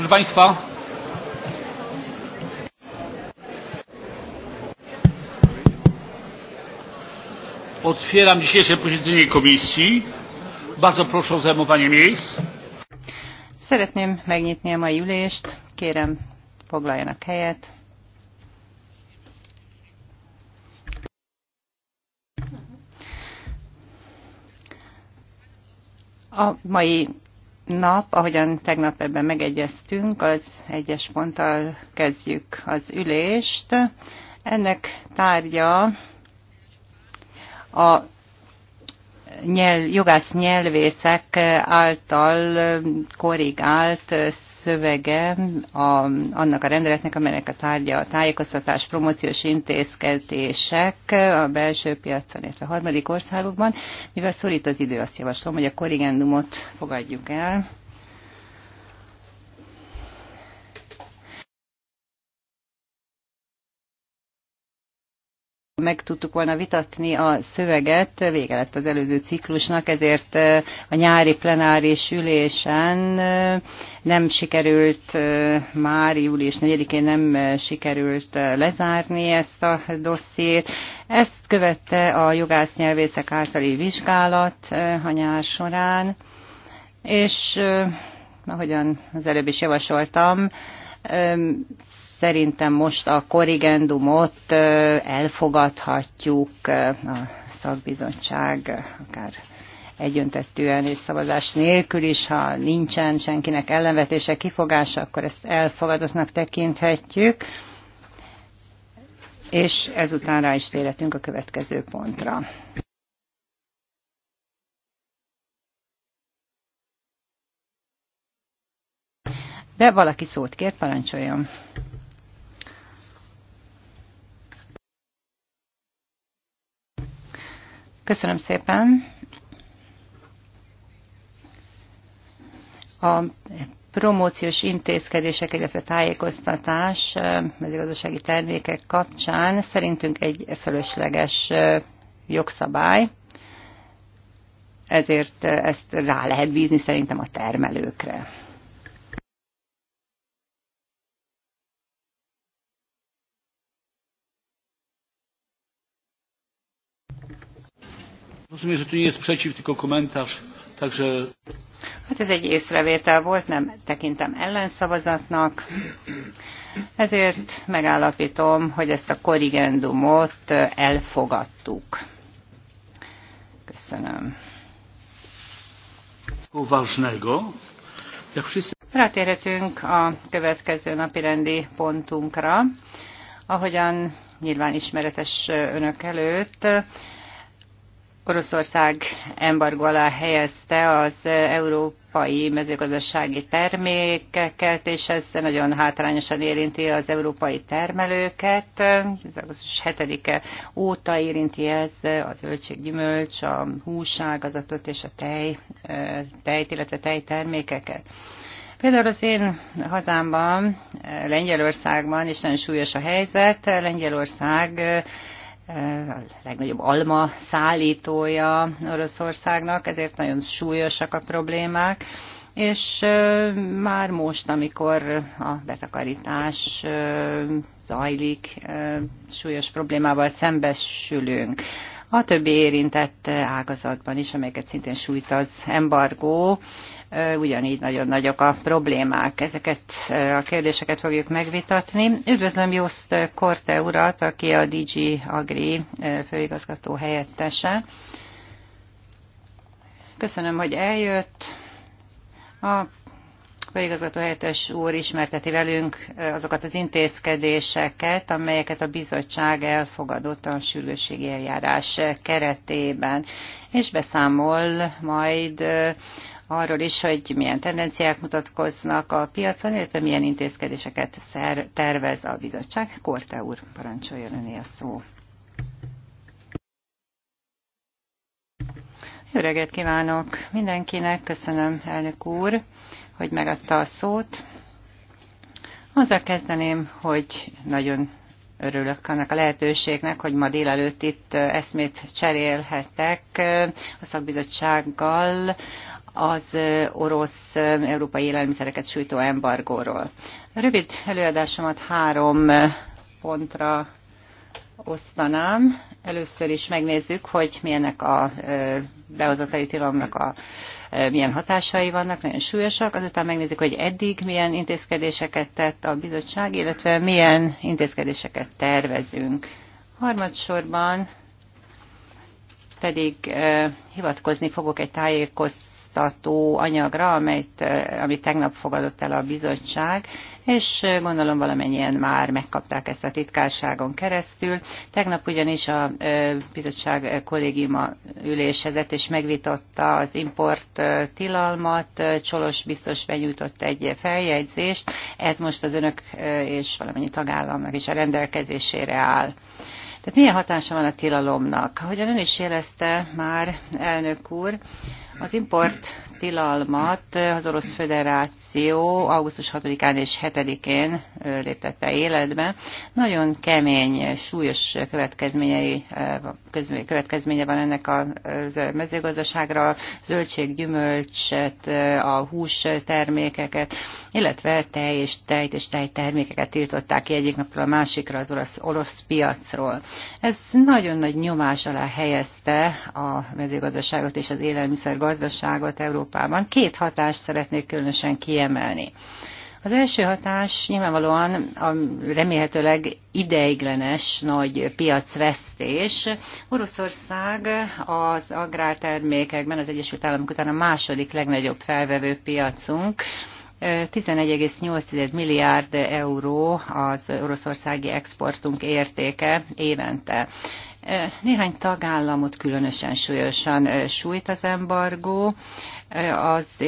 Proszę Państwa, otwieram dzisiejsze posiedzenie komisji. Bardzo proszę o zajmowanie miejsc. Szeretném megnyitni a mai ülést. Kérem, foglaljanak helyet. A mai nap, ahogyan tegnap ebben megegyeztünk, az egyes ponttal kezdjük az ülést. Ennek tárgya a nyelv, jogász nyelvészek által korrigált szövege a, annak a rendeletnek, amelynek a tárgya a tájékoztatás, promóciós intézkedések a belső piacon, illetve a harmadik országokban. Mivel szorít az idő, azt javaslom, hogy a korrigendumot fogadjuk el. meg tudtuk volna vitatni a szöveget, vége lett az előző ciklusnak, ezért a nyári plenáris ülésen nem sikerült, már július 4-én nem sikerült lezárni ezt a dossziét. Ezt követte a jogásznyelvészek általi vizsgálat a nyár során, és ahogyan az előbb is javasoltam, Szerintem most a korrigendumot elfogadhatjuk a szakbizottság akár egyöntetően és szavazás nélkül is, ha nincsen senkinek ellenvetése, kifogása, akkor ezt elfogadottnak tekinthetjük, és ezután rá is térhetünk a következő pontra. De valaki szót kér, parancsoljon. Köszönöm szépen. A promóciós intézkedések, illetve tájékoztatás mezőgazdasági termékek kapcsán szerintünk egy fölösleges jogszabály, ezért ezt rá lehet bízni szerintem a termelőkre. Rozumiem, że nie jest tylko komentarz, także... Hát ez egy észrevétel volt, nem tekintem ellenszavazatnak. Ezért megállapítom, hogy ezt a korrigendumot elfogadtuk. Köszönöm. Ważnego. Jak wszyscy... Rátérhetünk a következő napi rendi pontunkra. Ahogyan nyilván ismeretes önök előtt, Oroszország embargó alá helyezte az európai mezőgazdasági termékeket, és ez nagyon hátrányosan érinti az európai termelőket. Ez Az hetedike óta érinti ez a zöldséggyümölcs, a húságazatot és a tej, tejt, illetve tejtermékeket. Például az én hazámban, Lengyelországban is nagyon súlyos a helyzet. Lengyelország a legnagyobb alma szállítója Oroszországnak, ezért nagyon súlyosak a problémák, és már most, amikor a betakarítás zajlik, súlyos problémával szembesülünk a többi érintett ágazatban is, amelyeket szintén sújt az embargó. Ugyanígy nagyon nagyok a problémák. Ezeket a kérdéseket fogjuk megvitatni. Üdvözlöm Jószt Korte urat, aki a DG Agri főigazgató helyettese. Köszönöm, hogy eljött. A főigazgató helyettes úr ismerteti velünk azokat az intézkedéseket, amelyeket a bizottság elfogadott a sürgősségi eljárás keretében, és beszámol majd arról is, hogy milyen tendenciák mutatkoznak a piacon, illetve milyen intézkedéseket tervez a bizottság. Korte úr, parancsoljon öné a szó. Jó reggelt kívánok mindenkinek, köszönöm elnök úr hogy megadta a szót. Azzal kezdeném, hogy nagyon örülök annak a lehetőségnek, hogy ma délelőtt itt eszmét cserélhetek a szakbizottsággal az orosz európai élelmiszereket sújtó embargóról. Rövid előadásomat három pontra osztanám. Először is megnézzük, hogy milyenek a behozatai tilalomnak a milyen hatásai vannak, nagyon súlyosak, azután megnézzük, hogy eddig milyen intézkedéseket tett a bizottság, illetve milyen intézkedéseket tervezünk. Harmadsorban pedig hivatkozni fogok egy tájékoz, tájékoztató anyagra, amelyet, eh, amit tegnap fogadott el a bizottság, és eh, gondolom valamennyien már megkapták ezt a titkárságon keresztül. Tegnap ugyanis a eh, bizottság kollégiuma ülésezett és megvitatta az import tilalmat, Csolos biztos benyújtott egy feljegyzést, ez most az önök és valamennyi tagállamnak is a rendelkezésére áll. Tehát milyen hatása van a tilalomnak? Ahogyan ön is jelezte már, elnök úr, az import tilalmat az Orosz Föderáció augusztus 6-án és 7-én léptette életbe. Nagyon kemény, súlyos következményei, következménye van ennek a mezőgazdaságra, zöldség, gyümölcset, a hús termékeket, illetve tej és tejt és termékeket tiltották ki egyik napról a másikra az orosz, orosz piacról. Ez nagyon nagy nyomás alá helyezte a mezőgazdaságot és az élelmiszer gazdaságot Európában Európában. Két hatást szeretnék különösen kiemelni. Az első hatás nyilvánvalóan a remélhetőleg ideiglenes nagy piacvesztés. Oroszország az agrártermékekben az Egyesült Államok után a második legnagyobb felvevő piacunk. 11,8 milliárd euró az oroszországi exportunk értéke évente. Néhány tagállamot különösen súlyosan sújt az embargó. Az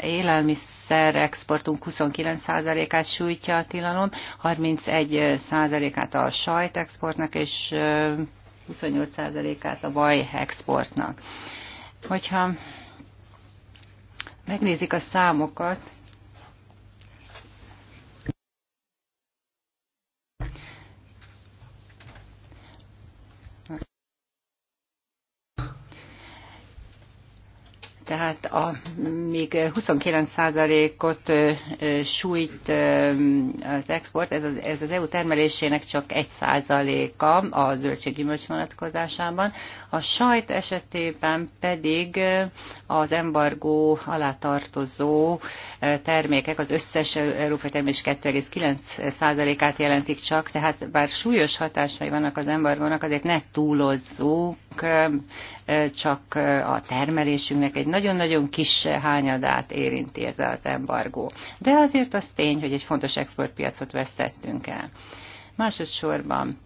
élelmiszer exportunk 29%-át sújtja a tilalom, 31%-át a sajt exportnak és 28%-át a vaj exportnak. Hogyha megnézik a számokat, Tehát a, még 29%-ot sújt az export, ez az, ez az EU termelésének csak 1%-a a zöldséggyümölcs vonatkozásában. A sajt esetében pedig az embargó alá tartozó termékek az összes európai termés 2,9%-át jelentik csak, tehát bár súlyos hatásai vannak az embargónak, azért ne túlozzuk, csak a termelésünknek egy nagyon-nagyon kis hányadát érinti ez az embargó. De azért az tény, hogy egy fontos exportpiacot vesztettünk el. Másodszorban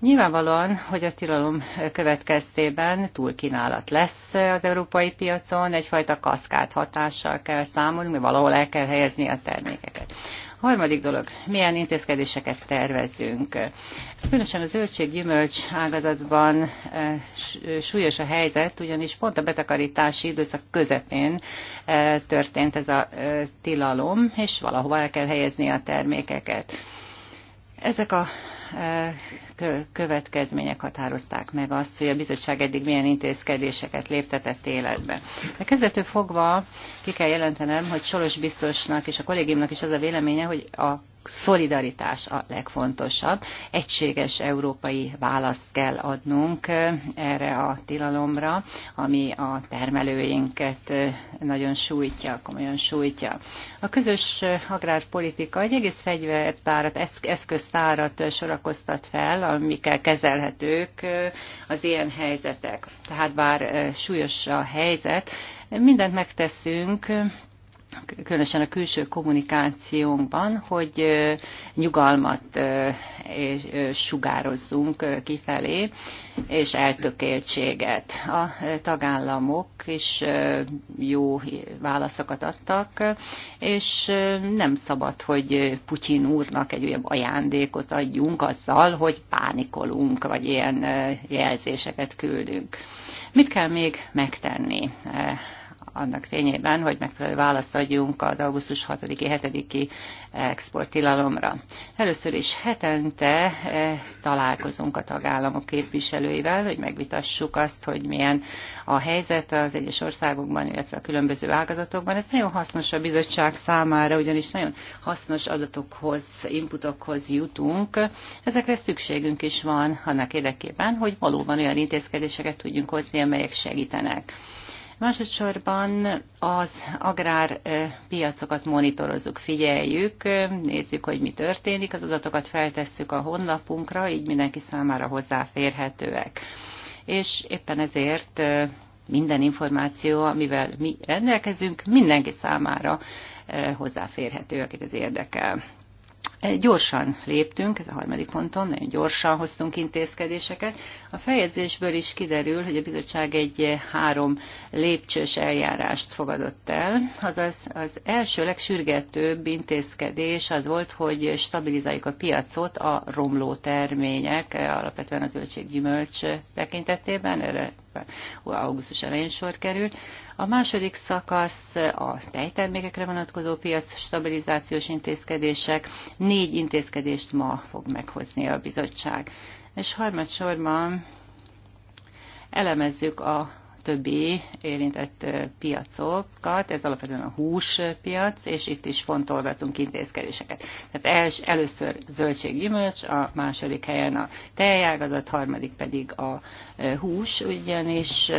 Nyilvánvalóan, hogy a tilalom következtében túlkínálat lesz az európai piacon, egyfajta kaszkád hatással kell számolni, mert valahol el kell helyezni a termékeket. Harmadik dolog, milyen intézkedéseket tervezünk. Ez különösen a zöldséggyümölcs ágazatban eh, eh, súlyos a helyzet, ugyanis pont a betakarítási időszak közepén eh, történt ez a tilalom, és valahova el kell helyezni a termékeket. Ezek a következmények határozták meg azt, hogy a bizottság eddig milyen intézkedéseket léptetett életbe. A kezdetől fogva ki kell jelentenem, hogy Soros biztosnak és a kollégiumnak is az a véleménye, hogy a szolidaritás a legfontosabb. Egységes európai választ kell adnunk erre a tilalomra, ami a termelőinket nagyon sújtja, komolyan sújtja. A közös agrárpolitika egy egész fegyvertárat, eszköztárat sorakoztat fel, amikkel kezelhetők az ilyen helyzetek. Tehát bár súlyos a helyzet, mindent megteszünk, különösen a külső kommunikációnkban, hogy nyugalmat sugározzunk kifelé, és eltökéltséget. A tagállamok is jó válaszokat adtak, és nem szabad, hogy Putyin úrnak egy olyan ajándékot adjunk azzal, hogy pánikolunk, vagy ilyen jelzéseket küldünk. Mit kell még megtenni annak fényében, hogy megfelelő választ adjunk az augusztus 6-7-i exporttilalomra. Először is hetente eh, találkozunk a tagállamok képviselőivel, hogy megvitassuk azt, hogy milyen a helyzet az egyes országokban, illetve a különböző ágazatokban. Ez nagyon hasznos a bizottság számára, ugyanis nagyon hasznos adatokhoz, inputokhoz jutunk. Ezekre szükségünk is van annak érdekében, hogy valóban olyan intézkedéseket tudjunk hozni, amelyek segítenek. Másodszorban az agrárpiacokat monitorozzuk, figyeljük, nézzük, hogy mi történik, az adatokat feltesszük a honlapunkra, így mindenki számára hozzáférhetőek. És éppen ezért minden információ, amivel mi rendelkezünk, mindenki számára hozzáférhető, akit ez érdekel. Eh, gyorsan léptünk, ez a harmadik ponton, nagyon gyorsan hoztunk intézkedéseket. A feljegyzésből is kiderül, hogy a bizottság egy eh, három lépcsős eljárást fogadott el. Azaz az első legsürgetőbb intézkedés az volt, hogy stabilizáljuk a piacot a romló termények, eh, alapvetően a zöldséggyümölcs tekintetében, erre augusztus elején sor került. A második szakasz a tejtermékekre vonatkozó piac stabilizációs intézkedések négy intézkedést ma fog meghozni a bizottság. És harmadsorban elemezzük a többi érintett piacokat, ez alapvetően a húspiac, és itt is fontolgatunk intézkedéseket. Tehát els, először zöldséggyümölcs, a második helyen a tejágazat, a harmadik pedig a hús, ugyanis,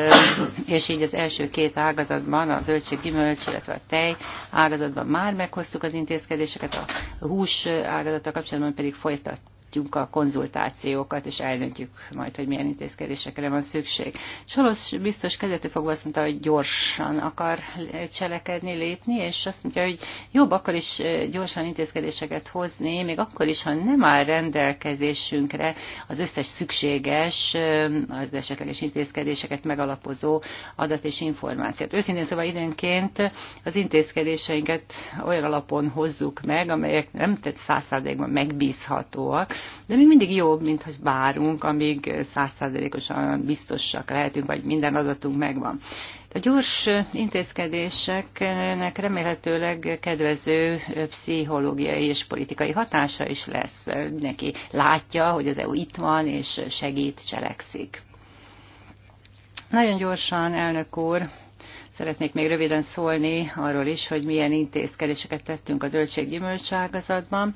és így az első két ágazatban, a zöldséggyümölcs, illetve a tej ágazatban már meghoztuk az intézkedéseket, a hús ágazata kapcsolatban pedig folytat megnyitjuk a konzultációkat, és elnöntjük majd, hogy milyen intézkedésekre van szükség. Soros biztos kezdető fogva azt mondta, hogy gyorsan akar cselekedni, lépni, és azt mondja, hogy jobb akkor is gyorsan intézkedéseket hozni, még akkor is, ha nem áll rendelkezésünkre az összes szükséges, az esetleges intézkedéseket megalapozó adat és információt. Őszintén szóval időnként az intézkedéseinket olyan alapon hozzuk meg, amelyek nem tett százszázalékban megbízhatóak, de még mindig jobb, mint hogy várunk, amíg százszázalékosan biztosak lehetünk, vagy minden adatunk megvan. A gyors intézkedéseknek remélhetőleg kedvező pszichológiai és politikai hatása is lesz. Neki látja, hogy az EU itt van, és segít, cselekszik. Nagyon gyorsan, elnök úr, Szeretnék még röviden szólni arról is, hogy milyen intézkedéseket tettünk a zöldséggyümölcságazatban.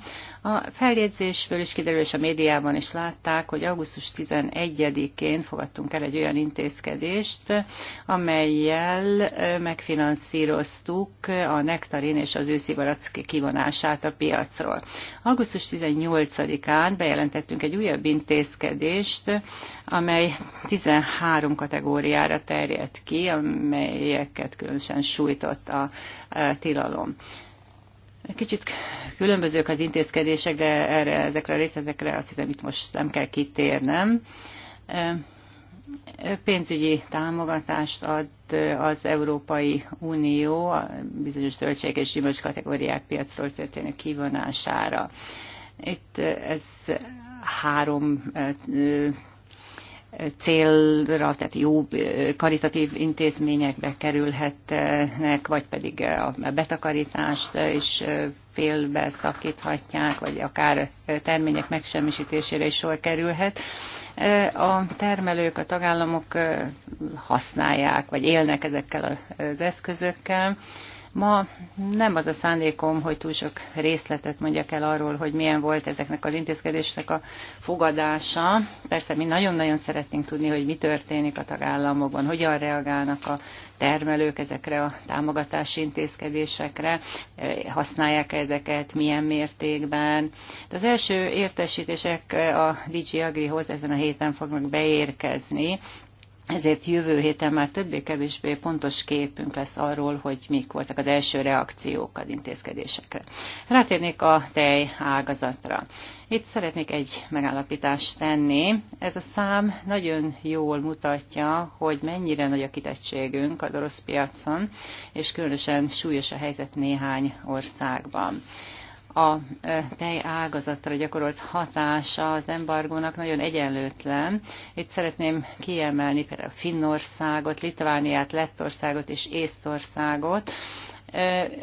A feljegyzésből is kiderül, és a médiában is látták, hogy augusztus 11-én fogadtunk el egy olyan intézkedést, amelyel megfinanszíroztuk a nektarin és az őszi kivonását a piacról. Augusztus 18-án bejelentettünk egy újabb intézkedést, amely 13 kategóriára terjedt ki, amelyeket különösen sújtott a tilalom. Kicsit különbözők az intézkedések, de erre, ezekre a részletekre azt hiszem itt most nem kell kitérnem pénzügyi támogatást ad az Európai Unió a bizonyos zöldségek és gyümölcs kategóriák piacról történő kivonására. Itt ez három célra, tehát jó karitatív intézményekbe kerülhetnek, vagy pedig a betakarítást is félbe szakíthatják, vagy akár termények megsemmisítésére is sor kerülhet. A termelők, a tagállamok használják, vagy élnek ezekkel az eszközökkel, Ma nem az a szándékom, hogy túl sok részletet mondjak el arról, hogy milyen volt ezeknek az intézkedésnek a fogadása. Persze mi nagyon-nagyon szeretnénk tudni, hogy mi történik a tagállamokban, hogyan reagálnak a termelők ezekre a támogatási intézkedésekre, eh, használják -e ezeket, milyen mértékben. De az első értesítések eh, a Vigi Agrihoz ezen a héten fognak beérkezni, ezért jövő héten már többé-kevésbé pontos képünk lesz arról, hogy mik voltak az első reakciók az intézkedésekre. Rátérnék a tej ágazatra. Itt szeretnék egy megállapítást tenni. Ez a szám nagyon jól mutatja, hogy mennyire nagy a kitettségünk az orosz piacon, és különösen súlyos a helyzet néhány országban a e, tej ágazatra gyakorolt hatása az embargónak nagyon egyenlőtlen. Itt szeretném kiemelni például Finnországot, Litvániát, Lettországot és Észtországot,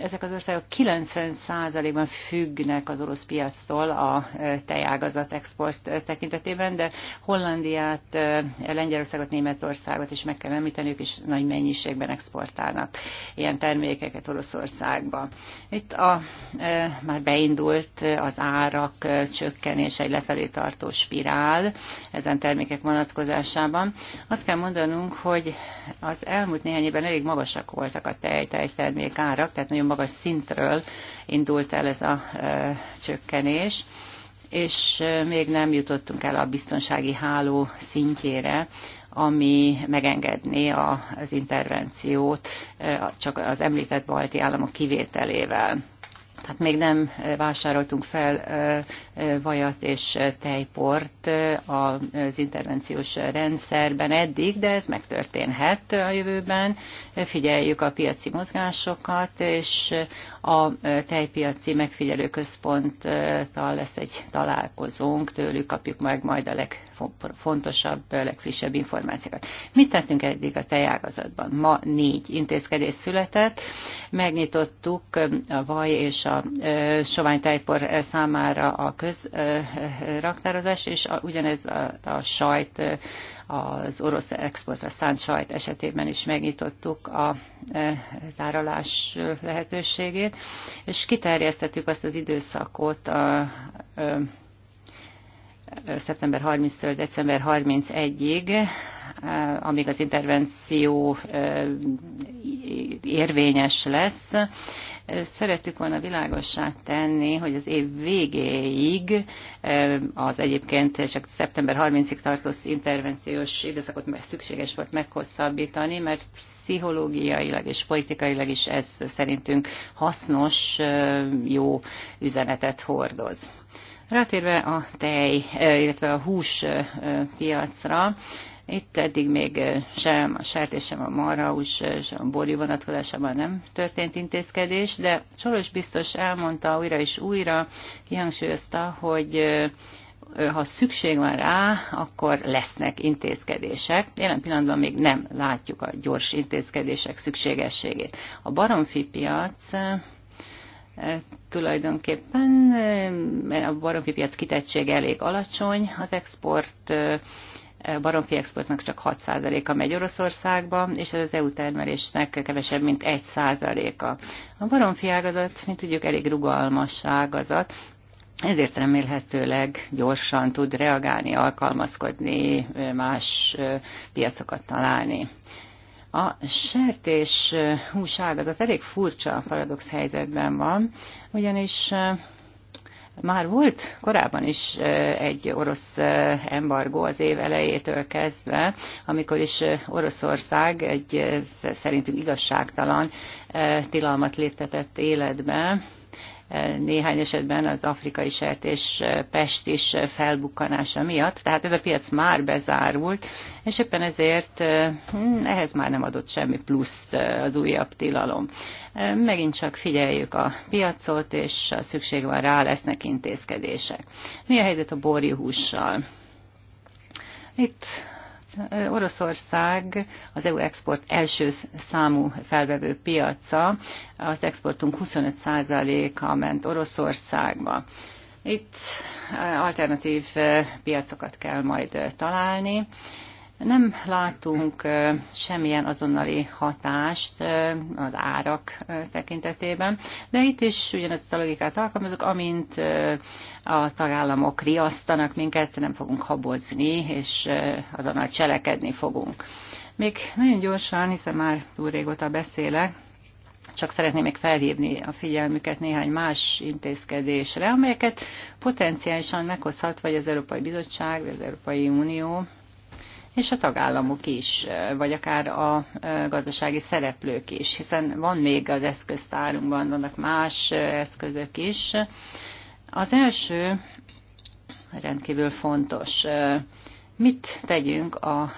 ezek az országok 90%-ban függnek az orosz piactól a tejágazat export tekintetében, de Hollandiát, Lengyelországot, Németországot is meg kell említeni, ők is nagy mennyiségben exportálnak ilyen termékeket Oroszországba. Itt a, már beindult az árak csökkenés, egy lefelé tartó spirál ezen termékek vonatkozásában. Azt kell mondanunk, hogy az elmúlt néhány évben elég magasak voltak a tej, tejtermék ára, árak, tehát nagyon magas szintről indult el ez a csökkenés és még nem jutottunk el a biztonsági háló szintjére, ami megengedné az intervenciót csak az említett balti államok kivételével tehát még nem vásároltunk fel vajat és tejport az intervenciós rendszerben eddig, de ez megtörténhet a jövőben. Figyeljük a piaci mozgásokat, és a tejpiaci megfigyelőközponttal lesz egy találkozónk, tőlük kapjuk meg majd a legfontosabb, legfrissebb információkat. Mit tettünk eddig a tejágazatban? Ma négy intézkedés született, megnyitottuk a vaj és a a sovány tejpor számára a közraktározás, és ugyanez a, a sajt, az orosz exportra szánt sajt esetében is megnyitottuk a tárolás lehetőségét, és kiterjesztettük azt az időszakot a, a szeptember 30-től december 31-ig, amíg az intervenció érvényes lesz, Szerettük volna világossá tenni, hogy az év végéig az egyébként csak szeptember 30-ig tartó intervenciós időszakot szükséges volt meghosszabbítani, mert pszichológiailag és politikailag is ez szerintünk hasznos, jó üzenetet hordoz. Rátérve a tej, illetve a hús piacra, itt eddig még sem a sertés, sem a marhaus, sem a bori vonatkozásában nem történt intézkedés, de Soros biztos elmondta újra és újra, kihangsúlyozta, hogy ha szükség van rá, akkor lesznek intézkedések. Jelen pillanatban még nem látjuk a gyors intézkedések szükségességét. A baromfi piac tulajdonképpen a baromfi piac kitettség elég alacsony, az export baromfi exportnak csak 6%-a megy Oroszországba, és ez az EU termelésnek kevesebb, mint 1%-a. A baromfi ágazat, mint tudjuk, elég rugalmas ágazat, ezért remélhetőleg gyorsan tud reagálni, alkalmazkodni, más piacokat találni. A sertés húságazat elég furcsa paradox helyzetben van, ugyanis már volt korábban is egy orosz embargó az év elejétől kezdve, amikor is Oroszország egy szerintünk igazságtalan tilalmat léptetett életbe néhány esetben az afrikai sertés pest is felbukkanása miatt. Tehát ez a piac már bezárult, és éppen ezért hm, ehhez már nem adott semmi plusz az újabb tilalom. Megint csak figyeljük a piacot, és a szükség van rá, lesznek intézkedések. Mi a helyzet a borjuhússal? Itt Oroszország az EU export első számú felvevő piaca, az exportunk 25%-a ment Oroszországba. Itt alternatív eh, piacokat kell majd eh, találni nem látunk semmilyen azonnali hatást az árak tekintetében, de itt is ugyanezt a logikát alkalmazok, amint a tagállamok riasztanak minket, nem fogunk habozni, és azonnal cselekedni fogunk. Még nagyon gyorsan, hiszen már túl régóta beszélek, csak szeretném még felhívni a figyelmüket néhány más intézkedésre, amelyeket potenciálisan meghozhat vagy az Európai Bizottság, vagy az Európai Unió, és a tagállamok is, vagy akár a gazdasági szereplők is, hiszen van még az eszköztárunkban, vannak más eszközök is. Az első rendkívül fontos. Mit tegyünk a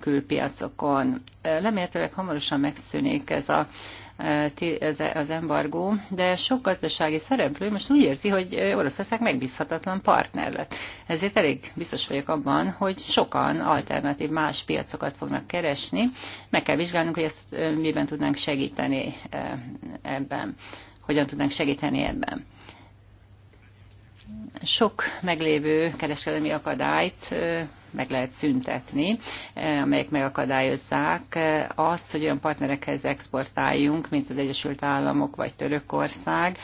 külpiacokon? Lemértőleg hamarosan megszűnik ez a az embargó, de sok gazdasági szereplő most úgy érzi, hogy Oroszország megbízhatatlan partner lett. Ezért elég biztos vagyok abban, hogy sokan alternatív más piacokat fognak keresni. Meg kell vizsgálnunk, hogy ezt miben tudnánk segíteni eh, ebben, hogyan tudnánk segíteni ebben sok meglévő kereskedelmi akadályt meg lehet szüntetni, amelyek megakadályozzák azt, hogy olyan partnerekhez exportáljunk, mint az Egyesült Államok vagy Törökország,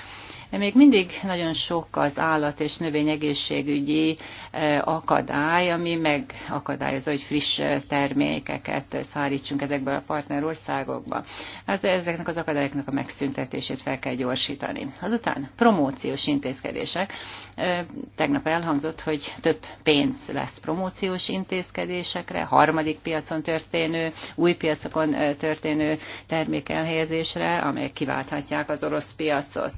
még mindig nagyon sok az állat és növényegészségügyi eh, akadály, ami megakadályozza, hogy friss eh, termékeket szállítsunk ezekből a partnerországokba. Ez, ezeknek az akadályoknak a megszüntetését fel kell gyorsítani. Azután promóciós intézkedések. Eh, tegnap elhangzott, hogy több pénz lesz promóciós intézkedésekre, harmadik piacon történő, új piacokon történő termék elhelyezésre, amelyek kiválthatják az orosz piacot.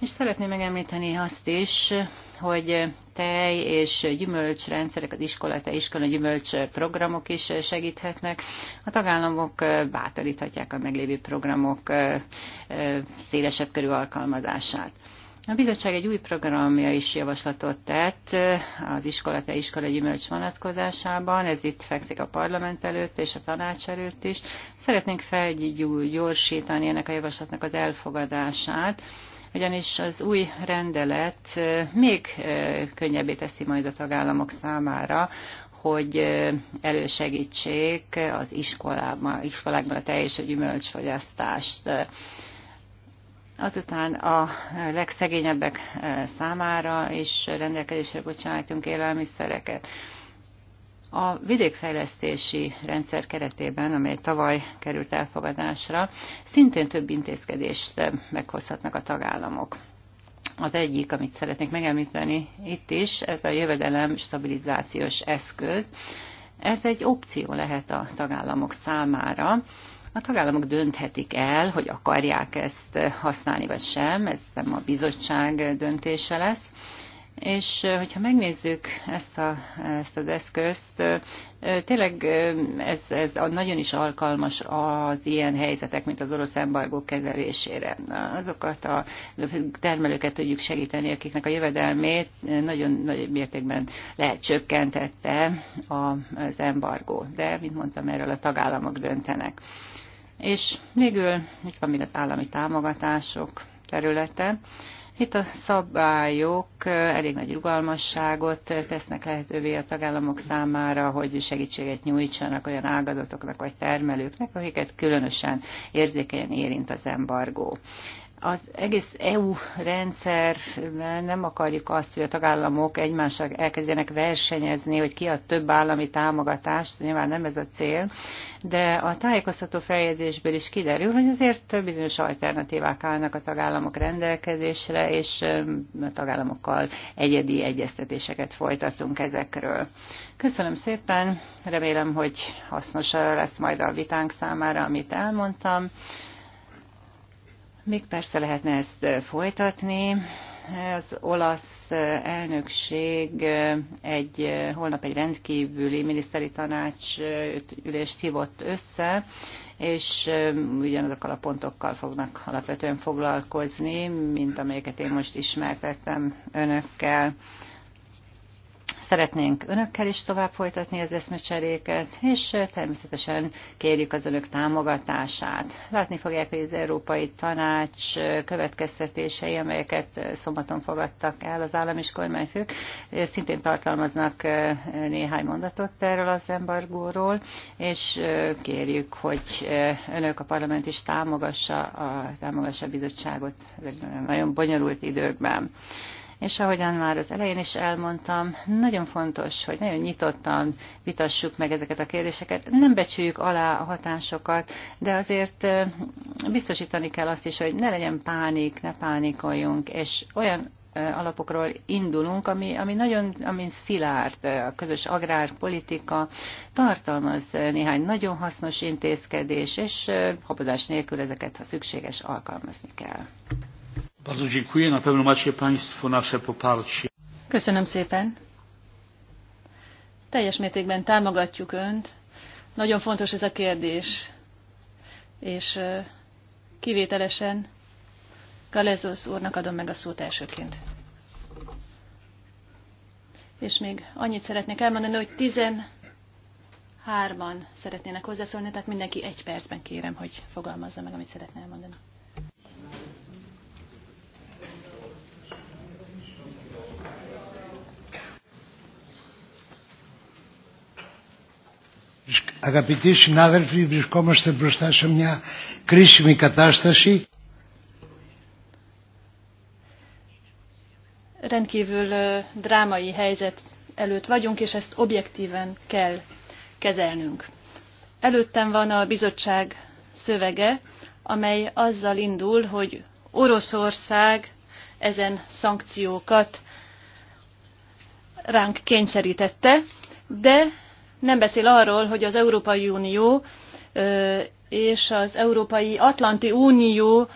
És szeretném megemlíteni azt is, hogy tej és gyümölcsrendszerek, az iskola, te iskola gyümölcs programok is segíthetnek. A tagállamok bátoríthatják a meglévő programok szélesebb körű alkalmazását. A bizottság egy új programja is javaslatot tett az iskola, te iskola gyümölcs vonatkozásában, ez itt fekszik a parlament előtt és a tanács előtt is. Szeretnénk felgyorsítani ennek a javaslatnak az elfogadását, ugyanis az új rendelet még könnyebbé teszi majd a tagállamok számára, hogy elősegítsék az iskolában, iskolákban a teljes gyümölcsfogyasztást. Azután a legszegényebbek számára is rendelkezésre bocsájtunk élelmiszereket. A vidékfejlesztési rendszer keretében, amely tavaly került elfogadásra, szintén több intézkedést meghozhatnak a tagállamok. Az egyik, amit szeretnék megemlíteni itt is, ez a jövedelem stabilizációs eszköz. Ez egy opció lehet a tagállamok számára. A tagállamok dönthetik el, hogy akarják ezt használni vagy sem, ez nem a bizottság döntése lesz és hogyha megnézzük ezt, a, ezt az eszközt, tényleg ez, ez a nagyon is alkalmas az ilyen helyzetek, mint az orosz embargó kezelésére. Azokat a termelőket tudjuk segíteni, akiknek a jövedelmét nagyon nagy mértékben lehet csökkentette az embargó. De, mint mondtam, erről a tagállamok döntenek. És végül itt van még az állami támogatások területe. Itt a szabályok elég nagy rugalmasságot tesznek lehetővé a tagállamok számára, hogy segítséget nyújtsanak olyan ágazatoknak vagy termelőknek, akiket különösen érzékenyen érint az embargó az egész EU rendszerben nem akarjuk azt, hogy a tagállamok egymással elkezdjenek versenyezni, hogy ki a több állami támogatást, nyilván nem ez a cél, de a tájékoztató feljegyzésből is kiderül, hogy azért bizonyos alternatívák állnak a tagállamok rendelkezésre, és um, a tagállamokkal egyedi egyeztetéseket folytatunk ezekről. Köszönöm szépen, remélem, hogy hasznos lesz majd a vitánk számára, amit elmondtam. Még persze lehetne ezt folytatni. Az olasz elnökség egy, holnap egy rendkívüli miniszteri tanács ülést hívott össze, és ugyanazokkal a pontokkal fognak alapvetően foglalkozni, mint amelyeket én most ismertettem önökkel. Szeretnénk önökkel is tovább folytatni az eszmecseréket, és természetesen kérjük az önök támogatását. Látni fogják, hogy az Európai Tanács következtetései, amelyeket szombaton fogadtak el az állam és kormányfők, szintén tartalmaznak néhány mondatot erről az embargóról, és kérjük, hogy önök a parlament is támogassa a, támogassa a bizottságot nagyon bonyolult időkben és ahogyan már az elején is elmondtam, nagyon fontos, hogy nagyon nyitottan vitassuk meg ezeket a kérdéseket. Nem becsüljük alá a hatásokat, de azért biztosítani kell azt is, hogy ne legyen pánik, ne pánikoljunk, és olyan alapokról indulunk, ami, ami nagyon ami szilárd, a közös agrárpolitika tartalmaz néhány nagyon hasznos intézkedés, és habozás nélkül ezeket, ha szükséges, alkalmazni kell. Bardzo dziękuję. Na pewno macie Państwo nasze poparcie. Köszönöm szépen. Teljes mértékben támogatjuk Önt. Nagyon fontos ez a kérdés. És kivételesen Galezos úrnak adom meg a szót elsőként. És még annyit szeretnék elmondani, hogy 13-an szeretnének hozzászólni, tehát mindenki egy percben kérem, hogy fogalmazza meg, amit szeretne elmondani. Αγαπητοί συνάδελφοι, βρισκόμαστε μπροστά σε μια κρίσιμη κατάσταση. Rendkívül drámai helyzet előtt vagyunk, és ezt objektíven kell kezelnünk. Előttem van a bizottság szövege, amely azzal indul, hogy Oroszország ezen szankciókat ránk kényszerítette, de nem beszél arról, hogy az Európai Unió és az Európai Atlanti Unió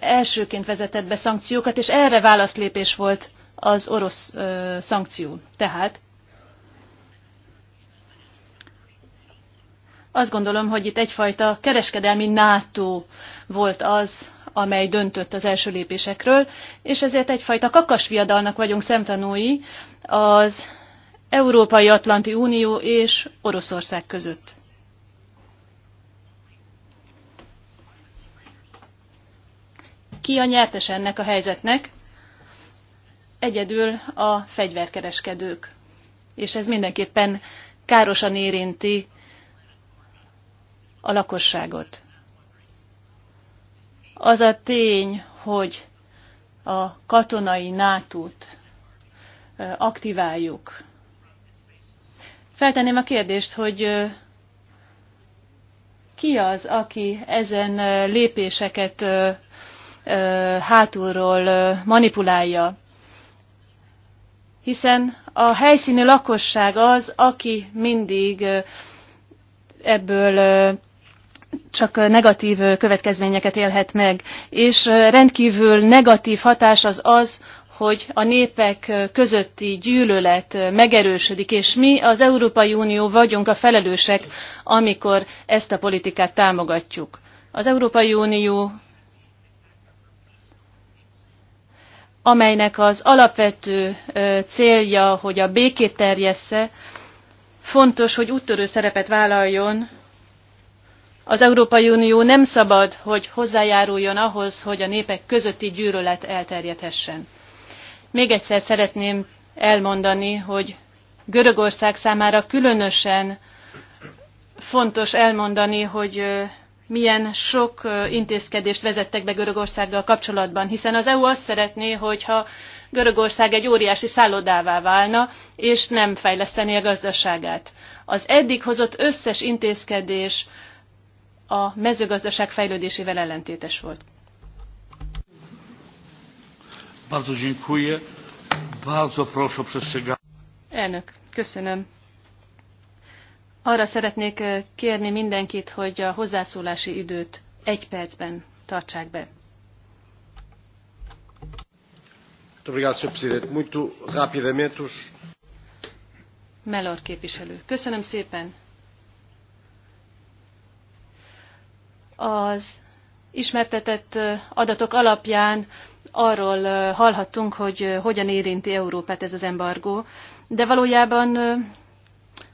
elsőként vezetett be szankciókat, és erre válaszlépés volt az orosz szankció. Tehát azt gondolom, hogy itt egyfajta kereskedelmi NATO volt az, amely döntött az első lépésekről, és ezért egyfajta kakasviadalnak vagyunk szemtanúi az Európai Atlanti Unió és Oroszország között. Ki a nyertes ennek a helyzetnek? Egyedül a fegyverkereskedők. És ez mindenképpen károsan érinti a lakosságot. Az a tény, hogy a katonai NATO-t aktiváljuk, Feltenném a kérdést, hogy ki az, aki ezen lépéseket hátulról manipulálja. Hiszen a helyszíni lakosság az, aki mindig ebből csak negatív következményeket élhet meg. És rendkívül negatív hatás az az, hogy a népek közötti gyűlölet megerősödik, és mi az Európai Unió vagyunk a felelősek, amikor ezt a politikát támogatjuk. Az Európai Unió, amelynek az alapvető célja, hogy a békét terjessze, fontos, hogy úttörő szerepet vállaljon. Az Európai Unió nem szabad, hogy hozzájáruljon ahhoz, hogy a népek közötti gyűlölet elterjedhessen. Még egyszer szeretném elmondani, hogy Görögország számára különösen fontos elmondani, hogy milyen sok intézkedést vezettek be Görögországgal kapcsolatban, hiszen az EU azt szeretné, hogyha Görögország egy óriási szállodává válna, és nem fejlesztené a gazdaságát. Az eddig hozott összes intézkedés a mezőgazdaság fejlődésével ellentétes volt. Bardzo dziękuję. Bardzo proszę Elnök, köszönöm. Arra szeretnék e, kérni mindenkit, hogy a hozzászólási időt egy percben tartsák be. Melor képviselő. Köszönöm szépen. Az ismertetett e, adatok alapján arról hallhattunk, hogy hogyan érinti Európát ez az embargó, de valójában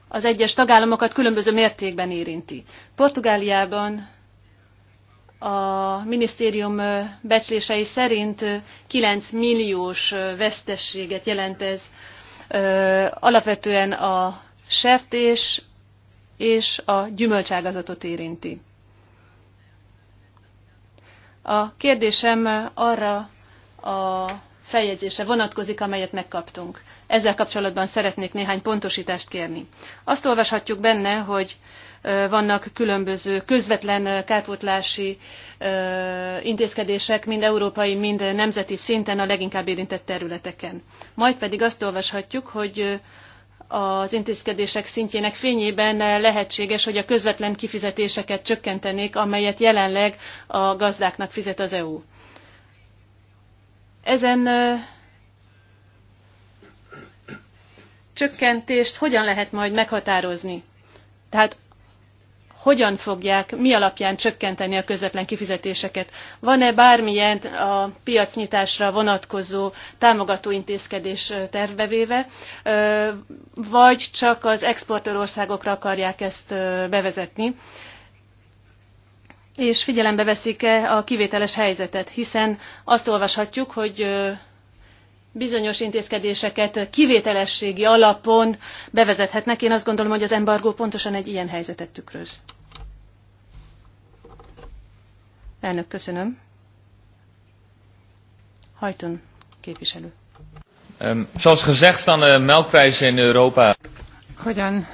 az egyes tagállamokat különböző mértékben érinti. Portugáliában a minisztérium becslései szerint 9 milliós vesztességet jelent ez alapvetően a sertés és a gyümölcságazatot érinti. A kérdésem arra a feljegyzése vonatkozik, amelyet megkaptunk. Ezzel kapcsolatban szeretnék néhány pontosítást kérni. Azt olvashatjuk benne, hogy vannak különböző közvetlen kárpótlási intézkedések, mind európai, mind nemzeti szinten a leginkább érintett területeken. Majd pedig azt olvashatjuk, hogy az intézkedések szintjének fényében lehetséges, hogy a közvetlen kifizetéseket csökkentenék, amelyet jelenleg a gazdáknak fizet az EU. Ezen csökkentést hogyan lehet majd meghatározni? Tehát hogyan fogják, mi alapján csökkenteni a közvetlen kifizetéseket? Van-e bármilyen a piacnyitásra vonatkozó támogató intézkedés tervbevéve, vagy csak az országokra akarják ezt bevezetni? és figyelembe veszik-e a kivételes helyzetet, hiszen azt olvashatjuk, hogy bizonyos intézkedéseket kivételességi alapon bevezethetnek. Én azt gondolom, hogy az embargó pontosan egy ilyen helyzetet tükröz. Elnök, köszönöm. Hajton képviselő. Um, zoals gezegd staan de melkprijzen in Europa. Hogyan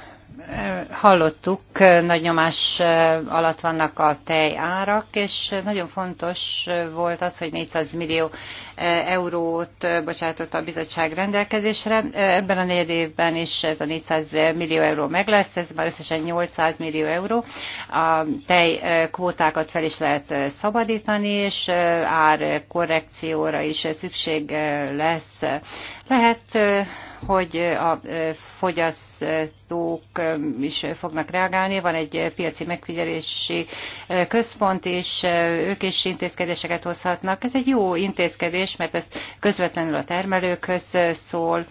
hallottuk, nagy nyomás eh, alatt vannak a tejárak, és nagyon fontos volt az, hogy 400 millió eh, eurót eh, bocsátott a bizottság rendelkezésre. Ebben a négy évben is ez a 400 millió euró meg lesz, ez már összesen 800 millió euró. A tej kvótákat fel is lehet szabadítani, és ár korrekcióra is szükség lesz. Lehet, hogy a fogyasztók is fognak reagálni. Van egy piaci megfigyelési központ, és ők is intézkedéseket hozhatnak. Ez egy jó intézkedés, mert ez közvetlenül a termelőkhöz szól.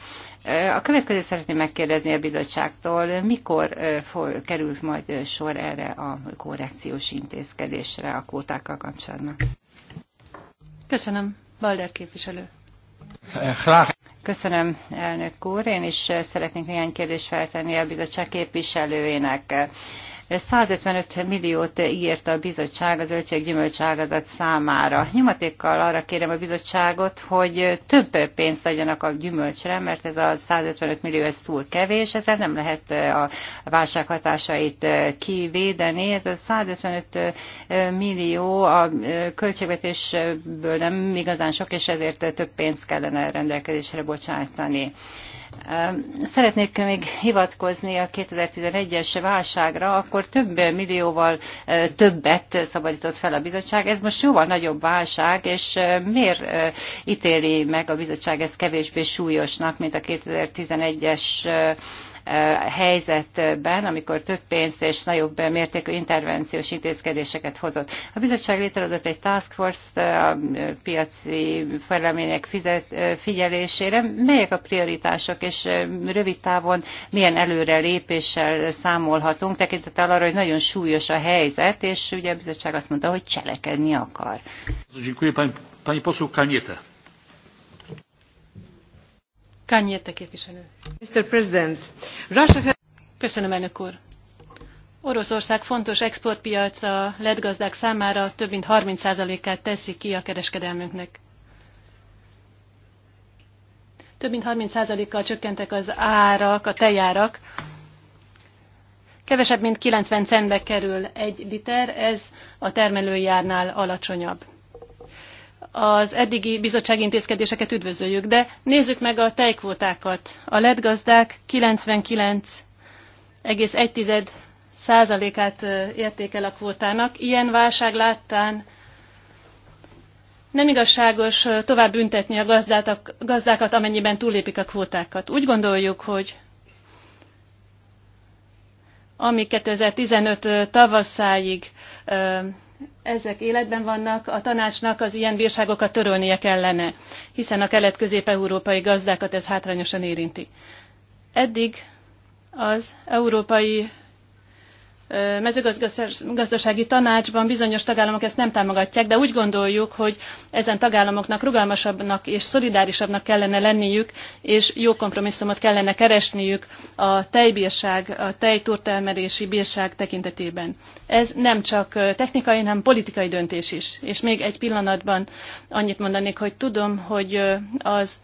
A következő szeretném megkérdezni a bizottságtól, mikor kerül majd sor erre a korrekciós intézkedésre a kvótákkal kapcsolatban. Köszönöm. Balder képviselő. Graag Köszönöm, elnök úr. Én is szeretnék néhány kérdést feltenni a bizottság képviselőjének. 155 milliót ígért a bizottság a zöldséggyümölcs ágazat számára. Nyomatékkal arra kérem a bizottságot, hogy több pénzt adjanak a gyümölcsre, mert ez a 155 millió ez túl kevés, ezzel nem lehet a válság hatásait kivédeni. Ez a 155 millió a költségvetésből nem igazán sok, és ezért több pénzt kellene rendelkezésre bocsátani. Szeretnék még hivatkozni a 2011-es válságra, akkor több millióval többet szabadított fel a bizottság. Ez most jóval nagyobb válság, és miért ítéli meg a bizottság ezt kevésbé súlyosnak, mint a 2011-es helyzetben, amikor több pénzt és nagyobb mértékű intervenciós intézkedéseket hozott. A bizottság létrehozott egy task force a piaci fejlemények figyelésére. Melyek a prioritások, és rövid távon milyen lépéssel számolhatunk, tekintettel arra, hogy nagyon súlyos a helyzet, és ugye a bizottság azt mondta, hogy cselekedni akar. Köszönöm, pani, pani poseł Kányérte képviselő. Mr. President, Russia... Köszönöm, elnök úr. Oroszország fontos exportpiac a lett gazdák számára több mint 30%-át teszi ki a kereskedelmünknek. Több mint 30%-kal csökkentek az árak, a tejárak. Kevesebb, mint 90 centbe kerül egy liter, ez a termelői árnál alacsonyabb az eddigi bizottsági intézkedéseket üdvözöljük, de nézzük meg a tejkvótákat. A lett gazdák 99,1 százalékát érték el a kvótának. Ilyen válság láttán nem igazságos tovább büntetni a gazdákat, amennyiben túllépik a kvótákat. Úgy gondoljuk, hogy ami 2015 tavaszáig ezek életben vannak, a tanácsnak az ilyen bírságokat törölnie kellene, hiszen a kelet-közép-európai gazdákat ez hátrányosan érinti. Eddig az európai mezőgazdasági tanácsban bizonyos tagállamok ezt nem támogatják, de úgy gondoljuk, hogy ezen tagállamoknak rugalmasabbnak és szolidárisabbnak kellene lenniük, és jó kompromisszumot kellene keresniük a tejbírság, a tejtúrtelmelési bírság tekintetében. Ez nem csak technikai, hanem politikai döntés is. És még egy pillanatban annyit mondanék, hogy tudom, hogy az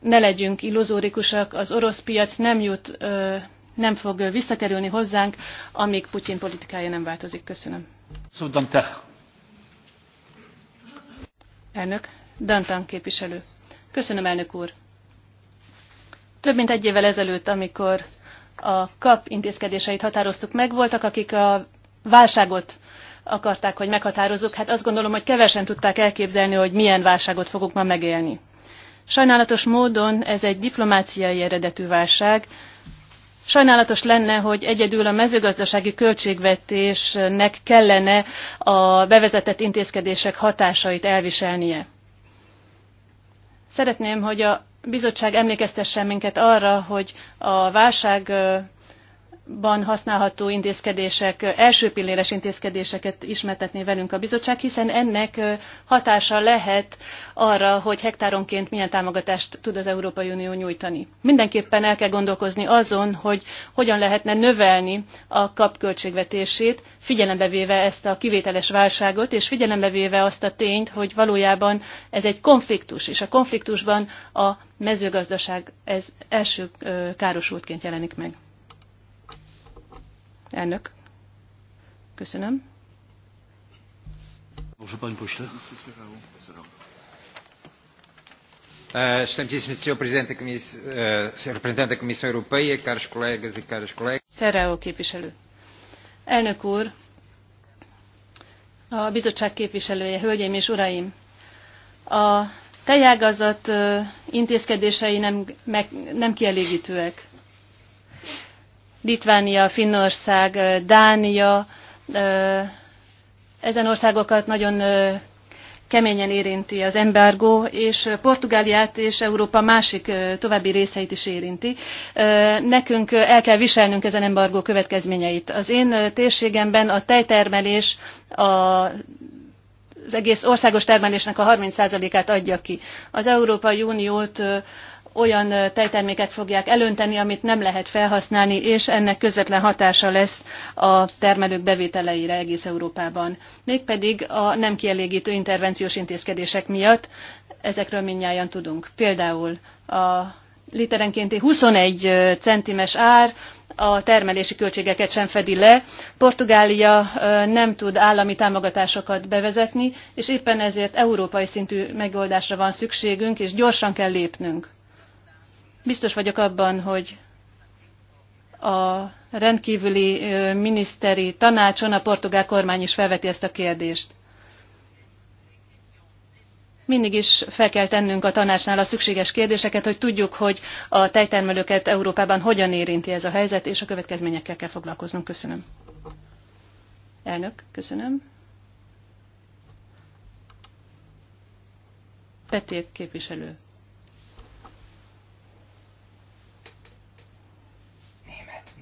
ne legyünk illuzórikusak, az orosz piac nem jut nem fog visszakerülni hozzánk, amíg Putyin politikája nem változik. Köszönöm. Szóval te. Elnök, Dantan képviselő. Köszönöm, elnök úr. Több mint egy évvel ezelőtt, amikor a KAP intézkedéseit határoztuk meg, voltak, akik a válságot akarták, hogy meghatározzuk. Hát azt gondolom, hogy kevesen tudták elképzelni, hogy milyen válságot fogunk ma megélni. Sajnálatos módon ez egy diplomáciai eredetű válság, Sajnálatos lenne, hogy egyedül a mezőgazdasági költségvetésnek kellene a bevezetett intézkedések hatásait elviselnie. Szeretném, hogy a bizottság emlékeztesse minket arra, hogy a válság ban használható intézkedések, első pilléres intézkedéseket ismertetné velünk a bizottság, hiszen ennek hatása lehet arra, hogy hektáronként milyen támogatást tud az Európai Unió nyújtani. Mindenképpen el kell gondolkozni azon, hogy hogyan lehetne növelni a kap költségvetését, figyelembe véve ezt a kivételes válságot, és figyelembe véve azt a tényt, hogy valójában ez egy konfliktus, és a konfliktusban a mezőgazdaság ez első károsultként jelenik meg. Elnök. Köszönöm. Może pan pośle? E, e, Szereó képviselő. Elnök úr, a bizottság képviselője, hölgyeim és uraim! A tejágazat intézkedései nem, meg, nem kielégítőek. Litvánia, Finnország, Dánia, ezen országokat nagyon keményen érinti az embargó, és Portugáliát és Európa másik további részeit is érinti. Nekünk el kell viselnünk ezen embargó következményeit. Az én térségemben a tejtermelés a az egész országos termelésnek a 30%-át adja ki. Az Európai Uniót olyan tejtermékek fogják elönteni, amit nem lehet felhasználni, és ennek közvetlen hatása lesz a termelők bevételeire egész Európában. Mégpedig a nem kielégítő intervenciós intézkedések miatt ezekről mindnyáján tudunk. Például a literenkénti 21 centimes ár a termelési költségeket sem fedi le. Portugália nem tud állami támogatásokat bevezetni, és éppen ezért európai szintű megoldásra van szükségünk, és gyorsan kell lépnünk. Biztos vagyok abban, hogy a rendkívüli miniszteri tanácson a portugál kormány is felveti ezt a kérdést. Mindig is fel kell tennünk a tanácsnál a szükséges kérdéseket, hogy tudjuk, hogy a tejtermelőket Európában hogyan érinti ez a helyzet, és a következményekkel kell foglalkoznunk. Köszönöm. Elnök, köszönöm. Petét képviselő.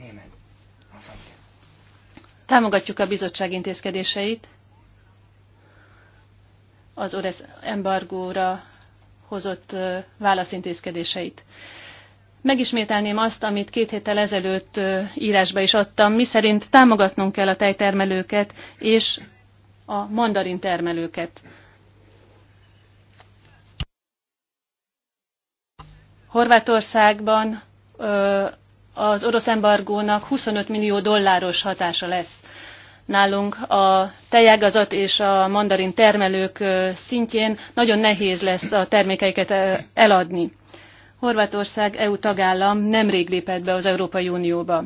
német. A francia. Támogatjuk a bizottság intézkedéseit az Oresz embargóra hozott válaszintézkedéseit. Megismételném azt, amit két héttel ezelőtt írásba is adtam, mi szerint támogatnunk kell a tejtermelőket és a mandarin termelőket. Horvátországban az orosz embargónak 25 millió dolláros hatása lesz. Nálunk a tejágazat és a mandarin termelők szintjén nagyon nehéz lesz a termékeiket eladni. Horvátország EU tagállam nemrég lépett be az Európai Unióba.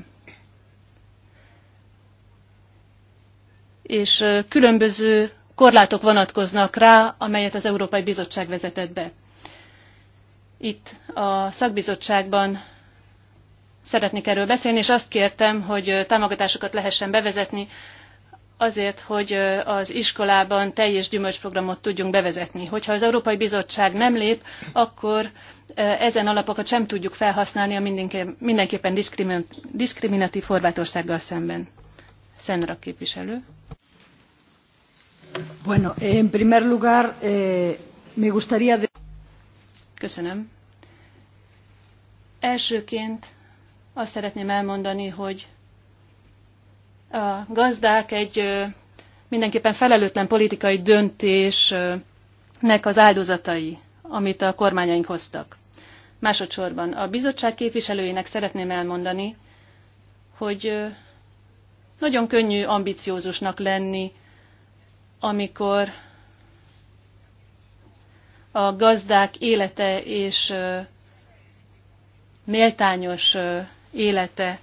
És különböző korlátok vonatkoznak rá, amelyet az Európai Bizottság vezetett be. Itt a szakbizottságban szeretnék erről beszélni, és azt kértem, hogy támogatásokat lehessen bevezetni, azért, hogy az iskolában teljes gyümölcsprogramot tudjunk bevezetni. Hogyha az Európai Bizottság nem lép, akkor ezen alapokat sem tudjuk felhasználni a mindenképpen, mindenképpen diszkriminatív Horvátországgal szemben. Szenra képviselő. Bueno, en primer lugar, eh, me gustaría... De... Köszönöm. Elsőként azt szeretném elmondani, hogy a gazdák egy mindenképpen felelőtlen politikai döntésnek az áldozatai, amit a kormányaink hoztak. Másodszorban a bizottság képviselőinek szeretném elmondani, hogy nagyon könnyű ambiciózusnak lenni, amikor a gazdák élete és méltányos élete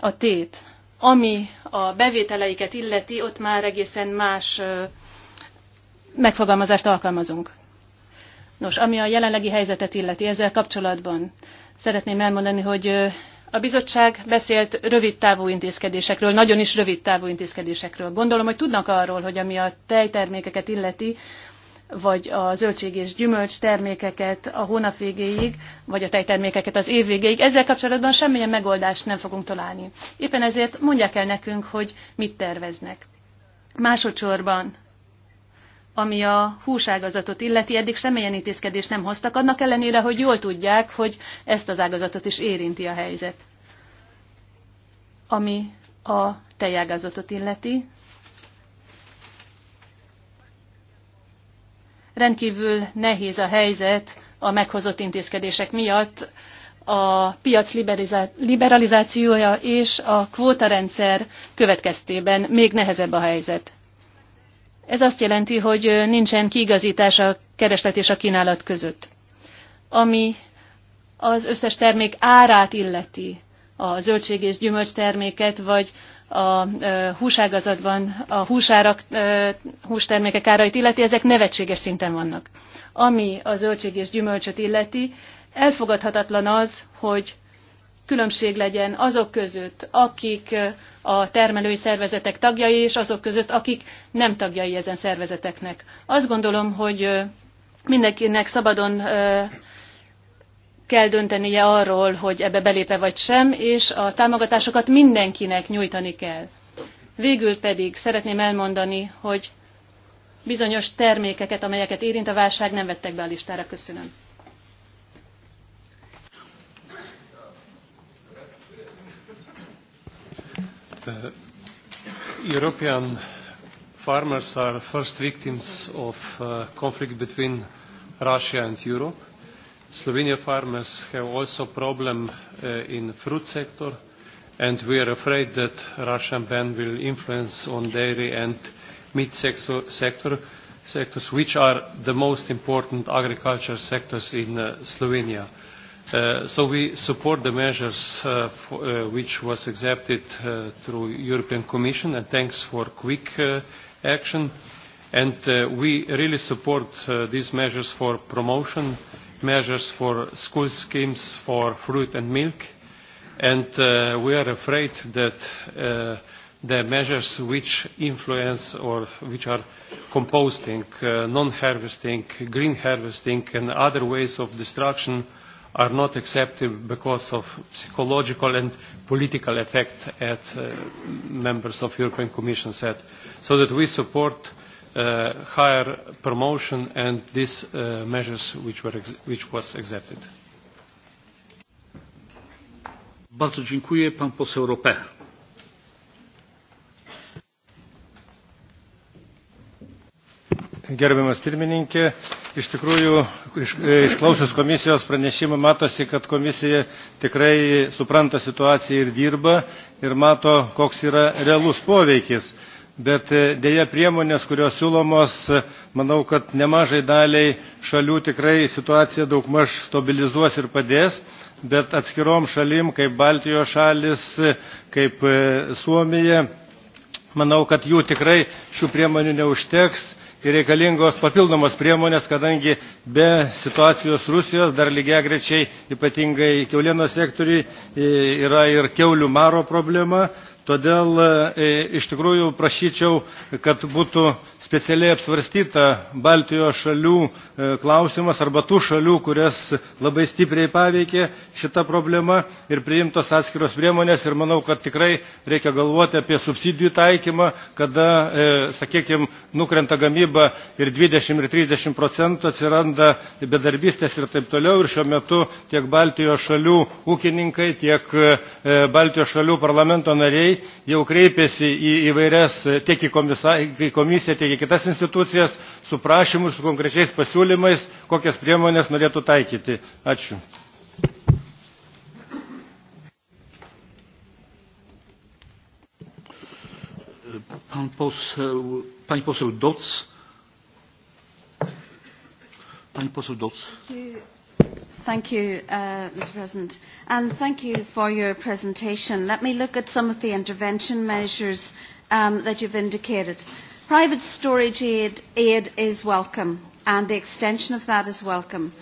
a tét. Ami a bevételeiket illeti, ott már egészen más megfogalmazást alkalmazunk. Nos, ami a jelenlegi helyzetet illeti, ezzel kapcsolatban szeretném elmondani, hogy a bizottság beszélt rövid távú intézkedésekről, nagyon is rövid távú intézkedésekről. Gondolom, hogy tudnak arról, hogy ami a tejtermékeket illeti, vagy a zöldség és gyümölcs termékeket a hónap végéig, vagy a tejtermékeket az év végéig. Ezzel kapcsolatban semmilyen megoldást nem fogunk találni. Éppen ezért mondják el nekünk, hogy mit terveznek. Másodszorban, ami a húságazatot illeti, eddig semmilyen intézkedést nem hoztak, annak ellenére, hogy jól tudják, hogy ezt az ágazatot is érinti a helyzet. Ami a tejágazatot illeti, rendkívül nehéz a helyzet a meghozott intézkedések miatt. A piac liberalizációja és a kvótarendszer következtében még nehezebb a helyzet. Ez azt jelenti, hogy nincsen kiigazítás a kereslet és a kínálat között. Ami az összes termék árát illeti, a zöldség és gyümölcs terméket, vagy a húságazatban a húsárak, hústermékek árait illeti, ezek nevetséges szinten vannak. Ami a zöldség és gyümölcsöt illeti, elfogadhatatlan az, hogy különbség legyen azok között, akik a termelői szervezetek tagjai, és azok között, akik nem tagjai ezen szervezeteknek. Azt gondolom, hogy mindenkinek szabadon kell döntenie arról, hogy ebbe belépe vagy sem, és a támogatásokat mindenkinek nyújtani kell. Végül pedig szeretném elmondani, hogy bizonyos termékeket, amelyeket érint a válság, nem vettek be a listára. Köszönöm. The uh, European farmers are first victims of uh, conflict between Russia and Europe. Slovenia farmers have also problem uh, in fruit sector and we are afraid that Russian ban will influence on dairy and meat sector, sector sectors which are the most important agriculture sectors in uh, Slovenia. Uh, so we support the measures uh, for, uh, which was accepted uh, through European Commission and thanks for quick uh, action and uh, we really support uh, these measures for promotion uh, measures for school schemes for fruit and milk. And uh, we are afraid that uh, the measures which influence or which are composting, uh, non-harvesting, green harvesting and other ways of destruction are not accepted because of psychological and political effect as uh, members of European Commission said. So that we support uh, higher promotion and these uh, measures which were ex which was accepted. Bardzo dziękuję. Pan poseł Rope. Gerbiamas pirmininkė, iš tikrųjų iš, išklausius komisijos pranešimą matosi, kad komisija tikrai supranta situaciją ir dirba ir mato, koks yra realus poveikis bet e, deja priemonės kurios siūlomos e, manau kad nemažai daliai šalių tikrai situaciją daugmaž stabilizuos ir padės bet atskirom šalim kaip baltijos šalis e, kaip suomija manau kad jų tikrai šių priemonių neužteks ir reikalingos papildomos priemonės kadangi be situacijos rusijos dar lygiai grečiai ypatingai kiaulienos sektoriui yra ir kiaulių maro problema Todėl e, iš tikrųjų prašyčiau, kad būtų specialiai apsvarstyta Baltijos šalių e, klausimas arba tų šalių, kurias labai stipriai paveikė šita problema ir priimtos atskiros priemonės ir manau, kad tikrai reikia galvoti apie subsidijų taikymą, kada, e, sakykime, nukrenta gamyba ir 20 ir 30 procentų atsiranda bedarbystės ir taip toliau ir šiuo metu tiek Baltijos šalių ūkininkai, tiek Baltijos šalių parlamento nariai jau kreipėsi į įvairias tiek į komisiją, tiek į kitas institucijas su prašymu, su konkrečiais pasiūlymais, kokias priemonės norėtų taikyti. Ačiū. Pan poseł, pani poseł Doc. Pani poseł Doc. Thank you, uh, Mr. President, and thank you for your presentation. Let me look at some of the intervention measures um, that you've indicated. Private storage aid, aid is welcome, and the extension of that is welcome.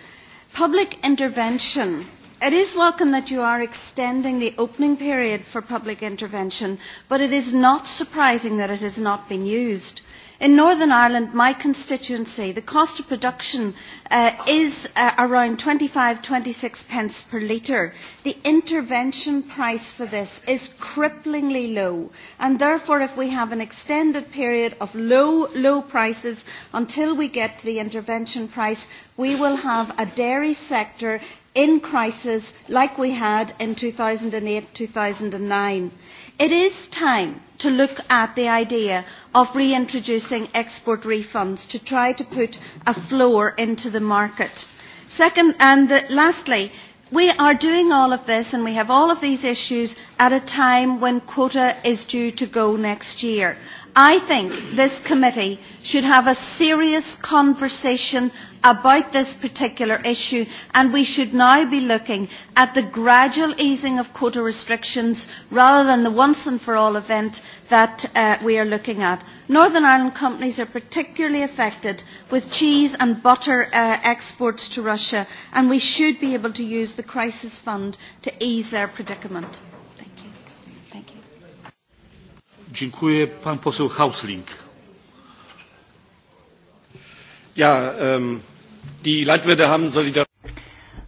Public intervention it is welcome that you are extending the opening period for public intervention, but it is not surprising that it has not been used. In Northern Ireland, my constituency, the cost of production uh, is uh, around 25, 26 pence per litre. The intervention price for this is cripplingly low, and therefore, if we have an extended period of low, low prices until we get to the intervention price, we will have a dairy sector in crisis like we had in 2008, 2009 It is time to look at the idea of reintroducing export refunds to try to put a floor into the market. Second, and the, lastly, we are doing all of this and we have all of these issues at a time when quota is due to go next year. I think this committee should have a serious conversation about this particular issue and we should now be looking at the gradual easing of quota restrictions rather than the once and for all event that uh, we are looking at. Northern Ireland companies are particularly affected with cheese and butter uh, exports to Russia and we should be able to use the crisis fund to ease their predicament.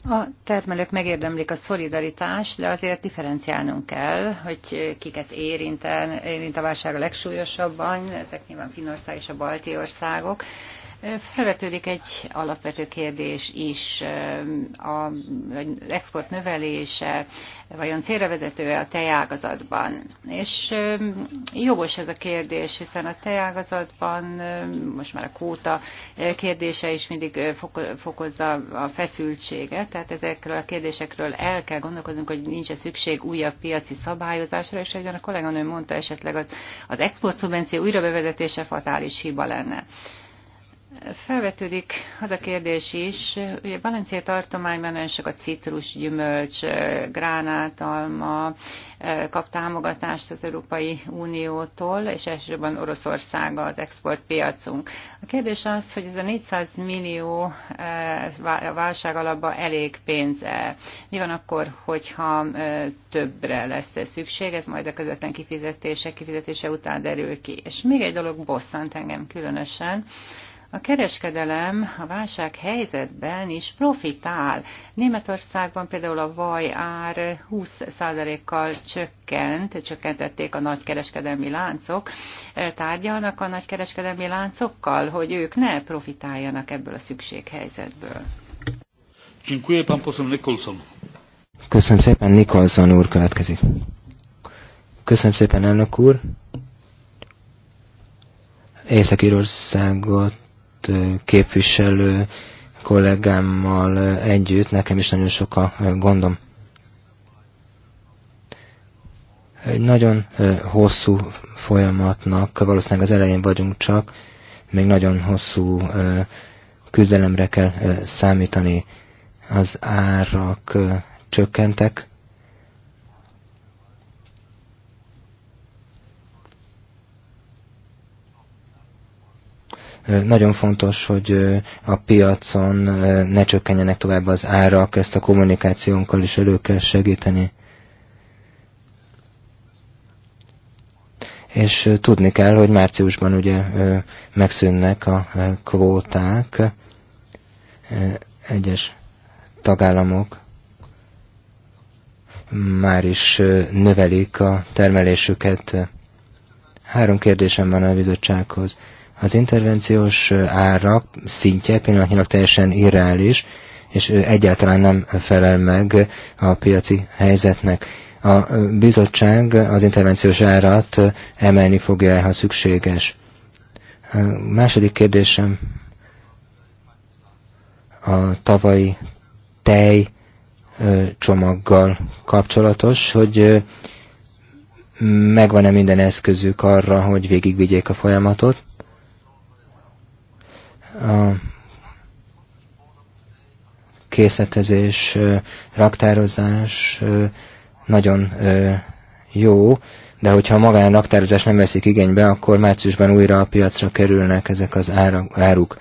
A termelők megérdemlik a szolidaritást, de azért differenciálnunk kell, hogy kiket érint, érint a válság a legsúlyosabban, ezek nyilván Finnország és a balti országok, Felvetődik egy alapvető kérdés is, a export növelése, vajon célra vezető-e a tejágazatban? És jogos ez a kérdés, hiszen a tejágazatban most már a kóta kérdése is mindig fokozza a feszültséget, tehát ezekről a kérdésekről el kell gondolkoznunk, hogy nincs-e szükség újabb piaci szabályozásra, és ahogyan a kolléganőm mondta, esetleg az, az export szubvenció újra bevezetése fatális hiba lenne. Felvetődik az a kérdés is, ugye Valencia tartományban nagyon sok a citrus, gyümölcs, gránátalma e, kap támogatást az Európai Uniótól, és elsősorban Oroszország az exportpiacunk. A kérdés az, hogy ez a 400 millió e, válság alapban elég pénze. Mi van akkor, hogyha e, többre lesz -e szükség, ez majd a közvetlen kifizetése, kifizetése után derül ki. És még egy dolog bosszant engem különösen, a kereskedelem a válság helyzetben is profitál. Németországban például a vaj ár 20%-kal csökkent, csökkentették a nagykereskedelmi láncok. Tárgyalnak a nagykereskedelmi láncokkal, hogy ők ne profitáljanak ebből a szükséghelyzetből. Köszönöm szépen, Nikolson úr következik. Köszönöm szépen, elnök úr. Észak-Írországot Eh, képviselő kollégámmal eh, együtt, nekem is nagyon sok a eh, gondom. Egy nagyon hosszú folyamatnak, valószínűleg az elején vagyunk csak, még nagyon hosszú küzdelemre kell számítani. Az árak csökkentek, Nagyon fontos, hogy a piacon ne csökkenjenek tovább az árak, ezt a kommunikációnkkal is elő kell segíteni. És tudni kell, hogy márciusban ugye megszűnnek a kvóták, egyes tagállamok már is növelik a termelésüket. Három kérdésem van a bizottsághoz. Az intervenciós árak szintje pillanatnyilag teljesen irreális, és egyáltalán nem felel meg a piaci helyzetnek. A bizottság az intervenciós árat emelni fogja, ha szükséges. A második kérdésem a tavalyi tej csomaggal kapcsolatos, hogy megvan-e minden eszközük arra, hogy végigvigyék a folyamatot, a készletezés, raktározás nagyon jó, de hogyha a magánraktározás nem veszik igénybe, akkor márciusban újra a piacra kerülnek ezek az áruk.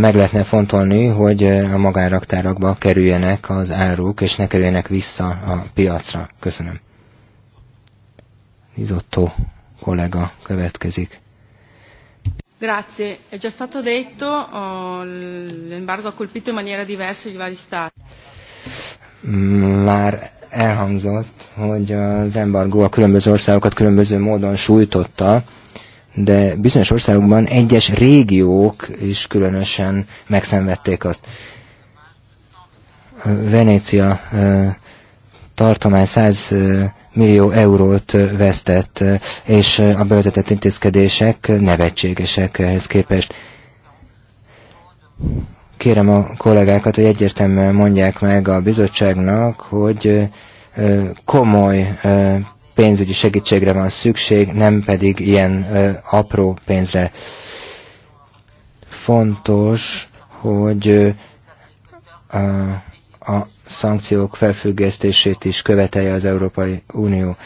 meg lehetne fontolni, hogy a magánraktárakba kerüljenek az áruk, és ne kerüljenek vissza a piacra. Köszönöm. Izotto kollega következik. Grazie. È già stato detto, l'embargo ha colpito in maniera diversa i vari stati. Már elhangzott, hogy az embargó a különböző országokat különböző módon sújtotta de bizonyos országokban egyes régiók is különösen megszenvedték azt. Venécia tartomány 100 millió eurót vesztett, és a bevezetett intézkedések nevetségesek ehhez képest. Kérem a kollégákat, hogy egyértelműen mondják meg a bizottságnak, hogy komoly pénzügyi segítségre van szükség, nem pedig ilyen apró pénzre. Fontos, hogy a szankciók felfüggesztését is követelje az Európai Unió.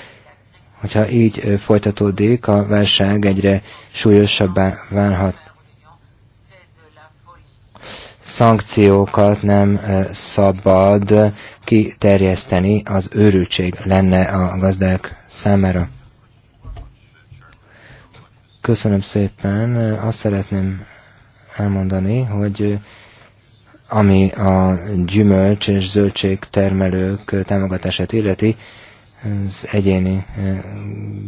Hogyha így folytatódik, a válság egyre súlyosabbá válhat szankciókat nem szabad kiterjeszteni, az őrültség lenne a gazdák számára. Köszönöm szépen. Azt szeretném elmondani, hogy ami a gyümölcs és zöldség termelők támogatását illeti, az egyéni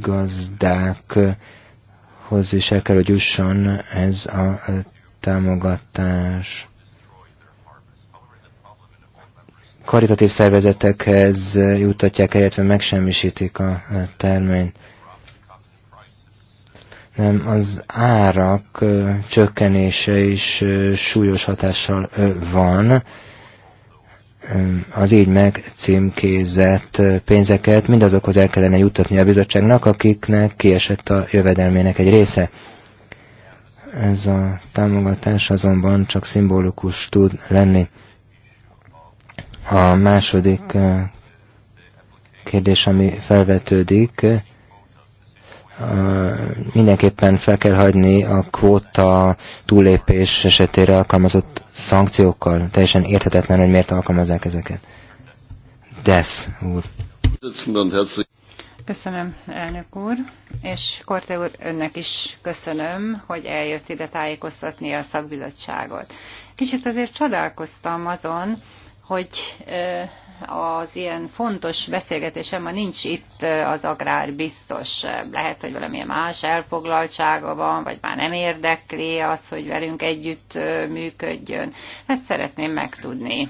gazdákhoz is el kell, hogy jusson ez a támogatás. karitatív szervezetekhez juttatják, illetve megsemmisítik a terményt. Nem, az árak csökkenése is súlyos hatással van az így megcímkézett pénzeket mindazokhoz el kellene juttatni a bizottságnak, akiknek kiesett a jövedelmének egy része. Ez a támogatás azonban csak szimbolikus tud lenni. A második eh, kérdés, ami felvetődik, eh, mindenképpen fel kell hagyni a kvóta túlépés esetére alkalmazott szankciókkal. Teljesen érthetetlen, hogy miért alkalmazzák ezeket. Desz úr. Köszönöm, elnök úr, és Korte úr, önnek is köszönöm, hogy eljött ide tájékoztatni a szakbizottságot. Kicsit azért csodálkoztam azon, hogy az ilyen fontos beszélgetésem ma nincs itt az agrár biztos. Lehet, hogy valamilyen más elfoglaltsága van, vagy már nem érdekli az, hogy velünk együtt működjön. Ezt szeretném megtudni.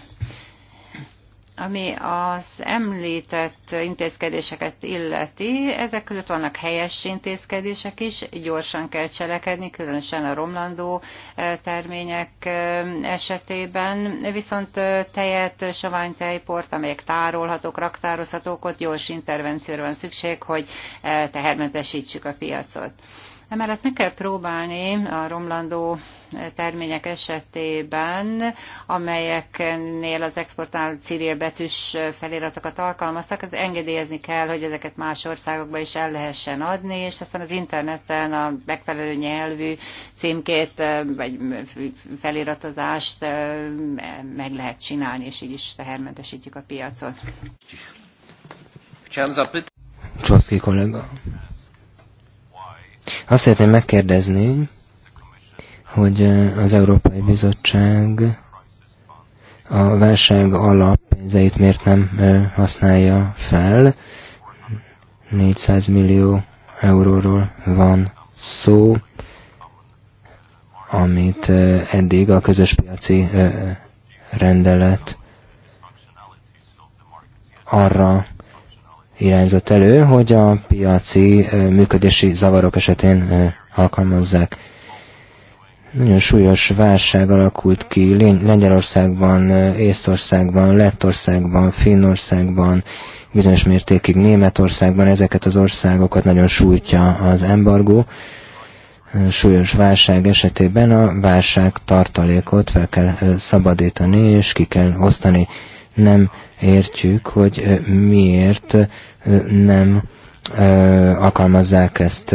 Ami az említett intézkedéseket illeti, ezek között vannak helyes intézkedések is, gyorsan kell cselekedni, különösen a romlandó eh, termények eh, esetében, viszont eh, tejet, saványtejport, amelyek tárolhatók, raktározhatók, ott gyors intervencióra van szükség, hogy tehermentesítsük a piacot. Emellett meg kell próbálni a romlandó termények esetében, amelyeknél az exportál betűs feliratokat alkalmaztak, az engedélyezni kell, hogy ezeket más országokba is el lehessen adni, és aztán az interneten a megfelelő nyelvű címkét vagy feliratozást meg lehet csinálni, és így is tehermentesítjük a piacot. Csamzapit. Csoszki kollega. Azt szeretném megkérdezni, hogy eh, az Európai Bizottság a válság alap pénzeit miért nem eh, használja fel. 400 millió euróról van szó, amit eh, eddig a közös piaci rendelet arra irányzott elő, hogy a piaci működési zavarok esetén alkalmazzák. Nagyon súlyos válság alakult ki Lengyelországban, Észtországban, Lettországban, Finnországban, bizonyos mértékig Németországban. Ezeket az országokat nagyon sújtja az embargó. Súlyos válság esetében a válság tartalékot fel kell szabadítani és ki kell osztani nem értjük, hogy miért nem alkalmazzák ezt,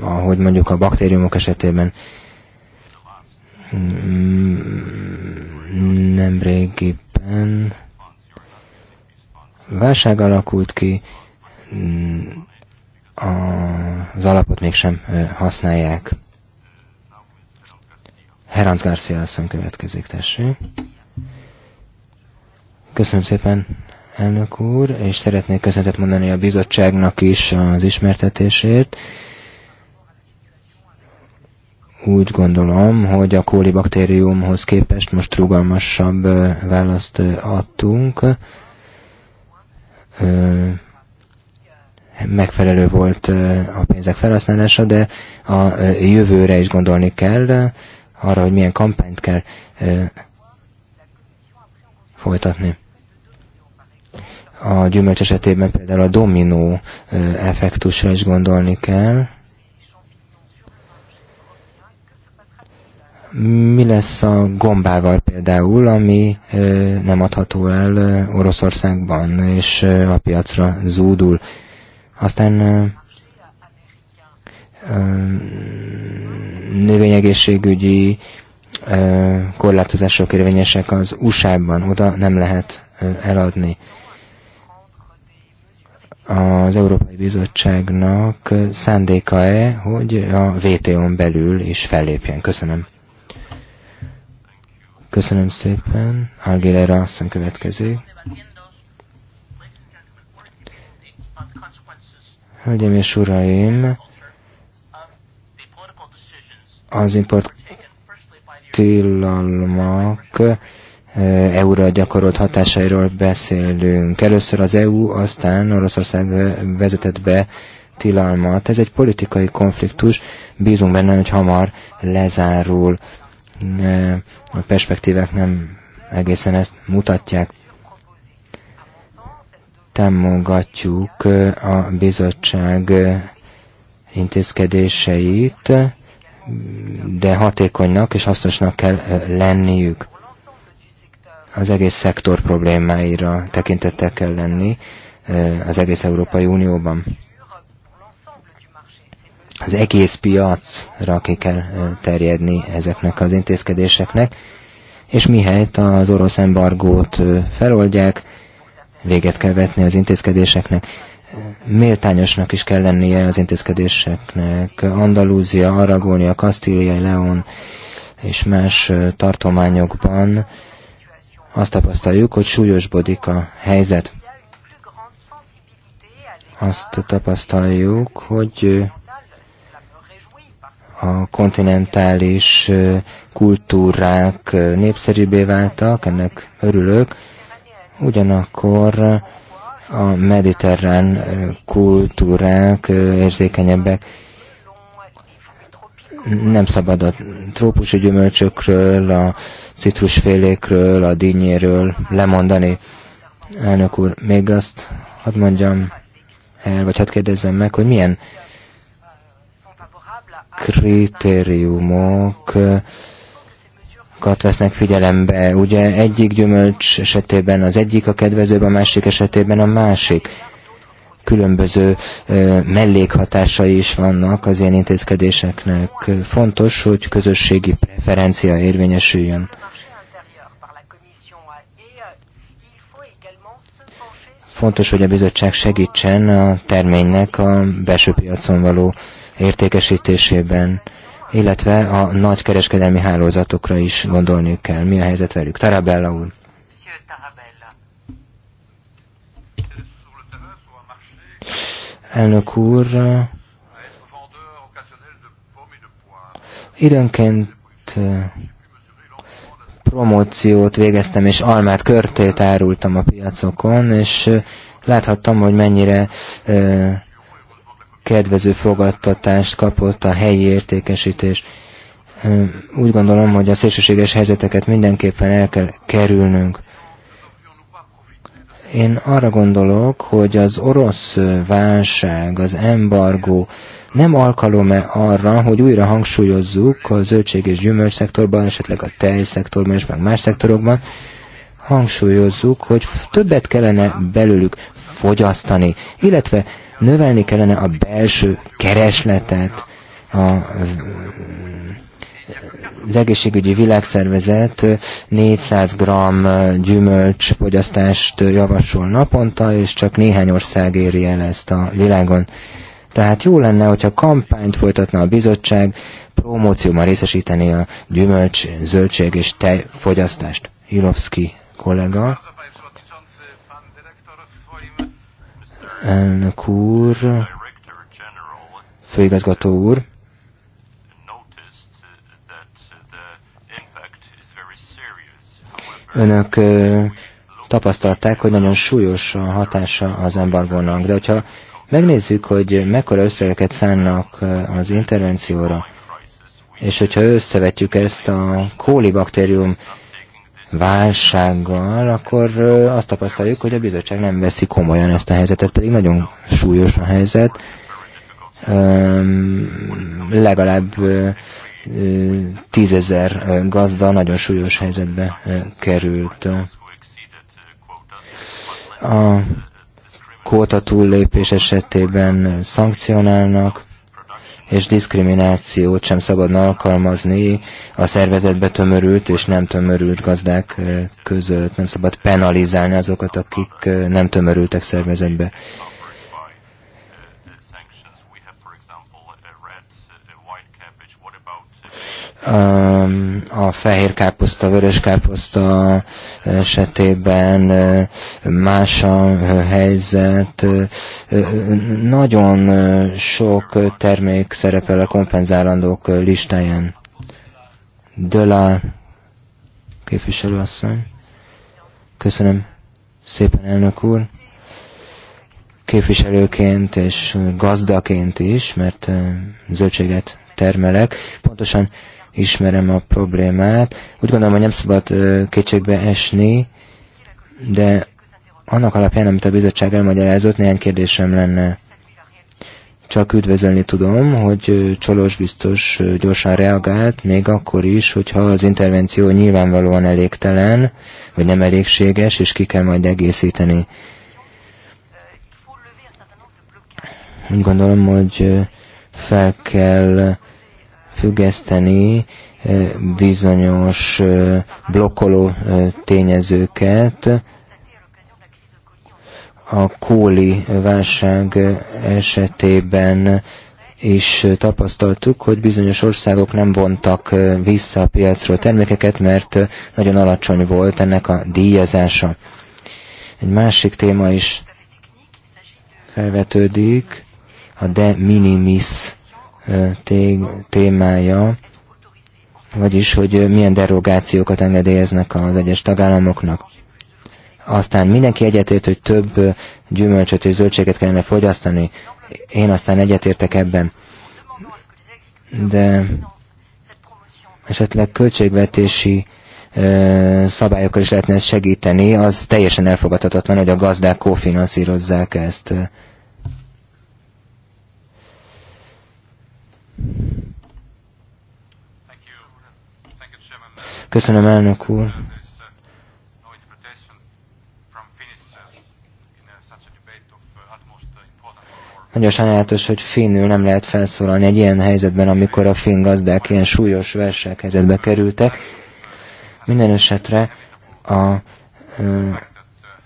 ahogy mondjuk a baktériumok esetében mm, nem régiben válság alakult ki, mm, az alapot mégsem használják. Heranz Garcia asszony következik, tessék. Köszönöm szépen, elnök úr, és szeretnék köszönetet mondani a bizottságnak is az ismertetésért. Úgy gondolom, hogy a kólibaktériumhoz képest most rugalmasabb választ adtunk. Megfelelő volt a pénzek felhasználása, de a jövőre is gondolni kell, arra, hogy milyen kampányt kell folytatni a gyümölcs esetében például a dominó effektusra is gondolni kell. mi lesz a gombával például, ami nem adható el Oroszországban, és a piacra zúdul. Aztán növényegészségügyi korlátozások érvényesek az USA-ban, oda nem lehet eladni az Európai Bizottságnak szándéka-e, hogy a VTO-n belül is fellépjen? Köszönöm. Köszönöm szépen. Algélera asszony következik. Hölgyeim és Uraim, az import tilalmak EU-ra eh, e gyakorolt hatásairól beszélünk. Először az EU, aztán Oroszország eh, vezetett be tilalmat. Ez egy politikai konfliktus, bízunk benne, hogy hamar lezárul. Eh, a perspektívek nem egészen ezt mutatják. Támogatjuk a bizottság intézkedéseit, de hatékonynak és hasznosnak kell lenniük az egész szektor problémáira tekintettel kell lenni az egész Európai Unióban. Az egész piacra ki kell terjedni ezeknek az intézkedéseknek, és mihelyt az orosz embargót feloldják, véget kell vetni az intézkedéseknek, méltányosnak is kell lennie az intézkedéseknek. Andalúzia, Aragónia, Kastília, Leon és más tartományokban azt tapasztaljuk, hogy súlyosbodik a helyzet. Azt tapasztaljuk, hogy a kontinentális kultúrák népszerűbbé váltak, ennek örülök, ugyanakkor a mediterrán kultúrák érzékenyebbek nem szabad a trópusi gyümölcsökről, a citrusfélékről, a dinnyéről lemondani. Elnök úr, még azt hadd mondjam el, vagy hadd kérdezzem meg, hogy milyen kritériumok vesznek figyelembe. Ugye egyik gyümölcs esetében az egyik a kedvezőbb, a másik esetében a másik különböző mellékhatásai is vannak az ilyen intézkedéseknek. Fontos, hogy közösségi preferencia érvényesüljön. Fontos, hogy a bizottság segítsen a terménynek a belső piacon való értékesítésében, illetve a nagy kereskedelmi hálózatokra is gondolni kell. Mi a helyzet velük? Tarabella úr. Elnök úr, időnként promóciót végeztem, és almát, körtét árultam a piacokon, és láthattam, hogy mennyire kedvező fogadtatást kapott a helyi értékesítés. Úgy gondolom, hogy a szélsőséges helyzeteket mindenképpen el kell kerülnünk. Én arra gondolok, hogy az orosz válság, az embargó nem alkalom-e arra, hogy újra hangsúlyozzuk a zöldség és gyümölcs szektorban, esetleg a tej szektorban és meg más szektorokban, hangsúlyozzuk, hogy többet kellene belőlük fogyasztani, illetve növelni kellene a belső keresletet, a az egészségügyi világszervezet 400 g gyümölcs fogyasztást javasol naponta, és csak néhány ország éri el ezt a világon. Tehát jó lenne, hogyha kampányt folytatna a bizottság, promócióban részesíteni a gyümölcs, zöldség és tej fogyasztást. Hilovszki kollega. Elnök úr, főigazgató úr, Önök tapasztalták, hogy nagyon súlyos a hatása az embargónak. De hogyha megnézzük, hogy mekkora összegeket szánnak az intervencióra, és hogyha összevetjük ezt a kólibaktérium válsággal, akkor azt tapasztaljuk, hogy a bizottság nem veszi komolyan ezt a helyzetet, pedig nagyon súlyos a helyzet. Legalább tízezer gazda nagyon súlyos helyzetbe került. A kóta túllépés esetében szankcionálnak, és diszkriminációt sem szabadna alkalmazni a szervezetbe tömörült és nem tömörült gazdák között. Nem szabad penalizálni azokat, akik nem tömörültek szervezetbe. a fehér káposzta, vörös káposzta esetében más a helyzet. Nagyon sok termék szerepel a kompenzálandók listáján. Döla képviselőasszony. Köszönöm szépen, elnök úr. Képviselőként és gazdaként is, mert zöldséget termelek. Pontosan ismerem a problémát. Úgy gondolom, hogy nem szabad kétségbe esni, de annak alapján, amit a bizottság elmagyarázott, néhány kérdésem lenne. Csak üdvözölni tudom, hogy Csolós biztos gyorsan reagált, még akkor is, hogyha az intervenció nyilvánvalóan elégtelen, vagy nem elégséges, és ki kell majd egészíteni. Úgy gondolom, hogy fel kell függeszteni bizonyos blokkoló tényezőket, a kóli válság esetében is tapasztaltuk, hogy bizonyos országok nem vontak vissza a piacról termékeket, mert nagyon alacsony volt ennek a díjazása. Egy másik téma is felvetődik, a de minimis témája, vagyis, hogy milyen derogációkat engedélyeznek az egyes tagállamoknak. Aztán mindenki egyetért, hogy több gyümölcsöt és zöldséget kellene fogyasztani. Én aztán egyetértek ebben. De esetleg költségvetési szabályokkal is lehetne ezt segíteni, az teljesen elfogadhatatlan, hogy a gazdák kofinanszírozzák ezt. Köszönöm, elnök úr. Nagyon sajnálatos, hogy finnül nem lehet felszólalni egy ilyen helyzetben, amikor a finn gazdák ilyen súlyos versekhelyzetbe kerültek. Minden esetre a ö,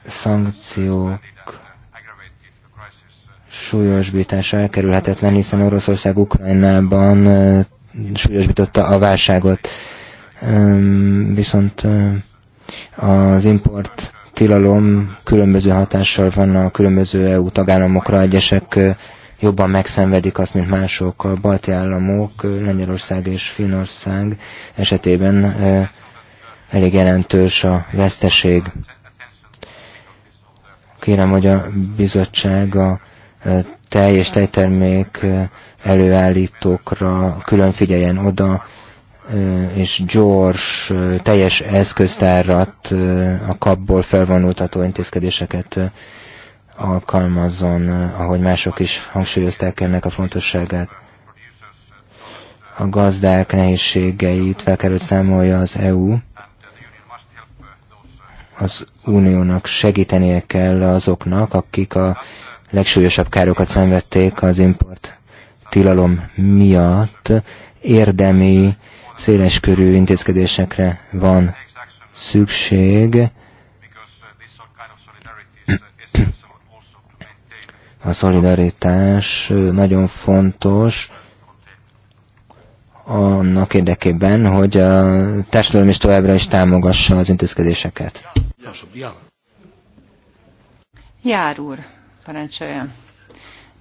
szankció súlyosbítása elkerülhetetlen, hiszen Oroszország Ukrajnában súlyosbította a válságot. Viszont az import tilalom különböző hatással van a különböző EU tagállamokra, egyesek jobban megszenvedik azt, mint mások. A balti államok, Lengyelország és Finnország esetében elég jelentős a veszteség. Kérem, hogy a bizottság a teljes tejtermék előállítókra külön figyeljen oda, és gyors, teljes eszköztárat a kapból felvonultató intézkedéseket alkalmazzon, ahogy mások is hangsúlyozták ennek a fontosságát. A gazdák nehézségeit fel kell, hogy számolja az EU. Az uniónak segítenie kell azoknak, akik a legsúlyosabb károkat szenvedték az import tilalom miatt. Érdemi, széleskörű intézkedésekre van szükség. A szolidaritás nagyon fontos annak érdekében, hogy a társadalom is továbbra is támogassa az intézkedéseket. Jár úr. Parancsoljon.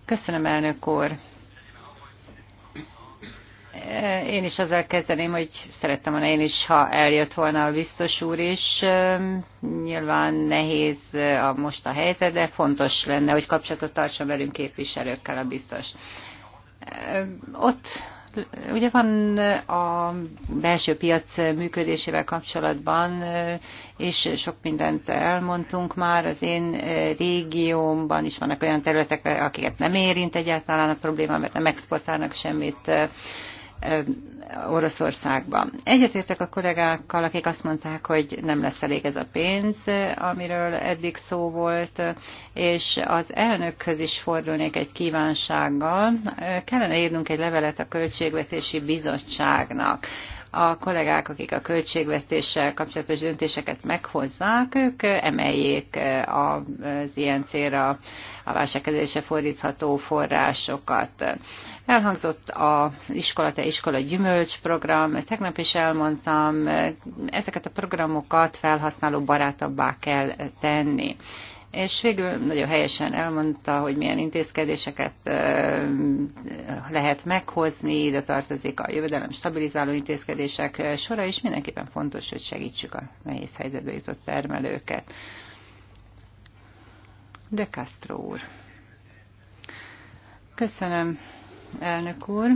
Köszönöm, elnök úr. Én is azzal kezdeném, hogy szerettem volna én is, ha eljött volna a biztos úr is. Nyilván nehéz a, most a helyzet, de fontos lenne, hogy kapcsolatot tartson velünk képviselőkkel a biztos. Ott ugye van a belső piac működésével kapcsolatban, és sok mindent elmondtunk már, az én régiómban is vannak olyan területek, akiket nem érint egyáltalán a probléma, mert nem exportálnak semmit Oroszországban. Egyetértek a kollégákkal, akik azt mondták, hogy nem lesz elég ez a pénz, amiről eddig szó volt, és az elnökhöz is fordulnék egy kívánsággal. Kellene írnunk egy levelet a Költségvetési Bizottságnak, a kollégák, akik a költségvetéssel kapcsolatos döntéseket meghozzák, ők emeljék az ilyen célra a válságkezelésre fordítható forrásokat. Elhangzott a iskola, te iskola gyümölcs program, tegnap is elmondtam, ezeket a programokat felhasználó barátabbá kell tenni és végül nagyon helyesen elmondta, hogy milyen intézkedéseket lehet meghozni, ide tartozik a jövedelem stabilizáló intézkedések sora, és mindenképpen fontos, hogy segítsük a nehéz helyzetbe jutott termelőket. De Castro úr. Köszönöm, elnök úr.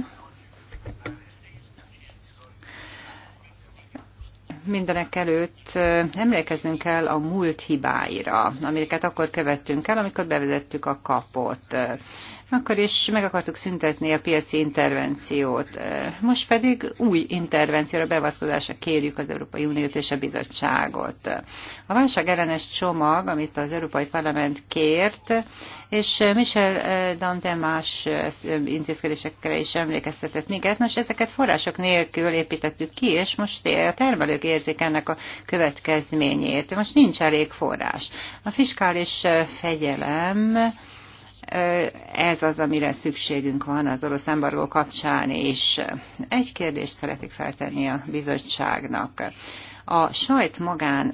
mindenek előtt emlékezzünk el a múlt hibáira, amiket akkor követtünk el, amikor bevezettük a kapot. Akkor is meg akartuk szüntetni a piaci intervenciót. Most pedig új intervencióra beavatkozásra kérjük az Európai Uniót és a bizottságot. A válság ellenes csomag, amit az Európai Parlament kért, és Michel Dante más intézkedésekre is emlékeztetett minket. Nos, ezeket források nélkül építettük ki, és most a termelők érzik ennek a következményét. Most nincs elég forrás. A fiskális fegyelem ez az, amire szükségünk van az orosz embargó kapcsán, és egy kérdést szeretik feltenni a bizottságnak a sajt magán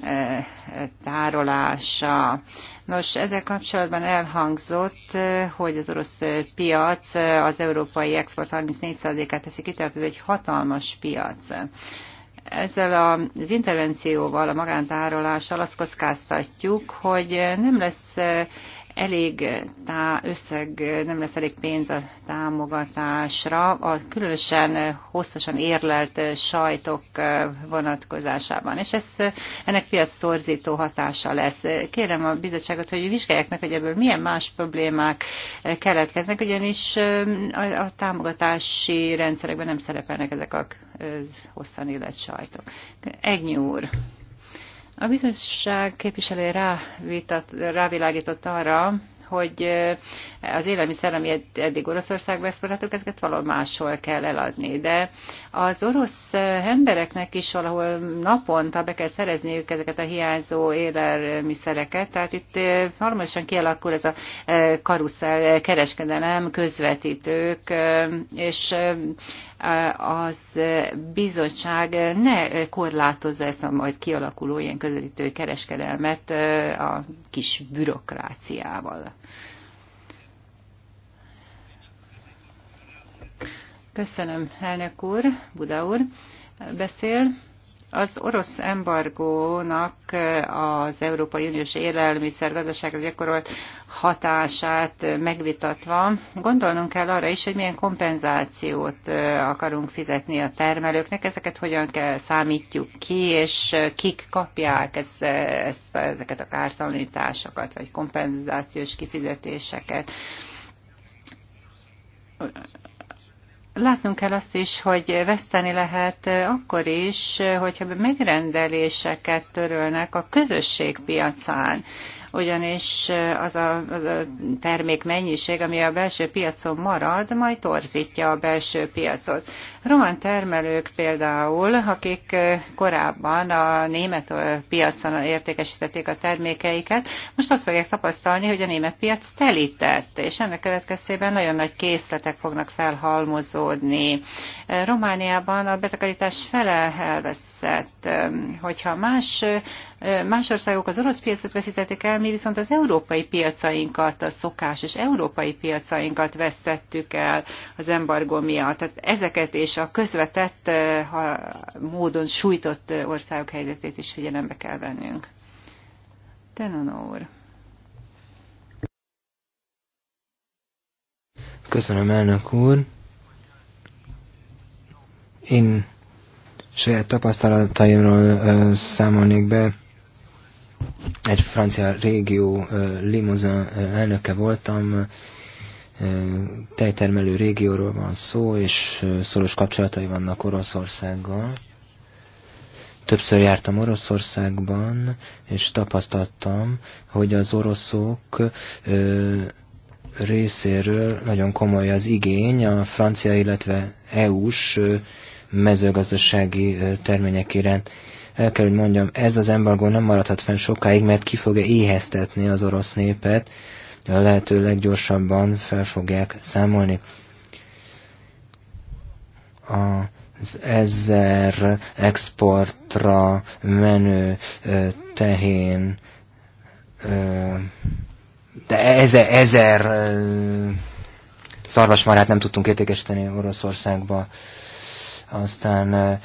tárolása. Nos, ezzel kapcsolatban elhangzott, hogy az orosz piac az európai export 34%-át teszi ki, tehát ez egy hatalmas piac. Ezzel az intervencióval, a magántárolással azt kockáztatjuk, hogy nem lesz elég eh, tá, összeg, eh, nem lesz elég pénz a támogatásra, a különösen eh, hosszasan érlelt sajtok vonatkozásában, és ez, ennek piac szorzító hatása lesz. Kérem a bizottságot, hogy vizsgálják meg, hogy ebből milyen más problémák keletkeznek, ugyanis a, a támogatási rendszerekben nem szerepelnek ezek a hosszan élet sajtok. Egnyúr. úr! A bizottság képviselő rávitat, rávilágított arra, hogy az élelmiszer, ami eddig Oroszországba exportáltuk, ezeket valahol máshol kell eladni. De az orosz embereknek is valahol naponta be kell szerezniük ezeket a hiányzó élelmiszereket, tehát itt harmadosan kialakul ez a karuszel kereskedelem, közvetítők, és az bizottság ne korlátozza ezt a majd kialakuló ilyen közelítő kereskedelmet a kis bürokráciával. Köszönöm, elnök úr, Buda úr beszél. Az orosz embargónak eh, az Európai Uniós élelmiszer gazdaságra gyakorolt hatását megvitatva gondolnunk kell arra is, hogy milyen kompenzációt eh, akarunk fizetni a termelőknek, ezeket hogyan kell számítjuk ki, és eh, kik kapják ezt, ezt, ezeket a kártalanításokat, vagy kompenzációs kifizetéseket Látnunk kell azt is, hogy veszteni lehet akkor is, hogyha megrendeléseket törölnek a közösség piacán ugyanis az a, az a termék mennyiség, ami a belső piacon marad, majd torzítja a belső piacot. Román termelők például, akik korábban a német piacon értékesítették a termékeiket, most azt fogják tapasztalni, hogy a német piac telített, és ennek következtében nagyon nagy készletek fognak felhalmozódni. Romániában a betakarítás fele elveszett. Hogyha más, más országok az orosz piacot veszítették el, mi viszont az európai piacainkat, a szokásos európai piacainkat vesztettük el az embargó miatt. Tehát ezeket és és a közvetett ha, módon sújtott országok helyzetét is figyelembe kell vennünk. Tenonó úr. Köszönöm, elnök úr. Én saját tapasztalataimról ö, számolnék be. Egy francia régió ö, limuzin elnöke voltam, tejtermelő régióról van szó, és szoros kapcsolatai vannak Oroszországgal. Többször jártam Oroszországban, és tapasztaltam, hogy az oroszok részéről nagyon komoly az igény a francia, illetve EU-s mezőgazdasági termények iránt. El kell, hogy mondjam, ez az embargó nem maradhat fenn sokáig, mert ki fogja éheztetni az orosz népet, a lehető leggyorsabban fel fogják számolni. Az ezer exportra menő tehén de ezer, ezer szarvasmarát nem tudtunk értékesíteni Oroszországba, aztán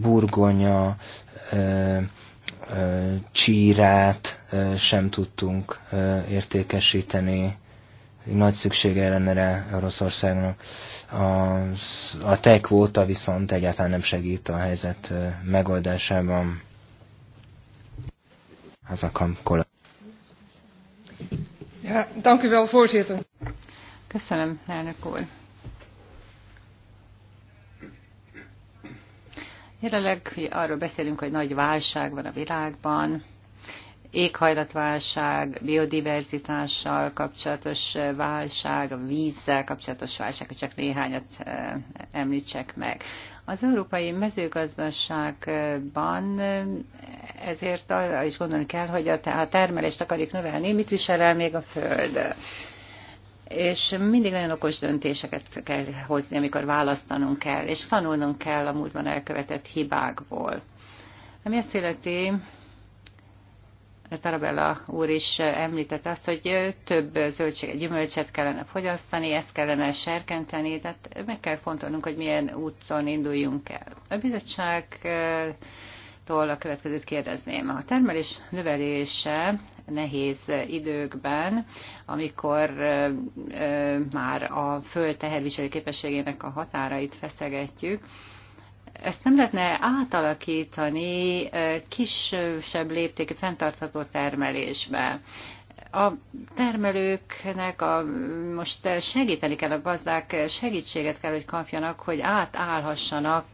burgonya, csírát sem tudtunk értékesíteni. Nagy szüksége lenne rá Oroszországnak. A, a kvóta viszont egyáltalán nem segít a helyzet megoldásában. Hazakam kola. Ja, dank u wel, voorzitter. Köszönöm, elnök úr. Jelenleg arról beszélünk, hogy nagy válság van a világban, éghajlatválság, biodiverzitással kapcsolatos válság, a vízzel kapcsolatos válság, hogy csak néhányat eh, említsek meg. Az európai mezőgazdaságban eh, ezért arra is gondolni kell, hogy a termelést akarjuk növelni, mit visel el még a föld és mindig nagyon okos döntéseket kell hozni, amikor választanunk kell, és tanulnunk kell a múltban elkövetett hibákból. Ami azt illeti, hát Tarabella úr is említette azt, hogy több zöldséget, gyümölcset kellene fogyasztani, ezt kellene serkenteni, tehát meg kell fontolnunk, hogy milyen úton induljunk el. A bizottság úrtól a következőt kérdezném. A termelés növelése nehéz időkben, amikor már a föld teherviselő képességének a határait feszegetjük, ezt nem lehetne átalakítani kisebb léptékű fenntartható termelésbe a termelőknek a, most segíteni kell a gazdák, segítséget kell, hogy kapjanak, hogy átállhassanak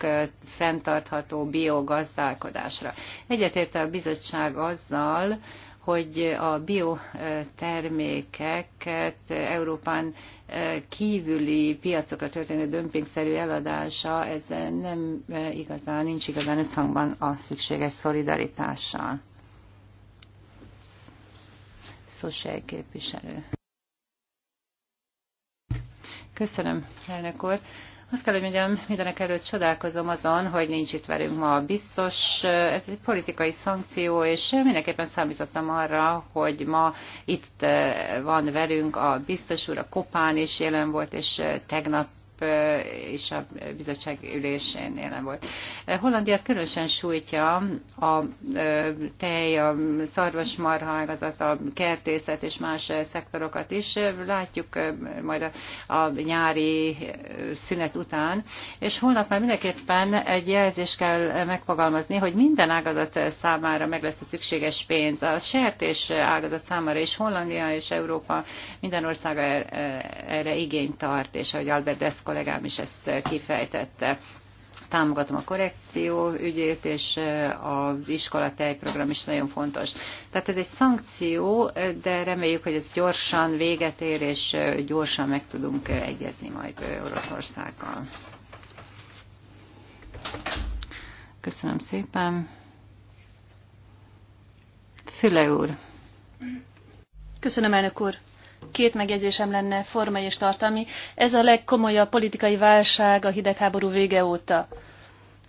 fenntartható biogazdálkodásra. Egyetérte a bizottság azzal, hogy a biotermékeket Európán kívüli piacokra történő dömpingszerű eladása, ez nem igazán, nincs igazán összhangban a szükséges szolidaritással. Szociál képviselő. Köszönöm, elnök úr. Azt kell, hogy mondjam, mindenek előtt csodálkozom azon, hogy nincs itt velünk ma a biztos. Ez egy politikai szankció, és mindenképpen számítottam arra, hogy ma itt eh, van velünk a biztos úr, a Kopán is jelen volt, és tegnap és a bizottság ülésén jelen volt. Hollandiát különösen sújtja a tej, a szarvasmarha az a kertészet és más szektorokat is. Látjuk majd a, a nyári szünet után, és holnap már mindenképpen egy jelzést kell megfogalmazni, hogy minden ágazat számára meg lesz a szükséges pénz. A sertés ágazat számára és Hollandia és Európa minden országa er, erre igényt tart, és ahogy Albert kollégám is ezt kifejtette. Támogatom a korrekció ügyét, és az iskola tejprogram is nagyon fontos. Tehát ez egy szankció, de reméljük, hogy ez gyorsan véget ér, és gyorsan meg tudunk egyezni majd Oroszországgal. Köszönöm szépen. Füle úr. Köszönöm, elnök úr. Két megjegyzésem lenne formai és tartalmi. Ez a legkomolyabb politikai válság a hidegháború vége óta.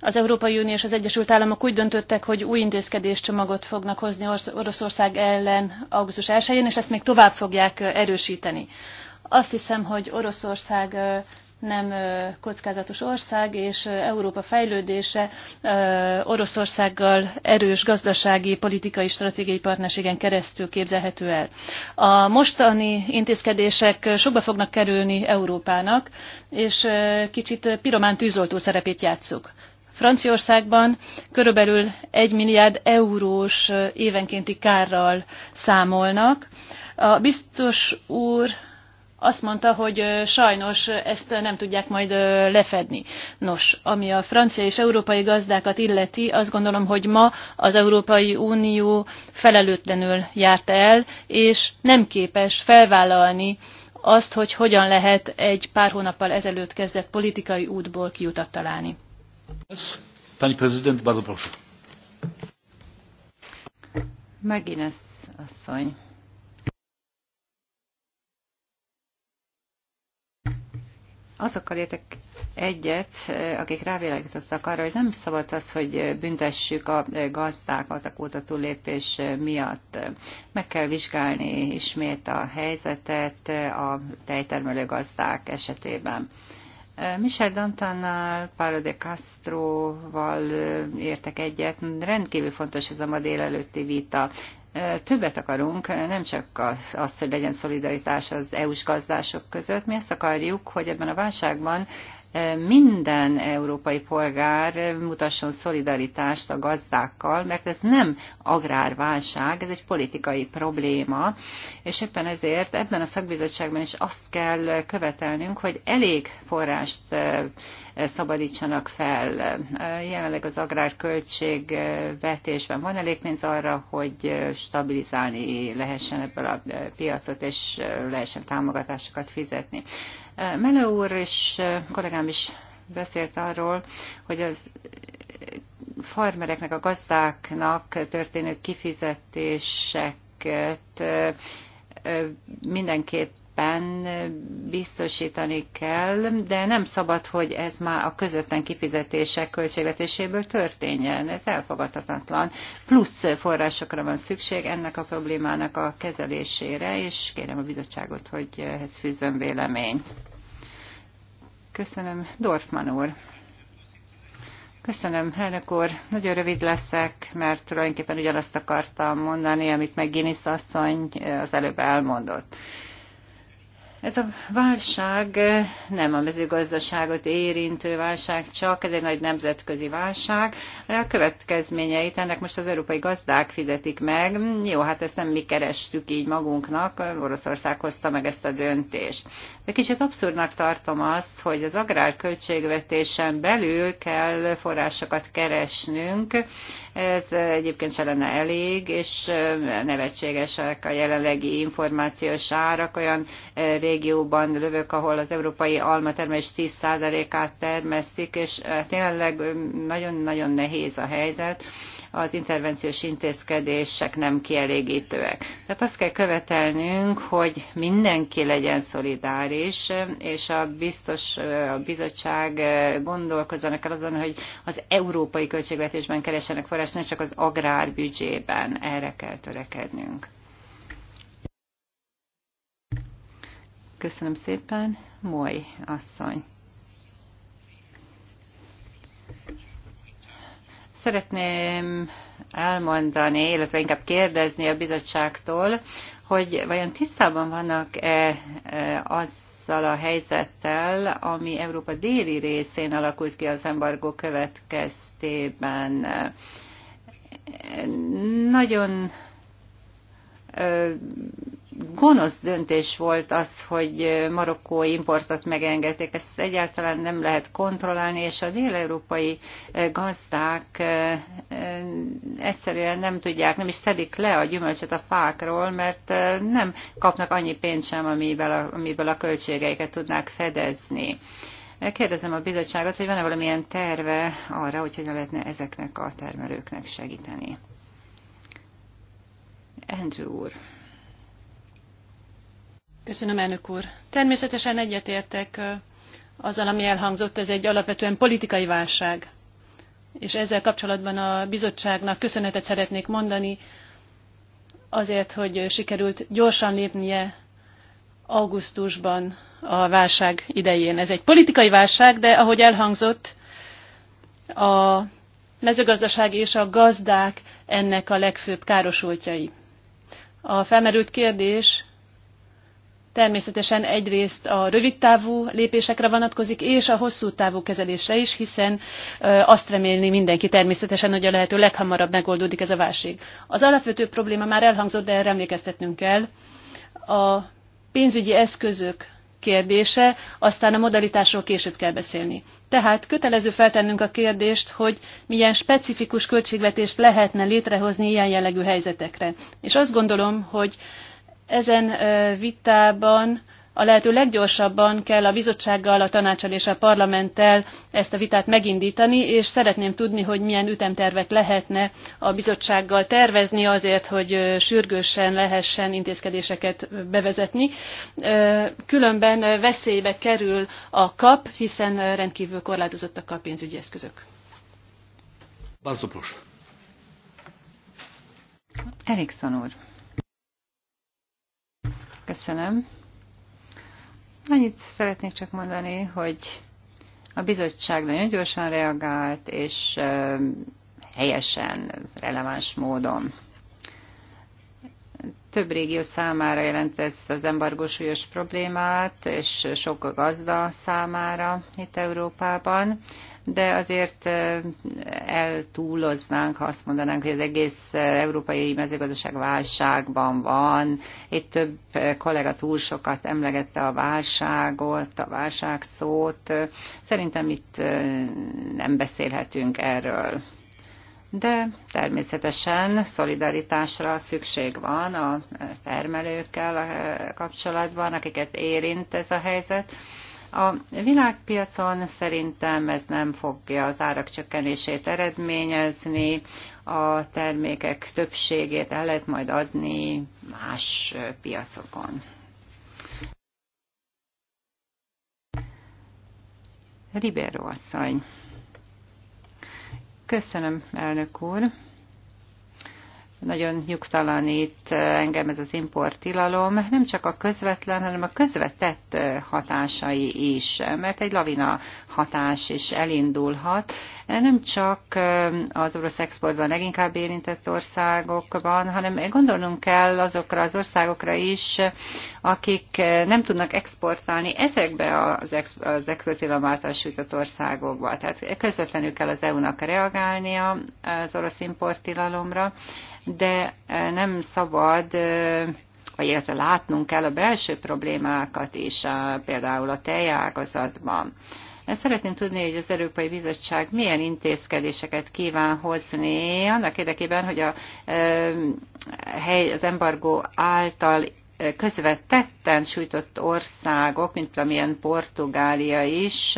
Az Európai Unió és az Egyesült Államok úgy döntöttek, hogy új intézkedéscsomagot fognak hozni Oroszország ellen augusztus 1 és ezt még tovább fogják erősíteni. Azt hiszem, hogy Oroszország nem kockázatos ország, és Európa fejlődése Oroszországgal erős gazdasági, politikai, stratégiai partnerségen keresztül képzelhető el. A mostani intézkedések sokba fognak kerülni Európának, és kicsit piromán tűzoltó szerepét játszuk. Franciaországban körülbelül 1 milliárd eurós évenkénti kárral számolnak. A biztos úr azt mondta, hogy sajnos ezt nem tudják majd lefedni. Nos, ami a francia és európai gazdákat illeti, azt gondolom, hogy ma az Európai Unió felelőtlenül járt el, és nem képes felvállalni azt, hogy hogyan lehet egy pár hónappal ezelőtt kezdett politikai útból kiutat találni. Megint ez asszony. azokkal értek egyet, akik rávilágítottak arra, hogy nem szabad az, hogy büntessük a gazdákat a kóta lépés miatt. Meg kell vizsgálni ismét a helyzetet a tejtermelő gazdák esetében. Michel Dantannal, Paolo de Castroval értek egyet. Rendkívül fontos ez a ma délelőtti vita többet akarunk, nem csak az, az hogy legyen szolidaritás az EU-s gazdások között, mi azt akarjuk, hogy ebben a válságban minden európai polgár mutasson szolidaritást a gazdákkal, mert ez nem agrárválság, ez egy politikai probléma, és éppen ezért ebben a szakbizottságban is azt kell követelnünk, hogy elég forrást eh, szabadítsanak fel. Eh, jelenleg az agrárköltség vetésben van elég pénz arra, hogy eh, stabilizálni lehessen ebből a piacot, és lehessen támogatásokat fizetni. Mele úr és kollégám is beszélt arról, hogy az farmereknek, a gazdáknak történő kifizetéseket mindenképp mindenképpen biztosítani kell, de nem szabad, hogy ez már a közvetlen kifizetések költségvetéséből történjen. Ez elfogadhatatlan. Plusz forrásokra van szükség ennek a problémának a kezelésére, és kérem a bizottságot, hogy ehhez fűzön véleményt. Köszönöm, Dorfman úr. Köszönöm, elnök úr. Nagyon rövid leszek, mert tulajdonképpen ugyanazt akartam mondani, amit meg Guinness asszony az előbb elmondott. Ez a válság nem a mezőgazdaságot érintő válság csak, ez egy nagy nemzetközi válság. A következményeit ennek most az európai gazdák fizetik meg. Jó, hát ezt nem mi kerestük így magunknak, Oroszország hozta meg ezt a döntést. De kicsit abszurdnak tartom azt, hogy az agrárköltségvetésen belül kell forrásokat keresnünk, ez egyébként se lenne elég, és nevetségesek a jelenlegi információs árak olyan régióban lövök, ahol az európai alma termelés 10%-át termesztik, és tényleg nagyon-nagyon nehéz a helyzet az intervenciós intézkedések nem kielégítőek. Tehát azt kell követelnünk, hogy mindenki legyen szolidáris, és a biztos, a bizottság gondolkozzanak el azon, hogy az európai költségvetésben keresenek forrás, ne csak az agrárbüdzsében. Erre kell törekednünk. Köszönöm szépen. Moly asszony. Szeretném elmondani, illetve inkább kérdezni a bizottságtól, hogy vajon tisztában vannak-e e, azzal a helyzettel, ami Európa déli részén alakult ki az embargó következtében. Nagyon gonosz döntés volt az, hogy marokkói importot megengedték. Ezt egyáltalán nem lehet kontrollálni, és a déleurópai eh, gazdák eh, eh, egyszerűen nem tudják, nem is szedik le a gyümölcsöt a fákról, mert nem kapnak annyi pénzt sem, amiből a, amiből a költségeiket tudnák fedezni. Kérdezem a bizottságot, hogy van-e valamilyen terve arra, hogy hogyan lehetne ezeknek a termelőknek segíteni. Andrew úr. Köszönöm, elnök úr. Természetesen egyetértek azzal, ami elhangzott, ez egy alapvetően politikai válság. És ezzel kapcsolatban a bizottságnak köszönetet szeretnék mondani azért, hogy sikerült gyorsan lépnie augusztusban a válság idején. Ez egy politikai válság, de ahogy elhangzott, a mezőgazdaság és a gazdák ennek a legfőbb károsultjai. A felmerült kérdés természetesen egyrészt a rövidtávú lépésekre vonatkozik, és a hosszú távú kezelésre is, hiszen azt remélni mindenki természetesen, hogy a lehető leghamarabb megoldódik ez a válság. Az alapvető probléma már elhangzott, de erre emlékeztetnünk kell. A pénzügyi eszközök kérdése, aztán a modalitásról később kell beszélni. Tehát kötelező feltennünk a kérdést, hogy milyen specifikus költségvetést lehetne létrehozni ilyen jellegű helyzetekre. És azt gondolom, hogy ezen vitában a lehető leggyorsabban kell a bizottsággal, a tanácsal és a parlamenttel ezt a vitát megindítani, és szeretném tudni, hogy milyen ütemtervet lehetne a bizottsággal tervezni azért, hogy sürgősen lehessen intézkedéseket bevezetni. Különben veszélybe kerül a kap, hiszen rendkívül korlátozottak a pénzügyi eszközök. Erikson úr. Köszönöm. Annyit szeretnék csak mondani, hogy a bizottság nagyon gyorsan reagált, és helyesen, releváns módon. Több régió számára jelent ez az embargó súlyos problémát, és sok a gazda számára itt Európában de azért eltúloznánk, ha azt mondanánk, hogy az egész európai mezőgazdaság válságban van. Itt több kollega túl sokat emlegette a válságot, a válság szót. Szerintem itt nem beszélhetünk erről de természetesen szolidaritásra szükség van a termelőkkel kapcsolatban, akiket érint ez a helyzet, a világpiacon szerintem ez nem fogja az árak csökkenését eredményezni, a termékek többségét el lehet majd adni más piacokon. Ribeiro asszony. Köszönöm, elnök úr nagyon nyugtalanít eh, engem ez az importtilalom, nem csak a közvetlen, hanem a közvetett eh, hatásai is, mert egy lavina hatás is elindulhat. Eh, nem csak az orosz exportban leginkább érintett országokban, hanem gondolnunk kell azokra az országokra is, akik nem tudnak exportálni ezekbe az, ex, az által sújtott országokba. Tehát közvetlenül kell az EU-nak reagálnia az orosz importtilalomra, de eh, nem szabad eh, vagy illetve látnunk kell a belső problémákat is, például a tejágazatban. Ezt szeretném tudni, hogy az Európai Bizottság milyen intézkedéseket kíván hozni annak érdekében, hogy a, eh, hely, az embargó által közvetetten sújtott országok, mint amilyen Portugália is,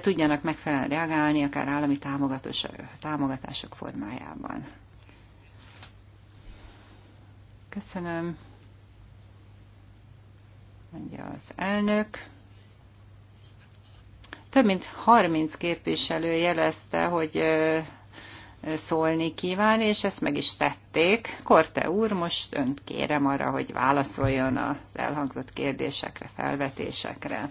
tudjanak megfelelően reagálni, akár állami támogatások formájában. Köszönöm, mondja az elnök. Több mint 30 képviselő jelezte, hogy szólni kíván, és ezt meg is tették. Korte úr, most önt kérem arra, hogy válaszoljon az elhangzott kérdésekre, felvetésekre.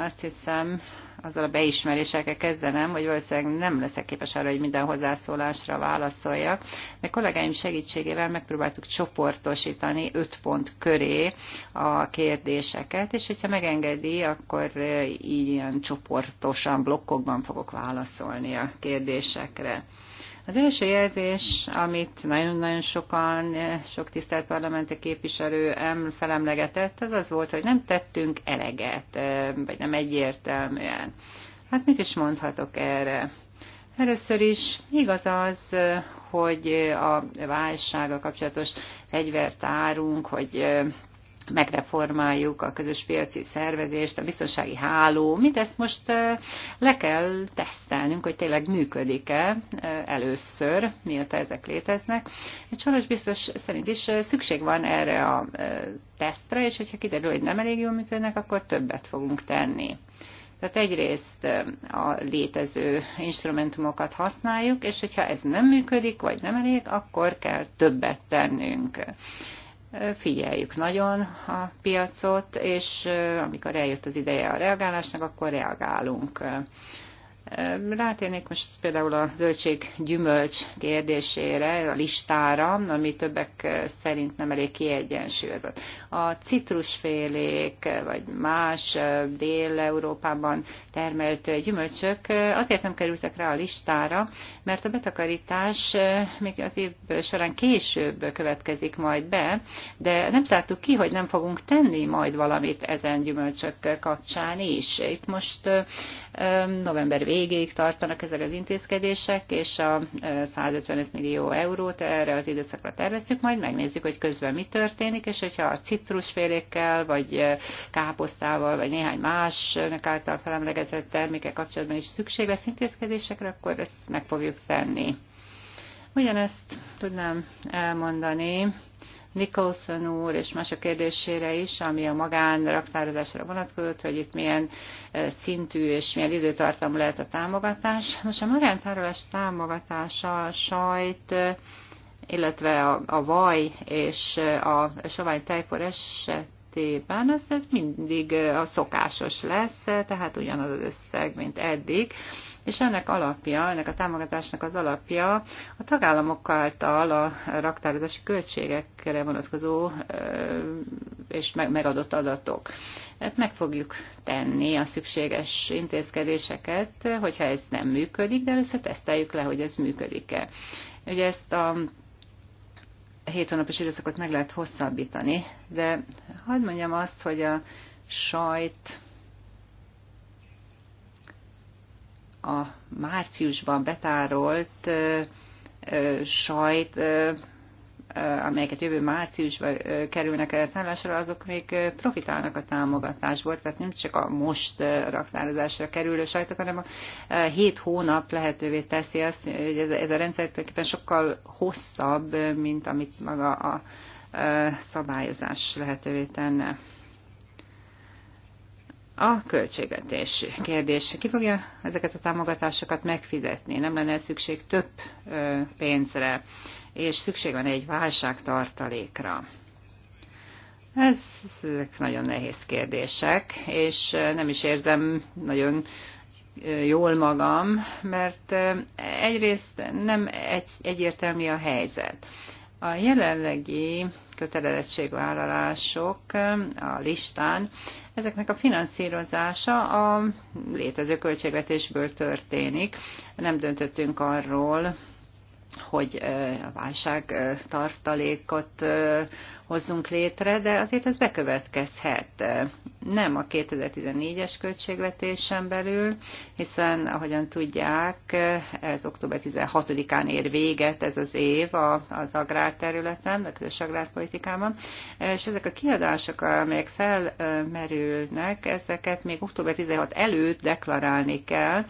Azt hiszem, azzal a beismeréssel kell kezdenem, hogy valószínűleg nem leszek képes arra, hogy minden hozzászólásra válaszoljak, de kollégáim segítségével megpróbáltuk csoportosítani öt pont köré a kérdéseket, és hogyha megengedi, akkor ilyen csoportosan, blokkokban fogok válaszolni a kérdésekre. Az első jelzés, amit nagyon-nagyon sokan, eh, sok tisztelt parlamenti képviselő felemlegetett, az az volt, hogy nem tettünk eleget, eh, vagy nem egyértelműen. Hát mit is mondhatok erre? Először is igaz az, eh, hogy a válsággal kapcsolatos fegyvert árunk, hogy megreformáljuk a közös piaci szervezést, a biztonsági háló, mindezt most le kell tesztelnünk, hogy tényleg működik-e először, mióta ezek léteznek. Egy soros biztos szerint is szükség van erre a tesztre, és hogyha kiderül, hogy nem elég jól működnek, akkor többet fogunk tenni. Tehát egyrészt a létező instrumentumokat használjuk, és hogyha ez nem működik, vagy nem elég, akkor kell többet tennünk figyeljük nagyon a piacot, és amikor eljött az ideje a reagálásnak, akkor reagálunk. Rátérnék most például a zöldség-gyümölcs kérdésére, a listára, ami többek szerint nem elég kiegyensúlyozott. A citrusfélék, vagy más Dél-Európában termelt gyümölcsök azért nem kerültek rá a listára, mert a betakarítás még az év során később következik majd be, de nem szálltuk ki, hogy nem fogunk tenni majd valamit ezen gyümölcsök kapcsán is. Itt most november végén végéig tartanak ezek az intézkedések, és a 155 e, millió eurót erre az időszakra terveztük, majd megnézzük, hogy közben mi történik, és hogyha a citrusfélékkel, vagy e, káposztával, vagy néhány más által felemlegetett termékek kapcsolatban is szükség lesz intézkedésekre, akkor ezt meg fogjuk tenni. Ugyanezt tudnám elmondani Nicholson úr és más a kérdésére is, ami a magán raktározásra vonatkozott, hogy itt milyen eh, szintű és milyen időtartam lehet a támogatás. Most a magántárolás támogatása a sajt eh, illetve a, a vaj és eh, a sovány tejpor esetében az, ez mindig a szokásos lesz, tehát ugyanaz az összeg, mint eddig és ennek alapja, ennek a támogatásnak az alapja a tagállamok által a raktározási költségekre vonatkozó és megadott adatok. Hát meg fogjuk tenni a szükséges intézkedéseket, hogyha ez nem működik, de először teszteljük le, hogy ez működik-e. Ugye ezt a hét hónapos időszakot meg lehet hosszabbítani, de hadd mondjam azt, hogy a sajt a márciusban betárolt sajt, amelyeket jövő márciusban kerülnek a tárolásra, azok még profitálnak a támogatásból, tehát nem csak a most raktározásra kerülő sajtok, hanem a hét hónap lehetővé teszi azt, hogy ez, ez a rendszer tulajdonképpen sokkal hosszabb, mint amit maga a szabályozás lehetővé tenne. A költségvetés kérdés. Ki fogja ezeket a támogatásokat megfizetni? Nem lenne szükség több pénzre, és szükség van egy válságtartalékra. Ez, ezek nagyon nehéz kérdések, és nem is érzem nagyon jól magam, mert egyrészt nem egy, egyértelmű a helyzet. A jelenlegi kötelezettségvállalások a listán, ezeknek a finanszírozása a létező költségvetésből történik. Nem döntöttünk arról, hogy a válság tartalékot hozzunk létre, de azért ez bekövetkezhet. Nem a 2014-es költségvetésen belül, hiszen ahogyan tudják, ez október 16-án ér véget ez az év az agrárterületen, a közös agrárpolitikában, és ezek a kiadások, amelyek felmerülnek, ezeket még október 16 előtt deklarálni kell,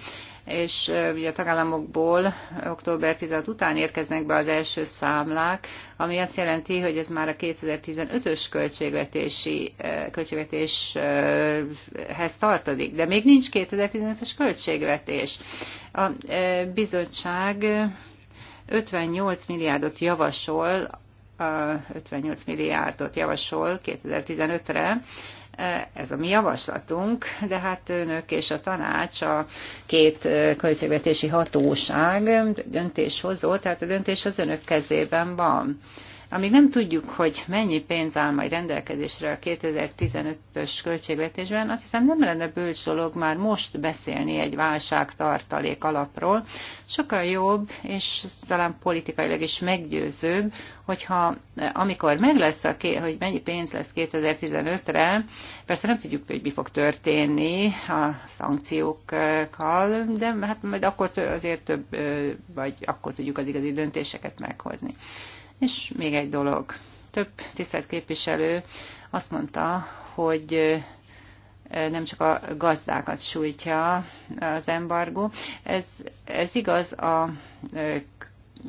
és ugye a tagállamokból október 16 után érkeznek be az első számlák, ami azt jelenti, hogy ez már a 2015-ös költségvetési költségvetéshez tartozik, de még nincs 2015-ös költségvetés. A bizottság 58 milliárdot javasol 58 milliárdot javasol 2015-re, ez a mi javaslatunk, de hát önök és a tanács, a két költségvetési hatóság döntés hozó, tehát a döntés az önök kezében van. Amíg nem tudjuk, hogy mennyi pénz áll majd rendelkezésre a 2015-ös költségvetésben, azt hiszem nem lenne bölcs dolog már most beszélni egy válságtartalék alapról. Sokkal jobb, és talán politikailag is meggyőzőbb, hogyha eh, amikor meg lesz, a ké, hogy mennyi pénz lesz 2015-re, persze nem tudjuk, hogy mi fog történni a szankciókkal, de hát majd akkor azért több, eh, vagy akkor tudjuk az igazi döntéseket meghozni. És még egy dolog. Több tisztelt képviselő azt mondta, hogy nem csak a gazdákat sújtja az embargó. Ez, ez igaz a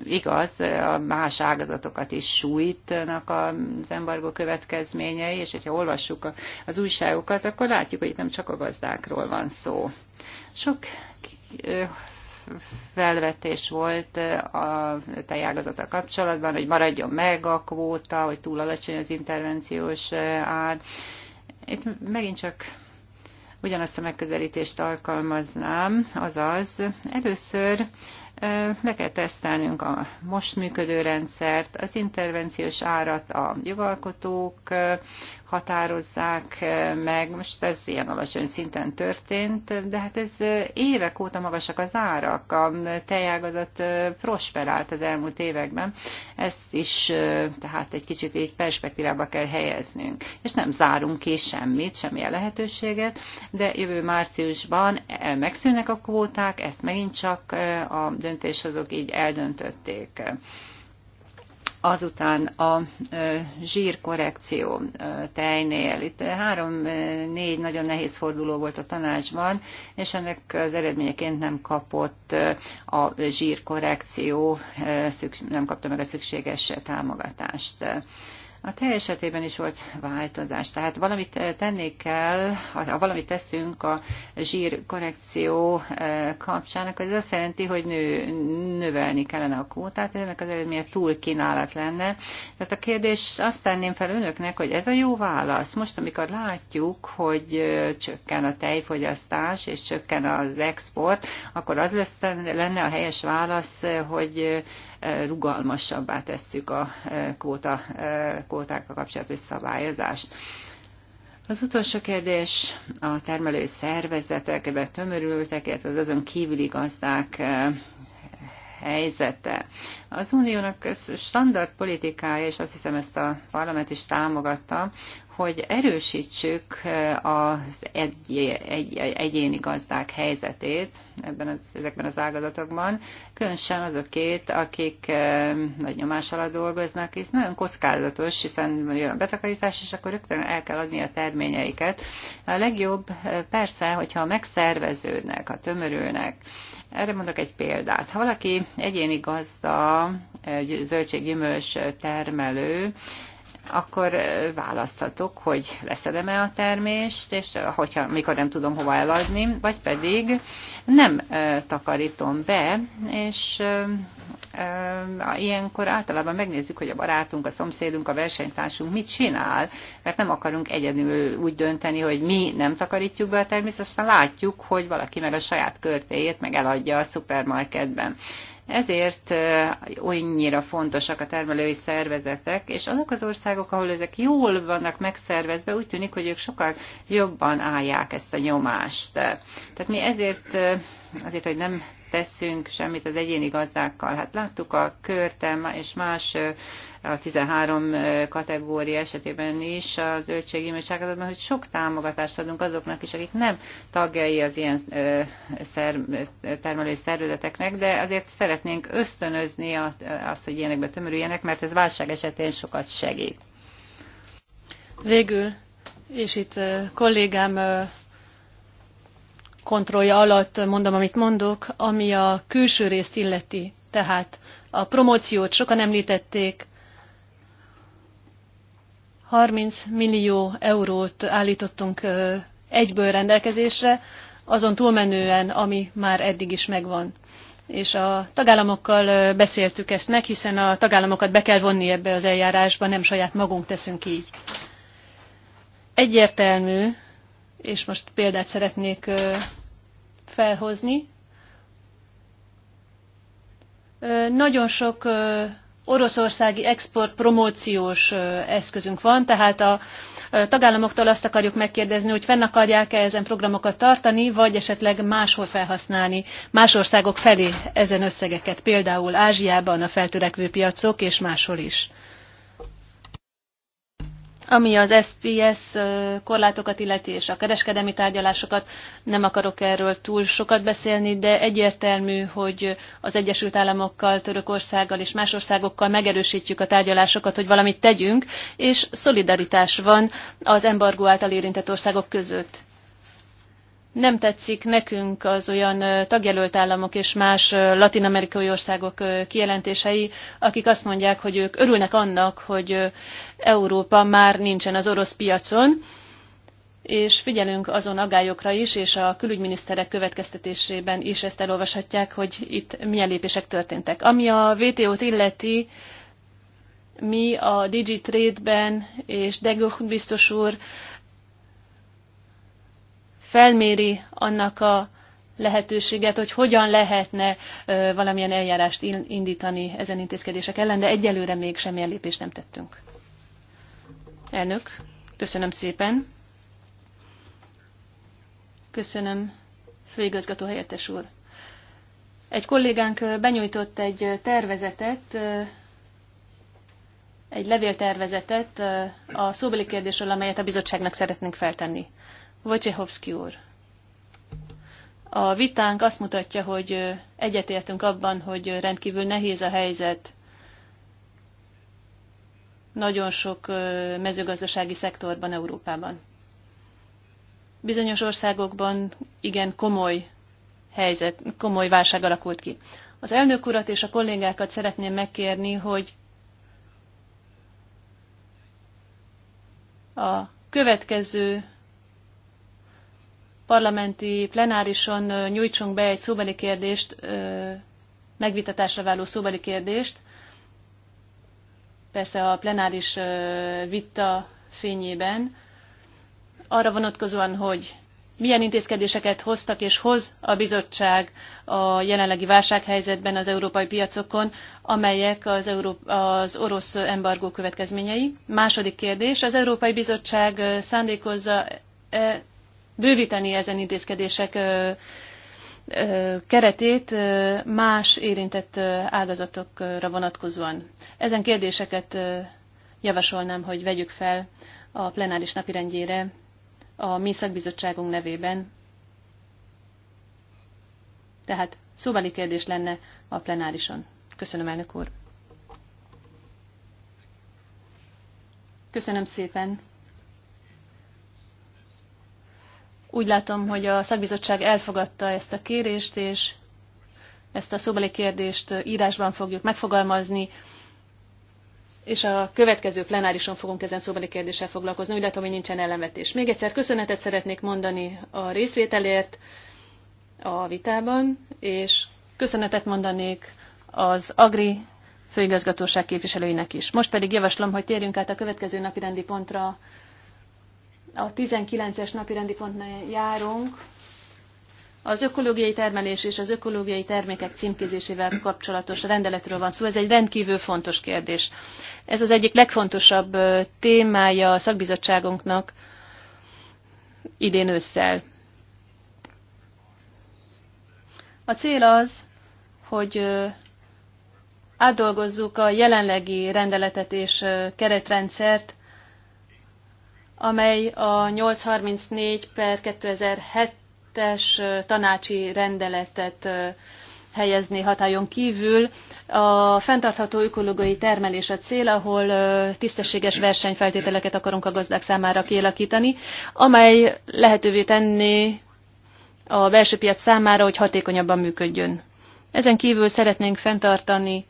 igaz, a más ágazatokat is sújtnak az embargó következményei, és hogyha olvassuk az újságokat, akkor látjuk, hogy itt nem csak a gazdákról van szó. Sok felvetés volt a tejágazata kapcsolatban, hogy maradjon meg a kvóta, hogy túl alacsony az intervenciós ár. Itt megint csak ugyanazt a megközelítést alkalmaznám, azaz először le kell tesztelnünk a most működő rendszert, az intervenciós árat a jogalkotók határozzák eh, meg. Most ez ilyen alacsony szinten történt, de hát ez eh, évek óta magasak az árak. A tejágazat eh, prosperált az elmúlt években. Ezt is tehát egy kicsit így perspektívába kell helyeznünk. És nem zárunk ki semmit, semmilyen lehetőséget, de jövő márciusban megszűnnek a kvóták, ezt megint csak a döntéshozók így eldöntötték. Azután a zsírkorrekció tejnél. Itt három-négy nagyon nehéz forduló volt a tanácsban, és ennek az eredményeként nem kapott a zsírkorrekció, nem kapta meg a szükséges támogatást. A te esetében is volt változás, tehát valamit eh, tenni kell, ha valamit teszünk a zsírkorrekció eh, kapcsán, akkor ez azt jelenti, hogy nő, növelni kellene a kvótát, ennek az eredménye túl kínálat lenne. Tehát a kérdés azt tenném fel önöknek, hogy ez a jó válasz. Most, amikor látjuk, hogy eh, csökken a tejfogyasztás és csökken az export, akkor az lesz, lenne a helyes válasz, hogy rugalmasabbá tesszük a e, kvóta, e, kvótákkal kapcsolatos szabályozást. Az utolsó kérdés a termelő ebben tömörültek, illetve az azon kívüli gazdák e, helyzete. Az uniónak standard politikája, és azt hiszem ezt a parlament is támogatta, hogy erősítsük eh, az egy, egy, egyéni gazdák helyzetét ebben az, ezekben az ágazatokban, különösen azokét, akik eh, nagy nyomás alatt dolgoznak, és nagyon kockázatos, hiszen jön a betakarítás, és akkor rögtön el kell adni a terményeiket. A legjobb eh, persze, hogyha megszerveződnek, a tömörülnek, erre mondok egy példát. Ha valaki egyéni gazda, zöldséggyümölcs termelő, akkor választhatok, hogy leszedem-e a termést, és hogyha, mikor nem tudom hova eladni, vagy pedig nem takarítom be, és ilyenkor általában megnézzük, hogy a barátunk, a szomszédunk, a versenytársunk mit csinál, mert nem akarunk egyedül úgy dönteni, hogy mi nem takarítjuk be a termést, aztán látjuk, hogy valaki meg a saját körtéjét meg eladja a szupermarketben. Ezért olyannyira fontosak a termelői szervezetek, és azok az országok, ahol ezek jól vannak megszervezve, úgy tűnik, hogy ők sokkal jobban állják ezt a nyomást. Tehát mi ezért, azért, hogy nem teszünk semmit az egyéni gazdákkal. Hát láttuk a körtem és más a 13 kategória esetében is a zöldségi ágazatban, hogy sok támogatást adunk azoknak is, akik nem tagjai az ilyen szer, termelői szervezeteknek, de azért szeretnénk ösztönözni azt, hogy ilyenekbe tömörüljenek, mert ez válság esetén sokat segít. Végül, és itt kollégám kontrollja alatt mondom, amit mondok, ami a külső részt illeti. Tehát a promóciót sokan említették, 30 millió eurót állítottunk egyből rendelkezésre, azon túlmenően, ami már eddig is megvan. És a tagállamokkal beszéltük ezt meg, hiszen a tagállamokat be kell vonni ebbe az eljárásba, nem saját magunk teszünk így. Egyértelmű, és most példát szeretnék felhozni, nagyon sok oroszországi export promóciós eszközünk van, tehát a tagállamoktól azt akarjuk megkérdezni, hogy fenn akarják-e ezen programokat tartani, vagy esetleg máshol felhasználni, más országok felé ezen összegeket, például Ázsiában a feltörekvő piacok és máshol is. Ami az SPS korlátokat illeti és a kereskedelmi tárgyalásokat, nem akarok erről túl sokat beszélni, de egyértelmű, hogy az Egyesült Államokkal, Törökországgal és más országokkal megerősítjük a tárgyalásokat, hogy valamit tegyünk, és szolidaritás van az embargó által érintett országok között nem tetszik nekünk az olyan tagjelölt államok és más latin-amerikai országok kijelentései, akik azt mondják, hogy ők örülnek annak, hogy Európa már nincsen az orosz piacon, és figyelünk azon agályokra is, és a külügyminiszterek következtetésében is ezt elolvashatják, hogy itt milyen lépések történtek. Ami a vto t illeti, mi a Digitrade-ben és Degoch biztos úr felméri annak a lehetőséget, hogy hogyan lehetne valamilyen eljárást indítani ezen intézkedések ellen, de egyelőre még semmilyen lépést nem tettünk. Elnök, köszönöm szépen. Köszönöm, főigazgató helyettes úr. Egy kollégánk benyújtott egy tervezetet, egy levéltervezetet a szóbeli kérdésről, amelyet a bizottságnak szeretnénk feltenni. Wojciechowski úr. A vitánk azt mutatja, hogy egyetértünk abban, hogy rendkívül nehéz a helyzet. Nagyon sok mezőgazdasági szektorban Európában. Bizonyos országokban igen komoly helyzet, komoly válság alakult ki. Az elnök urat és a kollégákat szeretném megkérni, hogy a következő parlamenti plenárison nyújtsunk be egy szóbeli kérdést, megvitatásra váló szóbeli kérdést. Persze a plenáris vita fényében, arra vonatkozóan, hogy milyen intézkedéseket hoztak és hoz a bizottság a jelenlegi válsághelyzetben az európai piacokon, amelyek az, Euró- az orosz embargó következményei. Második kérdés, az Európai Bizottság szándékozza -e bővíteni ezen intézkedések keretét más érintett ágazatokra vonatkozóan. Ezen kérdéseket javasolnám, hogy vegyük fel a plenáris napirendjére a mi szakbizottságunk nevében. Tehát szóbeli kérdés lenne a plenárison. Köszönöm, elnök úr. Köszönöm szépen Úgy látom, hogy a szakbizottság elfogadta ezt a kérést, és ezt a szóbeli kérdést írásban fogjuk megfogalmazni, és a következő plenárison fogunk ezen szóbeli kérdéssel foglalkozni, úgy látom, hogy nincsen ellenvetés. Még egyszer köszönetet szeretnék mondani a részvételért a vitában, és köszönetet mondanék az Agri főigazgatóság képviselőinek is. Most pedig javaslom, hogy térjünk át a következő napi rendi pontra, a 19-es napi rendi pontnál járunk, az ökológiai termelés és az ökológiai termékek címkézésével kapcsolatos rendeletről van szó. Ez egy rendkívül fontos kérdés. Ez az egyik legfontosabb témája a szakbizottságunknak idén ősszel. A cél az, hogy átdolgozzuk a jelenlegi rendeletet és keretrendszert, amely a 834 per 2007-es tanácsi rendeletet helyezni hatályon kívül. A fenntartható ökológiai termelés a cél, ahol tisztességes versenyfeltételeket akarunk a gazdák számára kialakítani, amely lehetővé tenni a belső piac számára, hogy hatékonyabban működjön. Ezen kívül szeretnénk fenntartani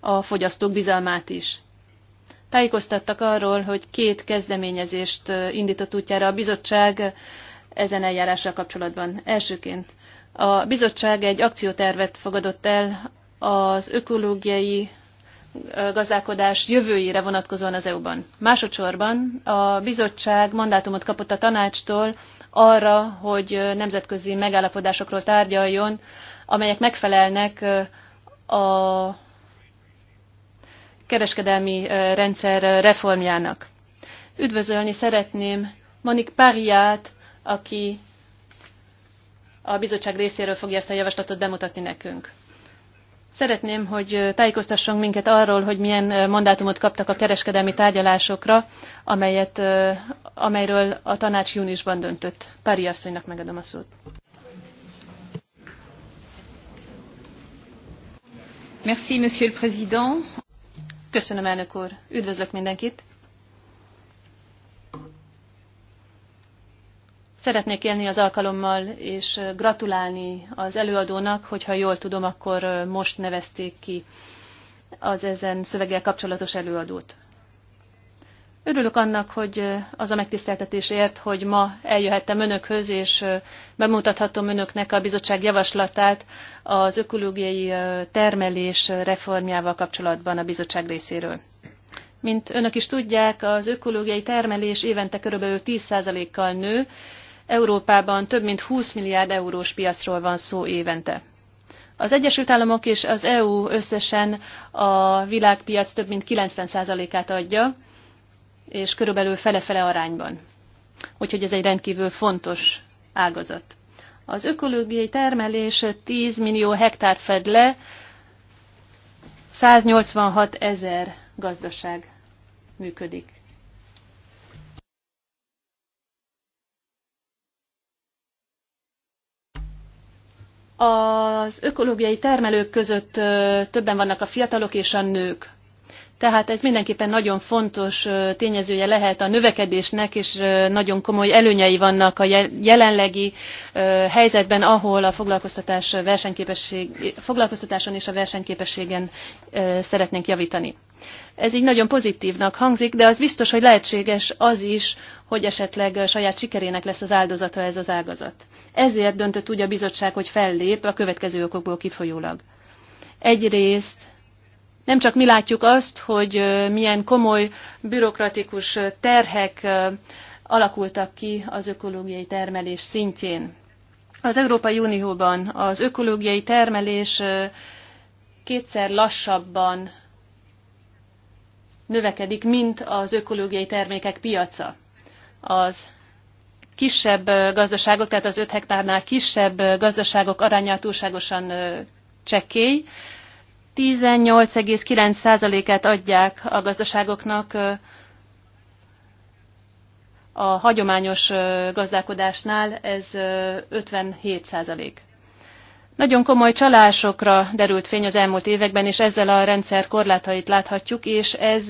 a fogyasztók bizalmát is. Tájékoztattak arról, hogy két kezdeményezést indított útjára a bizottság ezen eljárással kapcsolatban. Elsőként a bizottság egy akciótervet fogadott el az ökológiai gazdálkodás jövőjére vonatkozóan az EU-ban. Másodszorban a bizottság mandátumot kapott a tanácstól arra, hogy nemzetközi megállapodásokról tárgyaljon, amelyek megfelelnek a kereskedelmi rendszer reformjának. Üdvözölni szeretném Manik Páriát, aki a bizottság részéről fogja ezt a javaslatot bemutatni nekünk. Szeretném, hogy tájékoztasson minket arról, hogy milyen mandátumot kaptak a kereskedelmi tárgyalásokra, amelyet, amelyről a tanács júniusban döntött. Pári asszonynak megadom a szót. Merci, Monsieur le Président. Köszönöm, elnök úr. Üdvözlök mindenkit. Szeretnék élni az alkalommal, és gratulálni az előadónak, hogyha jól tudom, akkor most nevezték ki az ezen szöveggel kapcsolatos előadót. Örülök annak, hogy az a megtiszteltetésért, hogy ma eljöhettem önökhöz, és bemutathatom önöknek a bizottság javaslatát az ökológiai termelés reformjával kapcsolatban a bizottság részéről. Mint önök is tudják, az ökológiai termelés évente körülbelül 10%-kal nő, Európában több mint 20 milliárd eurós piacról van szó évente. Az Egyesült Államok és az EU összesen a világpiac több mint 90%-át adja, és körülbelül fele-fele arányban. Úgyhogy ez egy rendkívül fontos ágazat. Az ökológiai termelés 10 millió hektárt fed le, 186 ezer gazdaság működik. Az ökológiai termelők között többen vannak a fiatalok és a nők. Tehát ez mindenképpen nagyon fontos tényezője lehet a növekedésnek, és nagyon komoly előnyei vannak a jelenlegi helyzetben, ahol a foglalkoztatás versenyképesség, foglalkoztatáson és a versenyképességen szeretnénk javítani. Ez így nagyon pozitívnak hangzik, de az biztos, hogy lehetséges az is, hogy esetleg saját sikerének lesz az áldozata ez az ágazat. Ezért döntött úgy a bizottság, hogy fellép a következő okokból kifolyólag. Egyrészt nem csak mi látjuk azt, hogy milyen komoly bürokratikus terhek alakultak ki az ökológiai termelés szintjén. Az Európai Unióban az ökológiai termelés kétszer lassabban növekedik, mint az ökológiai termékek piaca. Az kisebb gazdaságok, tehát az 5 hektárnál kisebb gazdaságok aránya túlságosan csekély, 18,9%-át adják a gazdaságoknak a hagyományos gazdálkodásnál, ez 57%. Nagyon komoly csalásokra derült fény az elmúlt években, és ezzel a rendszer korlátait láthatjuk, és ez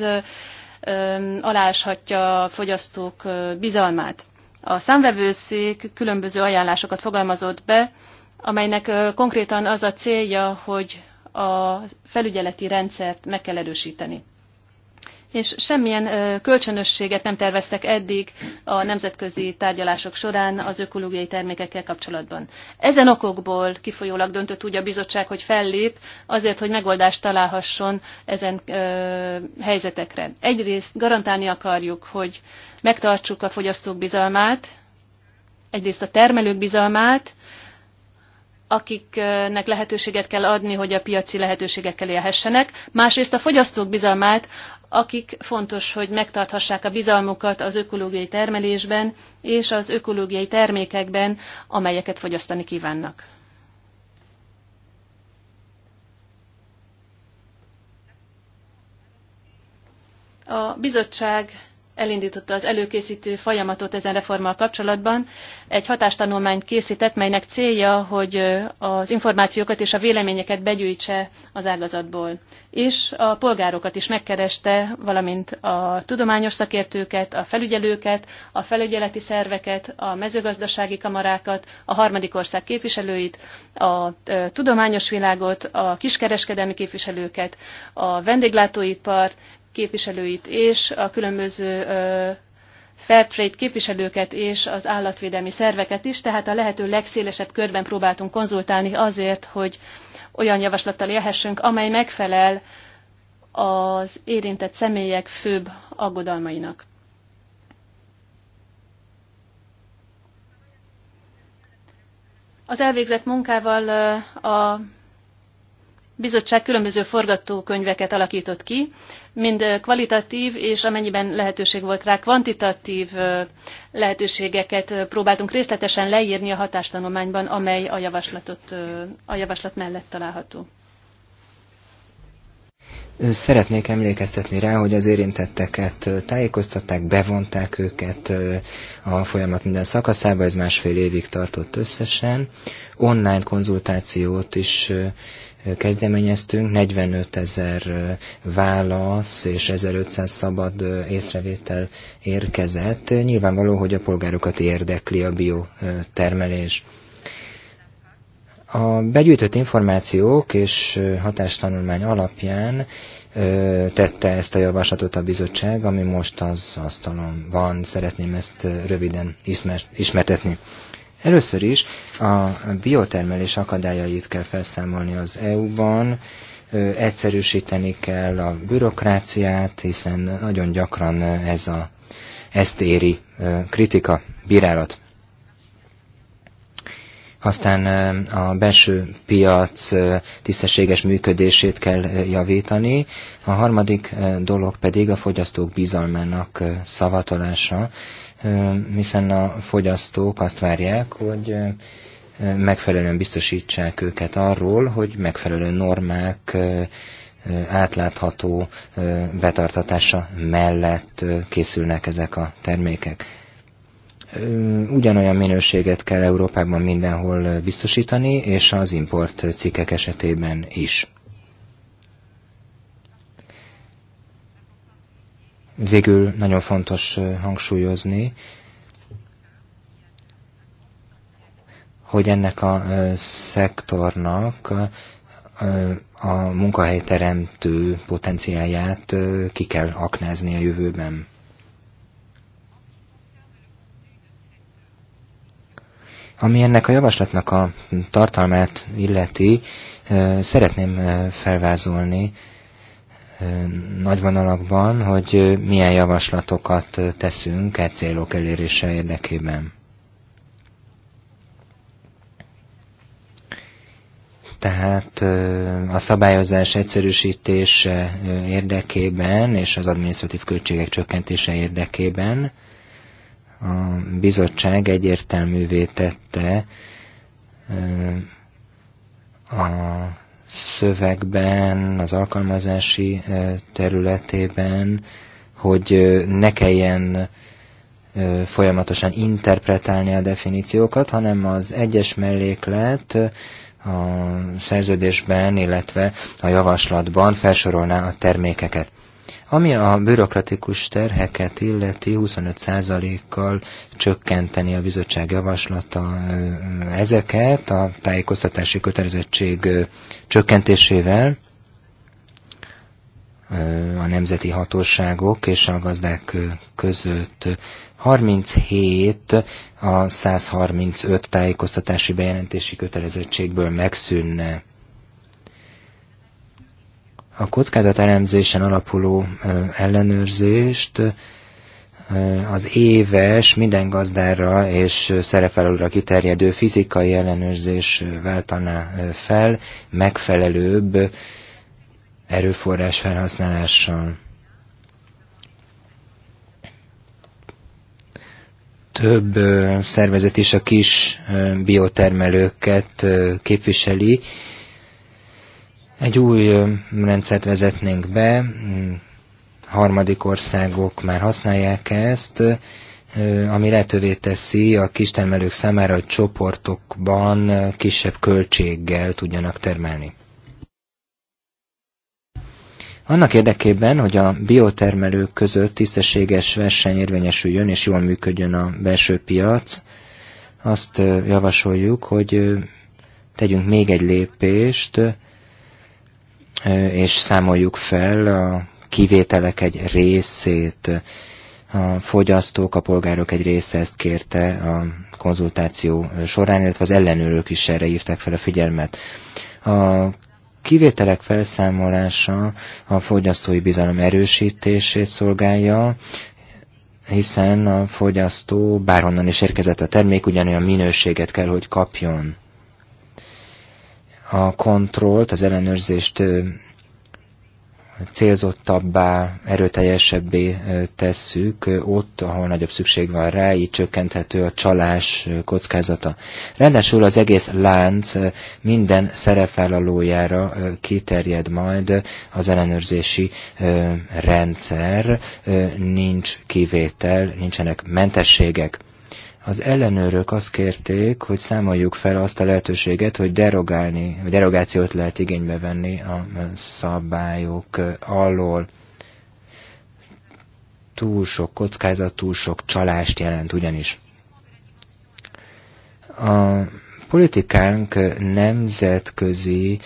aláshatja a fogyasztók bizalmát. A számvevőszék különböző ajánlásokat fogalmazott be, amelynek konkrétan az a célja, hogy a felügyeleti rendszert meg kell erősíteni. És semmilyen kölcsönösséget nem terveztek eddig a nemzetközi tárgyalások során az ökológiai termékekkel kapcsolatban. Ezen okokból kifolyólag döntött úgy a bizottság, hogy fellép azért, hogy megoldást találhasson ezen ö, helyzetekre. Egyrészt garantálni akarjuk, hogy megtartsuk a fogyasztók bizalmát, egyrészt a termelők bizalmát, akiknek lehetőséget kell adni, hogy a piaci lehetőségekkel élhessenek, másrészt a fogyasztók bizalmát, akik fontos, hogy megtarthassák a bizalmukat az ökológiai termelésben és az ökológiai termékekben, amelyeket fogyasztani kívánnak. A bizottság elindította az előkészítő folyamatot ezen reformmal kapcsolatban. Egy hatástanulmányt készített, melynek célja, hogy az információkat és a véleményeket begyűjtse az ágazatból. És a polgárokat is megkereste, valamint a tudományos szakértőket, a felügyelőket, a felügyeleti szerveket, a mezőgazdasági kamarákat, a harmadik ország képviselőit, a tudományos világot, a kiskereskedelmi képviselőket, a vendéglátóipart képviselőit és a különböző Fairtrade képviselőket és az állatvédelmi szerveket is, tehát a lehető legszélesebb körben próbáltunk konzultálni azért, hogy olyan javaslattal élhessünk, amely megfelel az érintett személyek főbb aggodalmainak. Az elvégzett munkával a bizottság különböző forgatókönyveket alakított ki, mind kvalitatív, és amennyiben lehetőség volt rá, kvantitatív lehetőségeket próbáltunk részletesen leírni a hatástanulmányban, amely a, javaslatot, a javaslat mellett található. Szeretnék emlékeztetni rá, hogy az érintetteket tájékoztatták, bevonták őket a folyamat minden szakaszába, ez másfél évig tartott összesen. Online konzultációt is kezdeményeztünk, 45 ezer válasz és 1500 szabad észrevétel érkezett. Nyilvánvaló, hogy a polgárokat érdekli a biotermelés. A begyűjtött információk és hatástanulmány alapján tette ezt a javaslatot a bizottság, ami most az asztalon van. Szeretném ezt röviden ismertetni. Először is a biotermelés akadályait kell felszámolni az EU-ban, egyszerűsíteni kell a bürokráciát, hiszen nagyon gyakran ez a, ezt éri kritika, bírálat. Aztán a belső piac tisztességes működését kell javítani, a harmadik dolog pedig a fogyasztók bizalmának szavatolása, hiszen a fogyasztók azt várják, hogy megfelelően biztosítsák őket arról, hogy megfelelő normák átlátható betartatása mellett készülnek ezek a termékek. Ugyanolyan minőséget kell Európában mindenhol biztosítani, és az import cikkek esetében is. Végül nagyon fontos hangsúlyozni, hogy ennek a szektornak a munkahelyteremtő potenciáját ki kell aknázni a jövőben. Ami ennek a javaslatnak a tartalmát illeti, szeretném felvázolni nagyvonalakban, hogy milyen javaslatokat teszünk e célok elérése érdekében. tehát a szabályozás egyszerűsítése érdekében és az adminisztratív költségek csökkentése érdekében a bizottság egyértelművé tette a szövegben, az alkalmazási területében, hogy ne kelljen folyamatosan interpretálni a definíciókat, hanem az egyes melléklet a szerződésben, illetve a javaslatban felsorolná a termékeket. Ami a bürokratikus terheket illeti, 25%-kal csökkenteni a bizottság javaslata ezeket a tájékoztatási kötelezettség csökkentésével, a nemzeti hatóságok és a gazdák között. 37 a 135 tájékoztatási bejelentési kötelezettségből megszűnne. A elemzésen alapuló ellenőrzést az éves, minden gazdára és szerepelőre kiterjedő fizikai ellenőrzés váltaná fel megfelelőbb erőforrás felhasználással. Több szervezet is a kis biotermelőket képviseli, egy új rendszert vezetnénk be, harmadik országok már használják ezt, ami lehetővé teszi a kistermelők számára, hogy csoportokban kisebb költséggel tudjanak termelni. Annak érdekében, hogy a biotermelők között tisztességes verseny érvényesüljön és jól működjön a belső piac, azt javasoljuk, hogy tegyünk még egy lépést, és számoljuk fel a kivételek egy részét. A fogyasztók, a polgárok egy része ezt kérte a konzultáció során, illetve az ellenőrök is erre írták fel a figyelmet. A kivételek felszámolása a fogyasztói bizalom erősítését szolgálja, hiszen a fogyasztó bárhonnan is érkezett a termék, ugyanolyan minőséget kell, hogy kapjon a kontrollt, az ellenőrzést célzottabbá, erőteljesebbé tesszük ott, ahol nagyobb szükség van rá, így csökkenthető a csalás kockázata. Rendesül az egész lánc minden szerepvállalójára kiterjed majd az ellenőrzési rendszer, nincs kivétel, nincsenek mentességek. Az ellenőrök azt kérték, hogy számoljuk fel azt a lehetőséget, hogy derogálni, vagy derogációt lehet igénybe venni a szabályok alól. Túl sok kockázat, túl sok csalást jelent ugyanis. A politikánk nemzetközi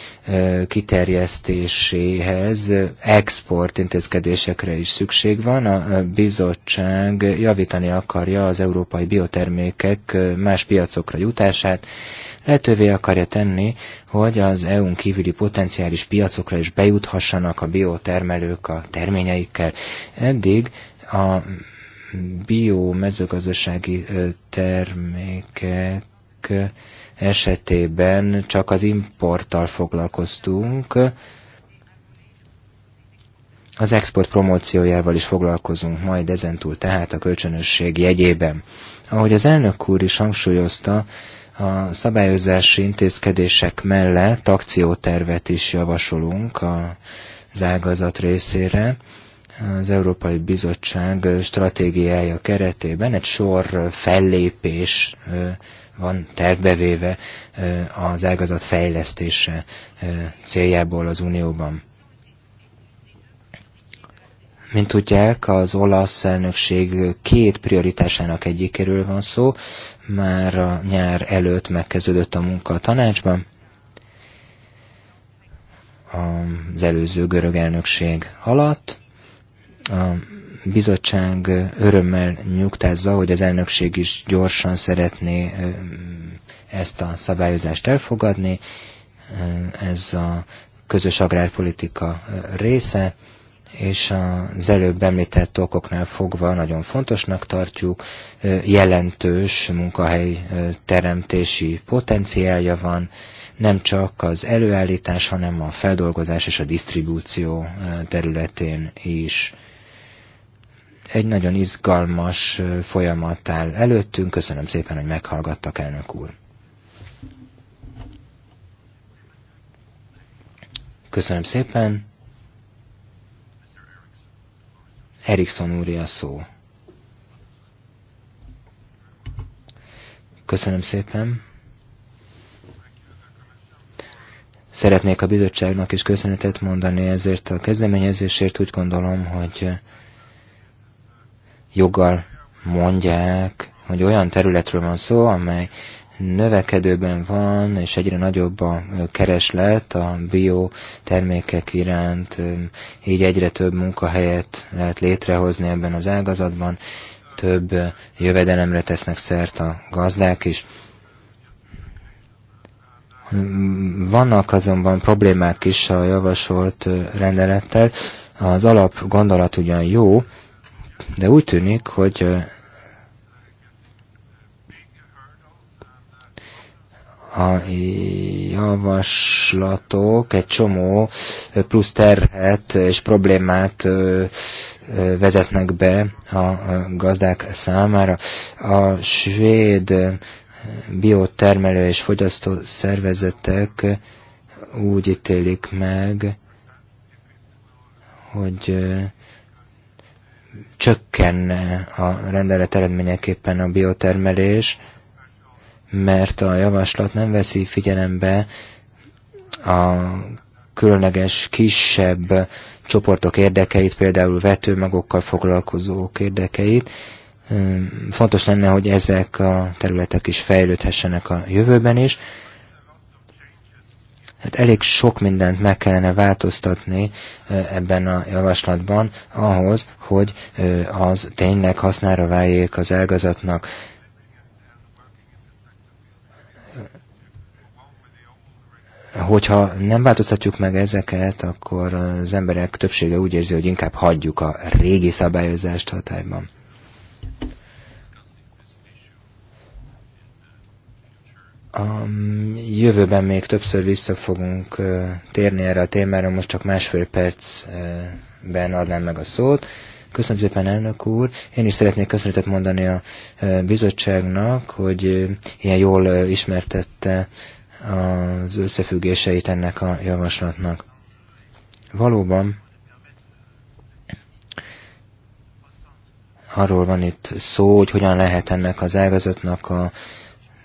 kiterjesztéséhez export intézkedésekre is szükség van. A bizottság javítani akarja az európai biotermékek más piacokra jutását, lehetővé akarja tenni, hogy az EU-n kívüli potenciális piacokra is bejuthassanak a biotermelők a terményeikkel. Eddig a biomezőgazdasági termékek esetében csak az importtal foglalkoztunk, az export promóciójával is foglalkozunk majd ezentúl tehát a kölcsönösség jegyében. Ahogy az elnök úr is hangsúlyozta, a szabályozási intézkedések mellett akciótervet is javasolunk az ágazat részére. Az Európai Bizottság stratégiája keretében egy sor fellépés van tervbevéve az ágazat fejlesztése céljából az Unióban. Mint tudják, az olasz elnökség két prioritásának egyikéről van szó, már a nyár előtt megkezdődött a munka a tanácsban, az előző görög elnökség alatt. A bizottság örömmel nyugtázza, hogy az elnökség is gyorsan szeretné ezt a szabályozást elfogadni. Ez a közös agrárpolitika része, és az előbb említett okoknál fogva nagyon fontosnak tartjuk, jelentős munkahely teremtési potenciálja van, nem csak az előállítás, hanem a feldolgozás és a disztribúció területén is. Egy nagyon izgalmas folyamat áll előttünk. Köszönöm szépen, hogy meghallgattak, elnök úr. Köszönöm szépen. Erikson úr a szó. Köszönöm szépen. Szeretnék a bizottságnak is köszönetet mondani ezért a kezdeményezésért. Úgy gondolom, hogy joggal mondják, hogy olyan területről van szó, amely növekedőben van, és egyre nagyobb a kereslet a termékek iránt, így egyre több munkahelyet lehet létrehozni ebben az ágazatban, több jövedelemre tesznek szert a gazdák is. Vannak azonban problémák is a javasolt rendelettel, az alap gondolat ugyan jó, de úgy tűnik, hogy a javaslatok egy csomó plusz terhet és problémát vezetnek be a gazdák számára. A svéd biotermelő és fogyasztó szervezetek úgy ítélik meg, hogy csökkenne a rendelet eredményeképpen a biotermelés, mert a javaslat nem veszi figyelembe a különleges kisebb csoportok érdekeit, például vetőmagokkal foglalkozók érdekeit. Fontos lenne, hogy ezek a területek is fejlődhessenek a jövőben is. Hát elég sok mindent meg kellene változtatni ebben a javaslatban ahhoz, hogy az tényleg hasznára váljék az ágazatnak. hogyha nem változtatjuk meg ezeket, akkor az emberek többsége úgy érzi, hogy inkább hagyjuk a régi szabályozást hatályban. A jövőben még többször vissza fogunk térni erre a témára, most csak másfél percben adnám meg a szót. Köszönöm szépen, elnök úr. Én is szeretnék köszönetet mondani a bizottságnak, hogy ilyen jól ismertette az összefüggéseit ennek a javaslatnak. Valóban arról van itt szó, hogy hogyan lehet ennek az ágazatnak a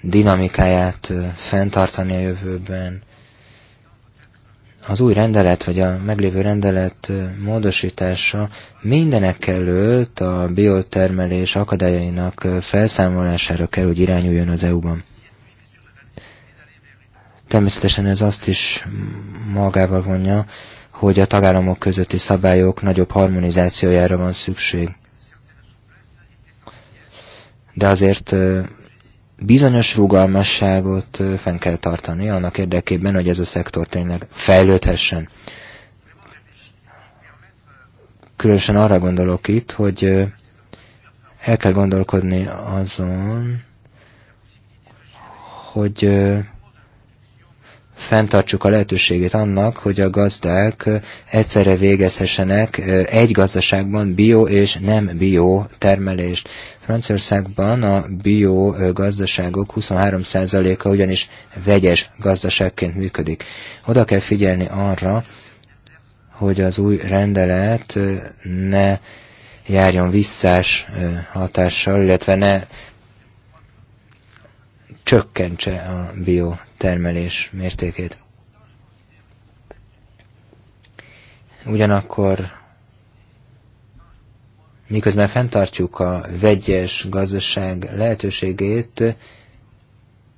dinamikáját fenntartani a jövőben. Az új rendelet, vagy a meglévő rendelet módosítása mindenek előtt a biotermelés akadályainak felszámolására kell, hogy irányuljon az EU-ban. Természetesen ez azt is magával vonja, hogy a tagállamok közötti szabályok nagyobb harmonizációjára van szükség. De azért bizonyos rugalmasságot fenn kell tartani annak érdekében, hogy ez a szektor tényleg fejlődhessen. Különösen arra gondolok itt, hogy el kell gondolkodni azon, hogy fenntartsuk a lehetőségét annak, hogy a gazdák egyszerre végezhessenek egy gazdaságban bio és nem bio termelést. Franciaországban a bio gazdaságok 23%-a ugyanis vegyes gazdaságként működik. Oda kell figyelni arra, hogy az új rendelet ne járjon visszás hatással, illetve ne csökkentse a biotermelés mértékét. Ugyanakkor miközben fenntartjuk a vegyes gazdaság lehetőségét,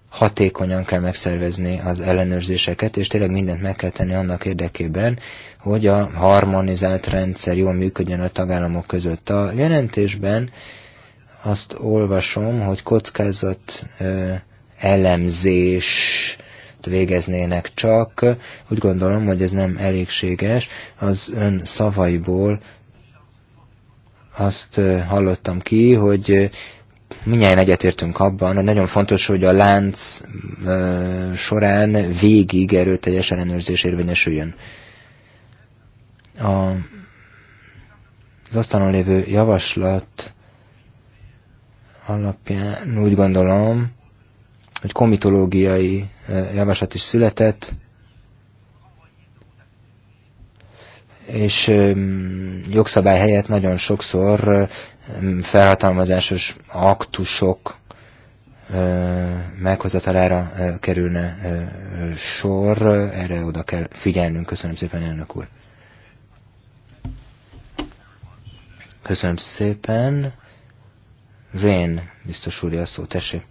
hatékonyan kell megszervezni az ellenőrzéseket, és tényleg mindent meg kell tenni annak érdekében, hogy a harmonizált rendszer jól működjön a tagállamok között. A jelentésben azt olvasom, hogy kockázat elemzés végeznének csak. Úgy gondolom, hogy ez nem elégséges. Az ön szavaiból azt hallottam ki, hogy minnyáján egyetértünk abban, hogy nagyon fontos, hogy a lánc során végig erőteljes ellenőrzés érvényesüljön. A, az asztalon lévő javaslat alapján úgy gondolom, hogy komitológiai eh, javaslat is született, és jogszabály helyett nagyon sokszor felhatalmazásos aktusok eh, meghozatalára eh, kerülne sor. Erre oda kell figyelnünk. Köszönöm szépen, elnök úr. Köszönöm szépen. Vén biztos úr, a szó, tessék.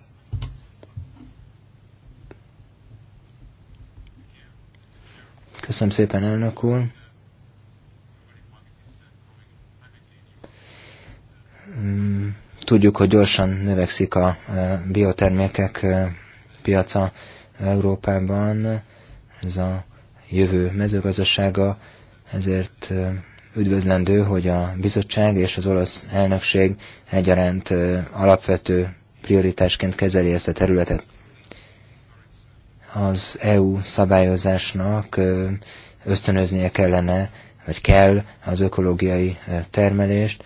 Köszönöm szépen, elnök úr. Hmm, tudjuk, hogy gyorsan növekszik a e, biotermékek e, piaca Európában, ez a jövő mezőgazdasága, ezért e, üdvözlendő, hogy a bizottság és az olasz elnökség egyaránt alapvető prioritásként kezeli ezt a területet az EU szabályozásnak ösztönöznie kellene, vagy kell az ökológiai termelést.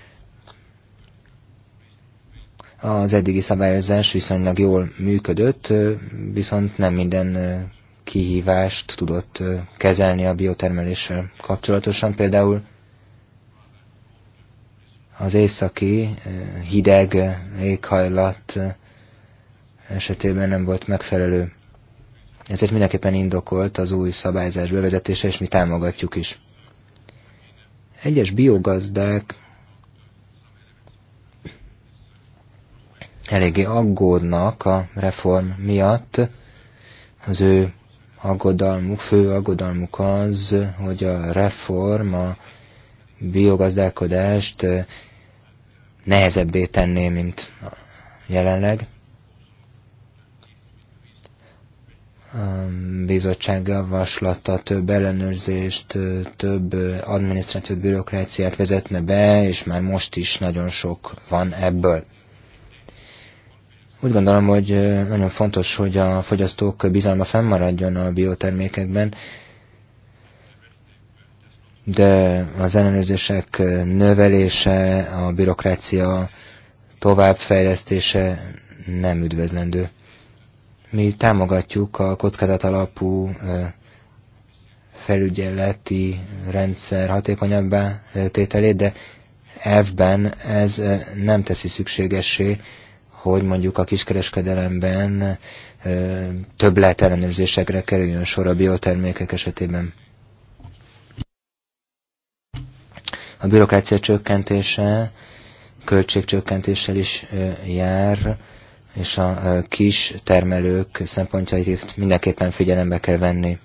Az eddigi szabályozás viszonylag jól működött, viszont nem minden kihívást tudott kezelni a biotermeléssel kapcsolatosan. Például az északi hideg éghajlat esetében nem volt megfelelő ezért mindenképpen indokolt az új szabályzás bevezetése, és mi támogatjuk is. Egyes biogazdák eléggé aggódnak a reform miatt. Az ő aggodalmuk, fő aggodalmuk az, hogy a reform a biogazdálkodást eh, nehezebbé tenné, mint jelenleg. bizottság javaslata több ellenőrzést, több adminisztratív bürokráciát vezetne be, és már most is nagyon sok van ebből. Úgy gondolom, hogy nagyon fontos, hogy a fogyasztók bizalma fennmaradjon a biotermékekben, de az ellenőrzések növelése, a bürokrácia továbbfejlesztése nem üdvözlendő. Mi támogatjuk a kockázat alapú felügyeleti rendszer hatékonyabbá tételét, de elvben ez nem teszi szükségesé, hogy mondjuk a kiskereskedelemben több lehet ellenőrzésekre kerüljön sor a biotermékek esetében. A bürokrácia csökkentése költségcsökkentéssel is jár, és a kis termelők szempontjait itt mindenképpen figyelembe kell venni.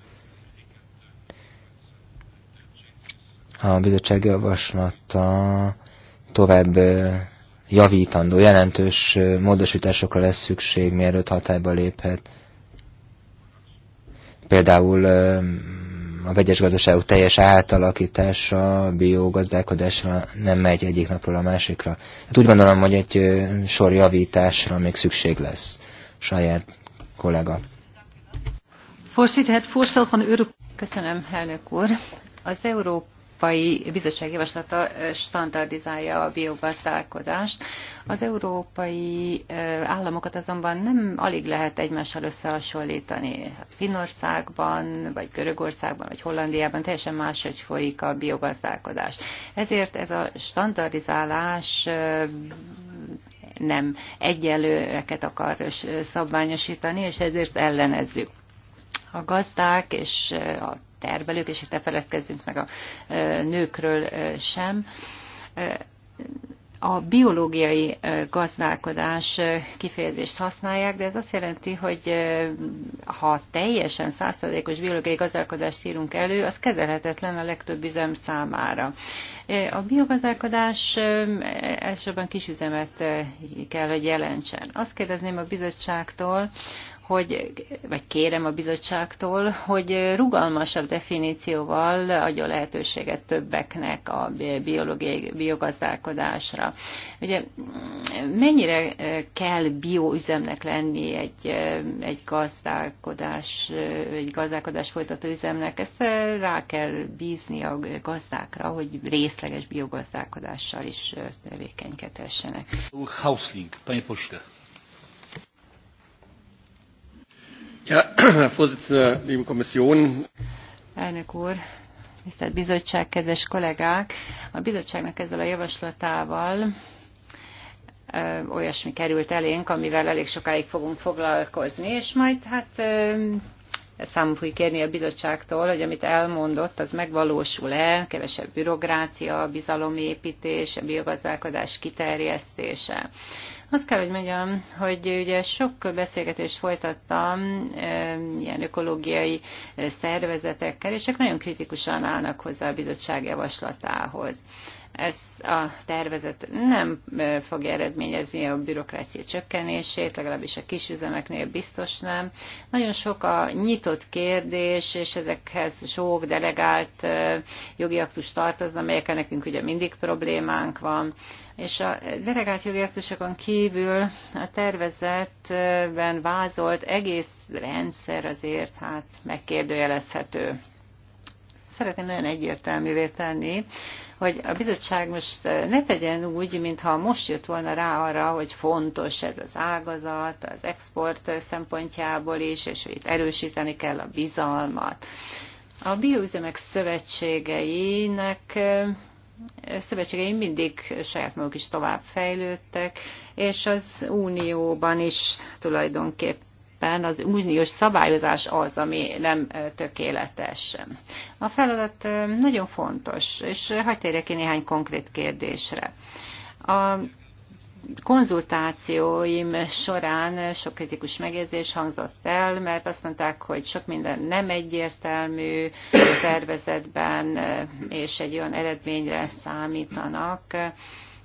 A bizottság javaslata tovább javítandó, jelentős módosításokra lesz szükség, mielőtt hatályba léphet. Például a vegyes gazdaságok teljes átalakítása, biogazdálkodásra nem megy egyik napról a másikra. Hát úgy gondolom, hogy egy sor javításra még szükség lesz, saját kollega. Köszönöm, elnök úr. Az Európa Európai Bizottság javaslata standardizálja a biogazdálkodást. Az európai államokat azonban nem alig lehet egymással összehasonlítani. Hát Finnországban, vagy Görögországban, vagy Hollandiában teljesen máshogy folyik a biogazdálkodás. Ezért ez a standardizálás nem egyenlőeket akar szabványosítani, és ezért ellenezzük a gazdák és a termelők, és itt ne feledkezzünk meg a nőkről sem a biológiai gazdálkodás kifejezést használják, de ez azt jelenti, hogy ha teljesen százszerzékos biológiai gazdálkodást írunk elő, az kezelhetetlen a legtöbb üzem számára. A biogazdálkodás elsősorban kisüzemet kell, hogy jelentsen. Azt kérdezném a bizottságtól, hogy, vagy kérem a bizottságtól, hogy rugalmasabb definícióval adja lehetőséget többeknek a biológiai biogazdálkodásra. Ugye mennyire kell bioüzemnek lenni egy, egy gazdálkodás, egy gazdálkodás folytató üzemnek? Ezt rá kell bízni a gazdákra, hogy részleges biogazdálkodással is tevékenykedhessenek. Hausling, panie Puska. Elnök úr, tisztelt bizottság, kedves kollégák! A bizottságnak ezzel a javaslatával olyasmi került elénk, amivel elég sokáig fogunk foglalkozni, és majd hát számon fogjuk kérni a bizottságtól, hogy amit elmondott, az megvalósul-e, kevesebb bürokrácia, bizalomépítés, a biogazdálkodás kiterjesztése. Azt kell, hogy mondjam, hogy ugye sok beszélgetést folytattam e, ilyen ökológiai e, szervezetekkel, és ők nagyon kritikusan állnak hozzá a bizottság javaslatához ez a tervezet nem fogja eredményezni a bürokrácia csökkenését, legalábbis a kisüzemeknél biztos nem. Nagyon sok a nyitott kérdés, és ezekhez sok delegált jogi aktus tartozna, amelyekkel nekünk ugye mindig problémánk van. És a delegált jogi aktusokon kívül a tervezetben vázolt egész rendszer azért hát megkérdőjelezhető. Szeretném nagyon egyértelművé tenni, hogy a bizottság most ne tegyen úgy, mintha most jött volna rá arra, hogy fontos ez az ágazat, az export szempontjából is, és hogy itt erősíteni kell a bizalmat. A bioüzemek szövetségeinek szövetségei mindig saját maguk is tovább fejlődtek, és az Unióban is tulajdonképpen éppen az uniós szabályozás az, ami nem tökéletes. A feladat nagyon fontos, és hagyj térjek ki néhány konkrét kérdésre. A konzultációim során sok kritikus megjegyzés hangzott el, mert azt mondták, hogy sok minden nem egyértelmű a tervezetben, és egy olyan eredményre számítanak,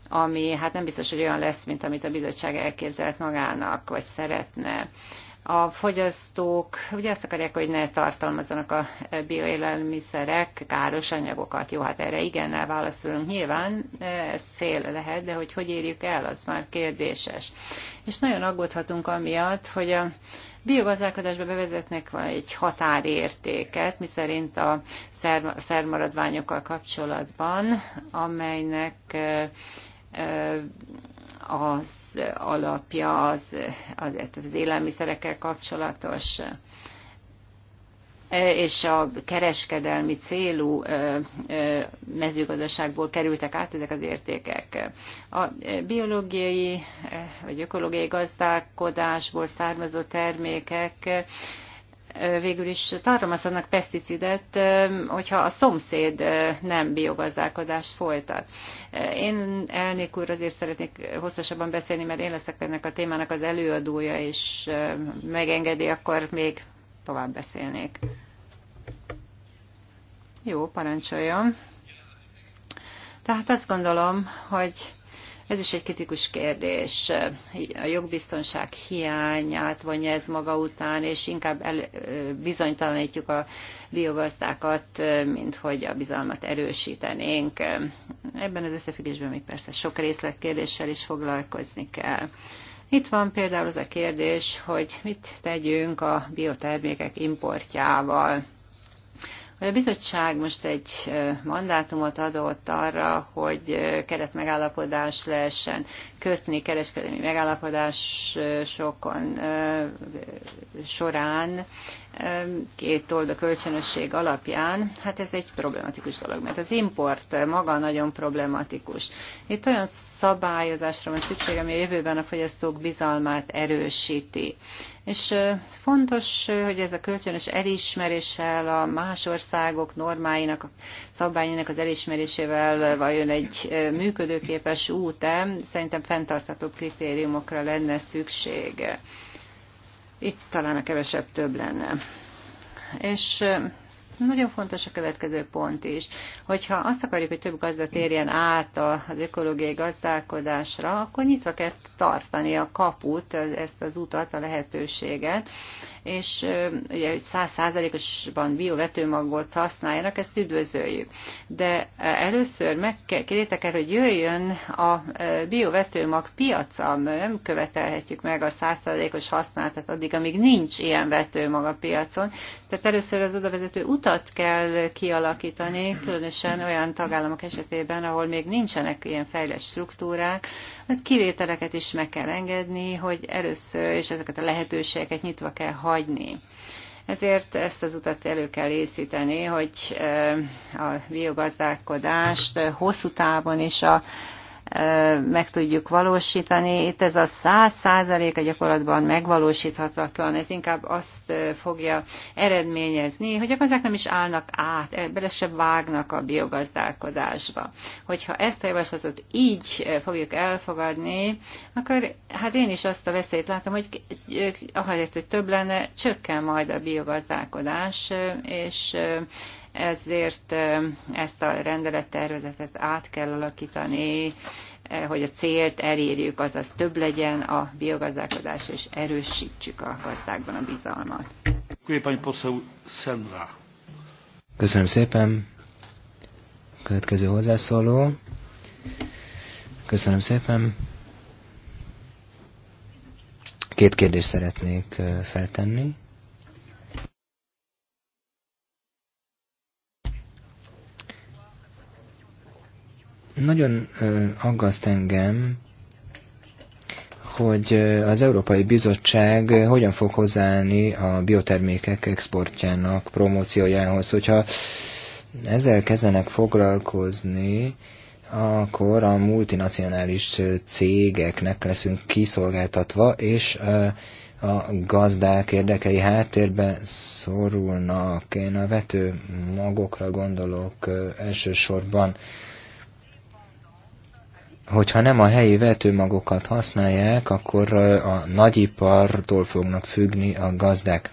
ami hát nem biztos, hogy olyan lesz, mint amit a bizottság elképzelt magának, vagy szeretne a fogyasztók ugye azt akarják, hogy ne tartalmazzanak a bioélelmiszerek káros anyagokat. Jó, hát erre igennel válaszolunk. Nyilván eh, ez cél lehet, de hogy hogy érjük el, az már kérdéses. És nagyon aggódhatunk amiatt, hogy a biogazdálkodásba bevezetnek egy határértéket, miszerint a szermaradványokkal kapcsolatban, amelynek eh, eh, az alapja az, az, az élelmiszerekkel kapcsolatos e, és a kereskedelmi célú e, e, mezőgazdaságból kerültek át ezek az értékek. A biológiai vagy ökológiai gazdálkodásból származó termékek végül is tartalmazhatnak peszticidet, hogyha a szomszéd nem biogazdálkodást folytat. Én elnék úr azért szeretnék hosszasabban beszélni, mert én leszek ennek a témának az előadója, és megengedi, akkor még tovább beszélnék. Jó, parancsoljon. Tehát azt gondolom, hogy ez is egy kritikus kérdés. A jogbiztonság hiányát vonja ez maga után, és inkább el, bizonytalanítjuk a biogazdákat, mint hogy a bizalmat erősítenénk. Ebben az összefüggésben még persze sok részletkérdéssel is foglalkozni kell. Itt van például az a kérdés, hogy mit tegyünk a biotermékek importjával a bizottság most egy mandátumot adott arra, hogy keretmegállapodás lehessen kötni kereskedelmi megállapodásokon során két a kölcsönösség alapján, hát ez egy problematikus dolog, mert az import maga nagyon problematikus. Itt olyan szabályozásra van szükség, ami a jövőben a fogyasztók bizalmát erősíti. És fontos, hogy ez a kölcsönös elismeréssel a más országok normáinak, a szabályainak az elismerésével vajon egy működőképes út -e? szerintem fenntartható kritériumokra lenne szükség. Itt talán a kevesebb több lenne. És nagyon fontos a következő pont is, hogyha azt akarjuk, hogy több gazda térjen át az ökológiai gazdálkodásra, akkor nyitva kell tartani a kaput, ezt az utat, a lehetőséget, és ugye százszázalékosban biovetőmagot használjanak, ezt üdvözöljük. De először megkérjétek el, hogy jöjjön a biovetőmag piaca, nem követelhetjük meg a 100%-os használatát addig, amíg nincs ilyen vetőmag a piacon. Tehát először az odavezető utat kell kialakítani, különösen olyan tagállamok esetében, ahol még nincsenek ilyen fejlett struktúrák, hát kivételeket is meg kell engedni, hogy először, és ezeket a lehetőségeket nyitva kell hagyni. Ezért ezt az utat elő kell észíteni, hogy a biogazdálkodást hosszú távon is a meg tudjuk valósítani. Itt ez a száz a gyakorlatban megvalósíthatatlan, ez inkább azt fogja eredményezni, hogy a gazdák nem is állnak át, e, bele se vágnak a biogazdálkodásba. Hogyha ezt a javaslatot így fogjuk elfogadni, akkor hát én is azt a veszélyt látom, hogy ahelyett, hogy több lenne, csökken majd a biogazdálkodás, és ezért ezt a rendelettervezetet át kell alakítani, hogy a célt elérjük, azaz több legyen a biogazdálkodás, és erősítsük a gazdákban a bizalmat. Köszönöm szépen. Következő hozzászóló. Köszönöm szépen. Két kérdést szeretnék feltenni. Nagyon aggaszt engem, hogy az Európai Bizottság hogyan fog hozzáállni a biotermékek exportjának, promóciójához. Hogyha ezzel kezdenek foglalkozni, akkor a multinacionális cégeknek leszünk kiszolgáltatva, és a gazdák érdekei háttérbe szorulnak. Én a vető magokra gondolok elsősorban hogyha nem a helyi vetőmagokat használják, akkor a nagyipartól fognak függni a gazdák.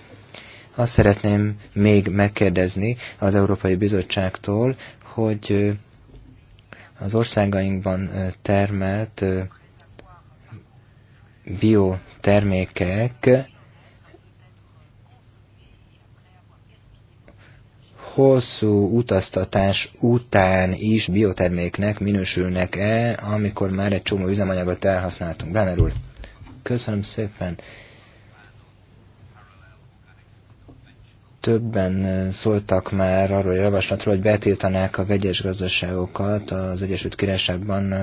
Azt szeretném még megkérdezni az Európai Bizottságtól, hogy az országainkban termelt biotermékek hosszú utaztatás után is bioterméknek minősülnek-e, amikor már egy csomó üzemanyagot elhasználtunk. Brenner úr, köszönöm szépen. Többen szóltak már arról a javaslatról, hogy betiltanák a vegyes gazdaságokat. Az Egyesült Királyságban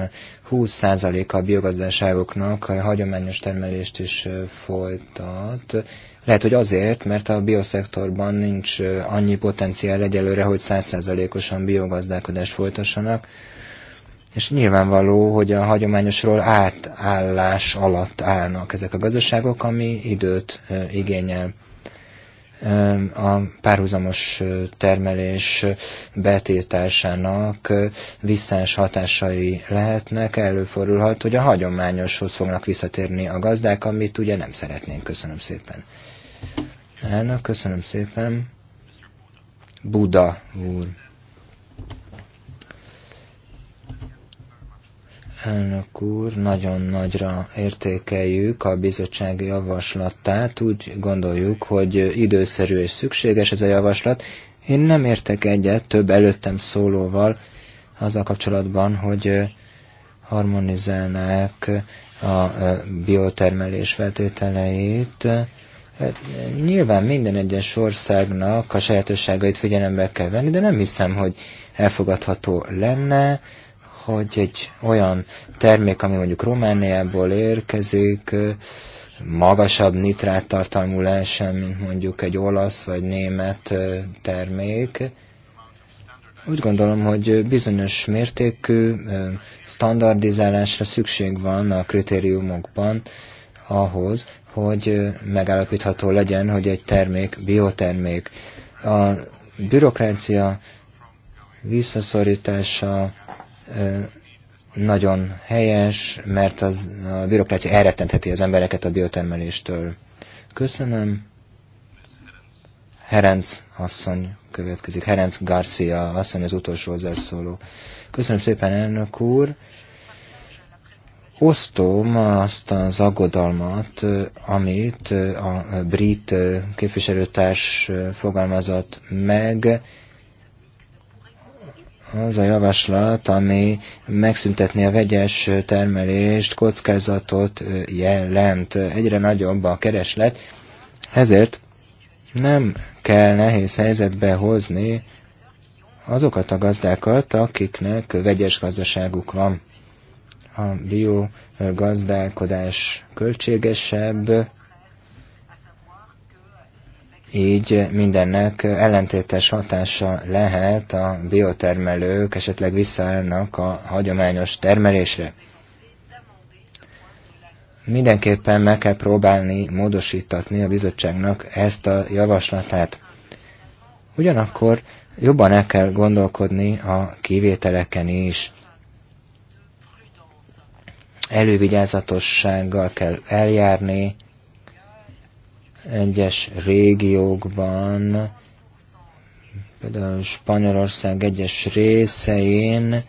20%-a a biogazdaságoknak a hagyományos termelést is folytat. Lehet, hogy azért, mert a bioszektorban nincs annyi potenciál egyelőre, hogy 100%-osan biogazdálkodást folytassanak. És nyilvánvaló, hogy a hagyományosról átállás alatt állnak ezek a gazdaságok, ami időt igényel a párhuzamos termelés betiltásának visszás hatásai lehetnek, előfordulhat, hogy a hagyományoshoz fognak visszatérni a gazdák, amit ugye nem szeretnénk. Köszönöm szépen. Elnök, köszönöm szépen. Buda úr. Elnök úr, nagyon nagyra értékeljük a bizottsági javaslatát. Úgy gondoljuk, hogy időszerű és szükséges ez a javaslat. Én nem értek egyet több előttem szólóval azzal kapcsolatban, hogy harmonizálnák a biotermelés feltételeit. Nyilván minden egyes országnak a sajátosságait figyelembe kell venni, de nem hiszem, hogy elfogadható lenne hogy egy olyan termék, ami mondjuk Romániából érkezik, magasabb nitrát tartalmú lehessen, mint mondjuk egy olasz vagy német termék. Úgy gondolom, hogy bizonyos mértékű standardizálásra szükség van a kritériumokban ahhoz, hogy megállapítható legyen, hogy egy termék biotermék. A bürokrácia visszaszorítása nagyon helyes, mert az, a bürokrácia elrettentheti az embereket a biotermeléstől. Köszönöm. Herenc asszony következik. Herenc Garcia asszony az utolsó hozzászóló. Köszönöm szépen, elnök úr. Osztom azt az aggodalmat, amit a brit képviselőtárs fogalmazott meg, az a javaslat, ami megszüntetni a vegyes termelést, kockázatot jelent. Egyre nagyobb a kereslet, ezért nem kell nehéz helyzetbe hozni azokat a gazdákat, akiknek vegyes gazdaságuk van. A biogazdálkodás költségesebb, így mindennek ellentétes hatása lehet a biotermelők, esetleg visszaállnak a hagyományos termelésre. Mindenképpen meg kell próbálni módosítatni a bizottságnak ezt a javaslatát. Ugyanakkor jobban el kell gondolkodni a kivételeken is. Elővigyázatossággal kell eljárni, egyes régiókban, például Spanyolország egyes részein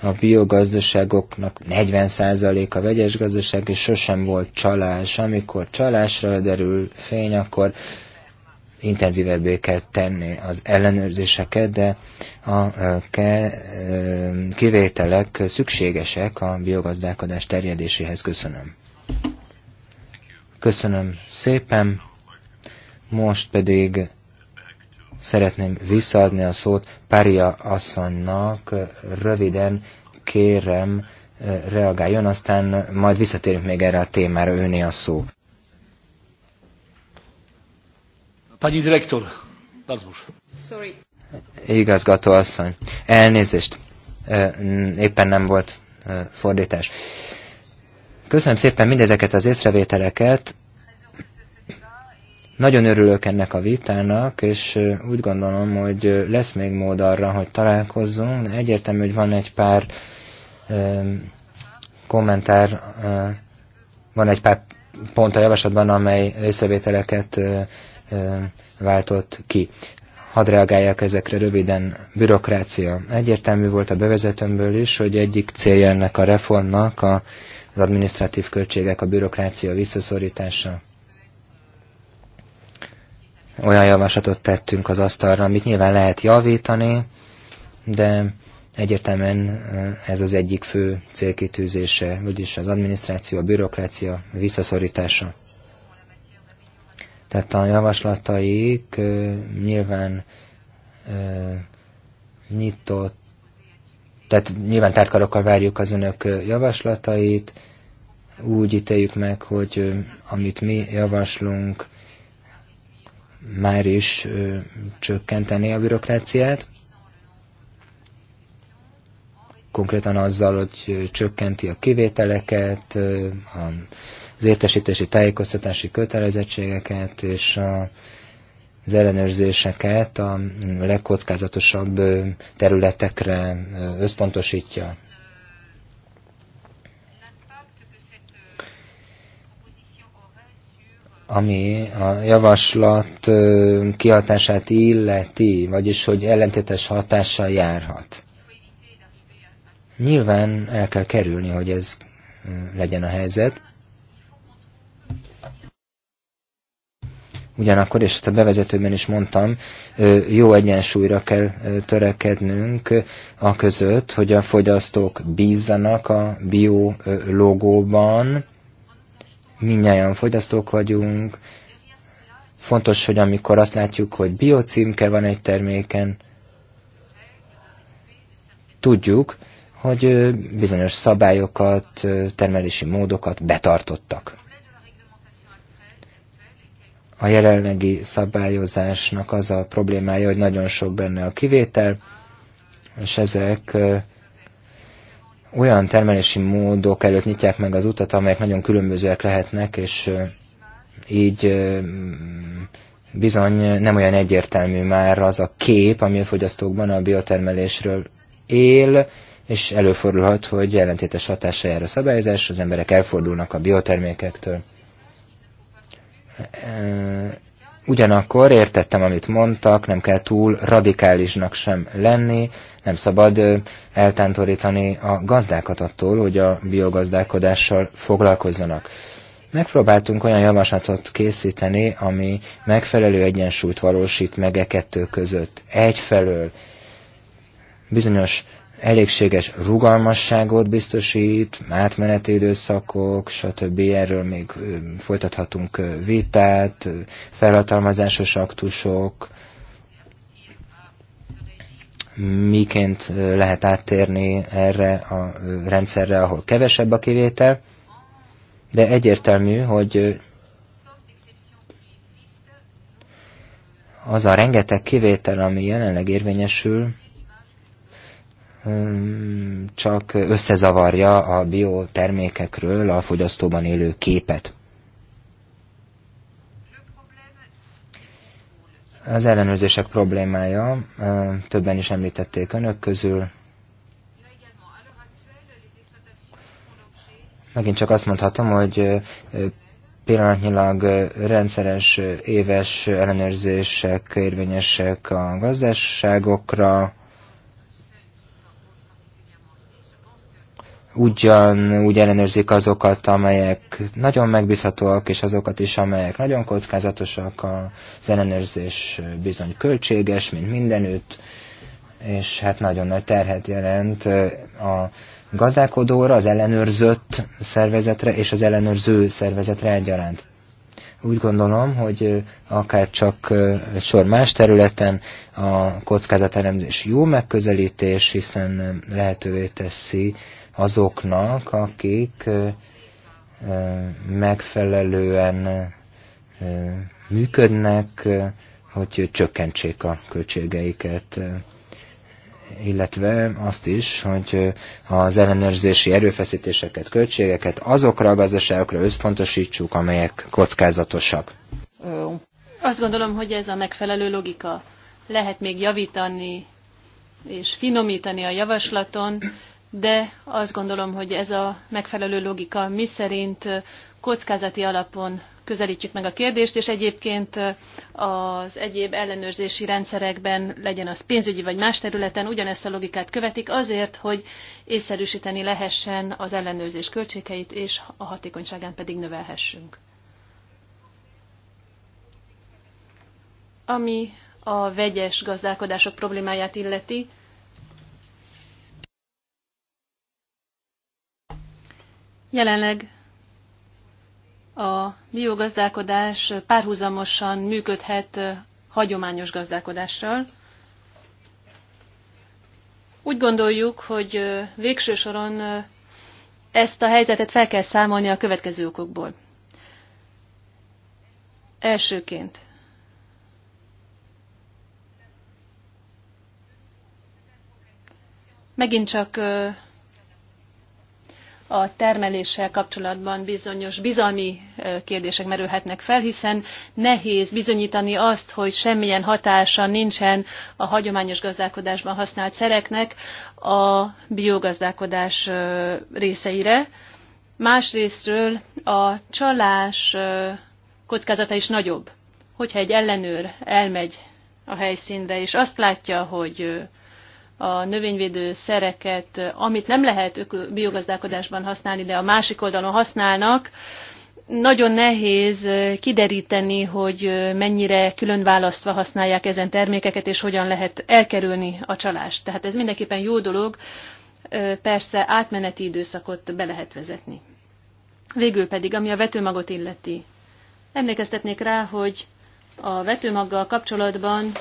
a biogazdaságoknak 40%-a vegyes gazdaság, és sosem volt csalás. Amikor csalásra derül fény, akkor intenzívebbé kell tenni az ellenőrzéseket, de a e, e, kivételek szükségesek a biogazdálkodás terjedéséhez. Köszönöm. Köszönöm szépen. Most pedig szeretném visszaadni a szót Pária asszonynak. Röviden kérem, eh, reagáljon, aztán majd visszatérünk még erre a témára, őné a szó. Pani direktor, Lazmus. Sorry. Igazgató asszony. Elnézést. Eh, éppen nem volt eh, fordítás. Köszönöm szépen mindezeket az észrevételeket. Nagyon örülök ennek a vitának, és úgy gondolom, hogy lesz még mód arra, hogy találkozzunk. Egyértelmű, hogy van egy pár kommentár, van egy pár pont a javaslatban, amely észrevételeket váltott ki. Hadd reagáljak ezekre röviden. Bürokrácia. Egyértelmű volt a bevezetőmből is, hogy egyik célja ennek a reformnak az adminisztratív költségek, a bürokrácia visszaszorítása olyan javaslatot tettünk az asztalra, amit nyilván lehet javítani, de egyértelműen eh, ez az egyik fő célkitűzése, vagyis az adminisztráció, a bürokrácia visszaszorítása. Tehát a javaslataik eh, nyilván eh, nyitott, tehát nyilván tártkarokkal várjuk az önök javaslatait, úgy ítéljük meg, hogy amit mi javaslunk, már is csökkenteni a bürokráciát, konkrétan azzal, hogy csökkenti a kivételeket, az értesítési tájékoztatási kötelezettségeket és a, az ellenőrzéseket a legkockázatosabb területekre összpontosítja. ami a javaslat kihatását illeti, vagyis hogy ellentétes hatással járhat. Nyilván el kell kerülni, hogy ez legyen a helyzet. Ugyanakkor, és ezt a bevezetőben is mondtam, jó egyensúlyra kell törekednünk a között, hogy a fogyasztók bízzanak a biológóban, minnyáján fogyasztók vagyunk, fontos, hogy amikor azt látjuk, hogy biocímke van egy terméken, tudjuk, hogy bizonyos szabályokat, termelési módokat betartottak. A jelenlegi szabályozásnak az a problémája, hogy nagyon sok benne a kivétel, és ezek olyan termelési módok előtt nyitják meg az utat, amelyek nagyon különbözőek lehetnek, és így bizony nem olyan egyértelmű már az a kép, ami a fogyasztókban a biotermelésről él, és előfordulhat, hogy ellentétes hatása jár a szabályozás, az emberek elfordulnak a biotermékektől Ugyanakkor értettem, amit mondtak, nem kell túl radikálisnak sem lenni, nem szabad eltántorítani a gazdákat attól, hogy a biogazdálkodással foglalkozzanak. Megpróbáltunk olyan javaslatot készíteni, ami megfelelő egyensúlyt valósít meg e kettő között. Egyfelől bizonyos elégséges rugalmasságot biztosít, átmeneti időszakok, stb. Erről még folytathatunk vitát, felhatalmazásos aktusok, miként lehet áttérni erre a rendszerre, ahol kevesebb a kivétel, de egyértelmű, hogy az a rengeteg kivétel, ami jelenleg érvényesül, csak összezavarja a biotermékekről a fogyasztóban élő képet. Az ellenőrzések problémája, többen is említették önök közül, megint csak azt mondhatom, hogy pillanatnyilag rendszeres éves ellenőrzések érvényesek a gazdaságokra, ugyan úgy ellenőrzik azokat, amelyek nagyon megbízhatóak, és azokat is, amelyek nagyon kockázatosak. Az ellenőrzés bizony költséges, mint mindenütt, és hát nagyon nagy terhet jelent a gazdálkodóra, az ellenőrzött szervezetre és az ellenőrző szervezetre egyaránt. Úgy gondolom, hogy akár csak egy sor más területen a kockázatelemzés jó megközelítés, hiszen lehetővé teszi azoknak, akik megfelelően működnek, hogy csökkentsék a költségeiket, illetve azt is, hogy az ellenőrzési erőfeszítéseket, költségeket azokra a gazdaságokra összpontosítsuk, amelyek kockázatosak. Azt gondolom, hogy ez a megfelelő logika. Lehet még javítani és finomítani a javaslaton, de azt gondolom, hogy ez a megfelelő logika mi szerint kockázati alapon közelítjük meg a kérdést, és egyébként az egyéb ellenőrzési rendszerekben, legyen az pénzügyi vagy más területen, ugyanezt a logikát követik azért, hogy észszerűsíteni lehessen az ellenőrzés költségeit, és a hatékonyságán pedig növelhessünk. Ami a vegyes gazdálkodások problémáját illeti, Jelenleg a biogazdálkodás párhuzamosan működhet hagyományos gazdálkodással. Úgy gondoljuk, hogy végső soron ezt a helyzetet fel kell számolni a következő okokból. Elsőként. Megint csak a termeléssel kapcsolatban bizonyos bizalmi kérdések merülhetnek fel, hiszen nehéz bizonyítani azt, hogy semmilyen hatása nincsen a hagyományos gazdálkodásban használt szereknek a biogazdálkodás részeire. Másrésztről a csalás kockázata is nagyobb. Hogyha egy ellenőr elmegy a helyszínre, és azt látja, hogy a növényvédő szereket, amit nem lehet biogazdálkodásban használni, de a másik oldalon használnak, nagyon nehéz kideríteni, hogy mennyire különválasztva használják ezen termékeket, és hogyan lehet elkerülni a csalást. Tehát ez mindenképpen jó dolog, persze átmeneti időszakot be lehet vezetni. Végül pedig, ami a vetőmagot illeti. Emlékeztetnék rá, hogy a vetőmaggal kapcsolatban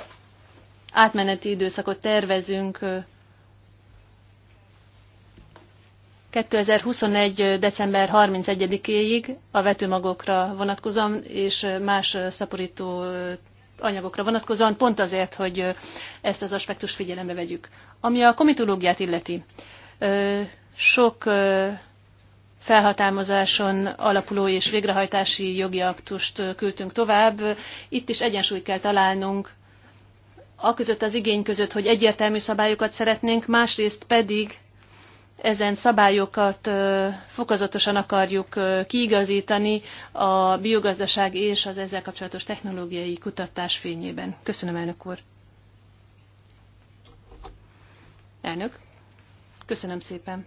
átmeneti időszakot tervezünk 2021. december 31-éig a vetőmagokra vonatkozóan és más szaporító anyagokra vonatkozóan, pont azért, hogy ezt az aspektust figyelembe vegyük. Ami a komitológiát illeti, sok felhatalmazáson alapuló és végrehajtási jogi aktust küldtünk tovább. Itt is egyensúlyt kell találnunk aközött az igény között, hogy egyértelmű szabályokat szeretnénk, másrészt pedig ezen szabályokat fokozatosan akarjuk kiigazítani a biogazdaság és az ezzel kapcsolatos technológiai kutatás fényében. Köszönöm, elnök úr. Elnök, köszönöm szépen.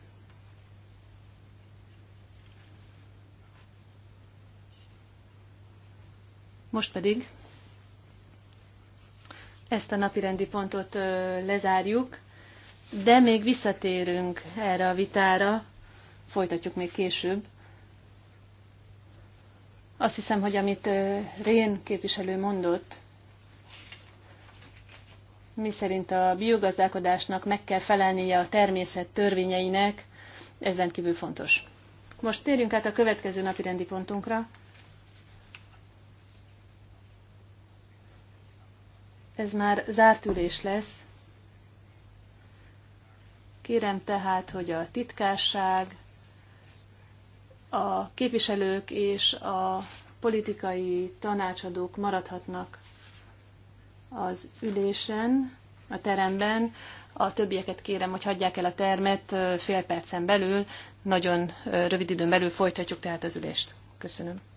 Most pedig ezt a napirendi pontot lezárjuk, de még visszatérünk erre a vitára, folytatjuk még később. Azt hiszem, hogy amit Rén képviselő mondott, mi szerint a biogazdálkodásnak meg kell felelnie a természet törvényeinek, ez rendkívül fontos. Most térjünk át a következő napi rendi pontunkra. Ez már zárt ülés lesz. Kérem tehát, hogy a titkárság, a képviselők és a politikai tanácsadók maradhatnak az ülésen, a teremben. A többieket kérem, hogy hagyják el a termet fél percen belül, nagyon rövid időn belül folytatjuk tehát az ülést. Köszönöm.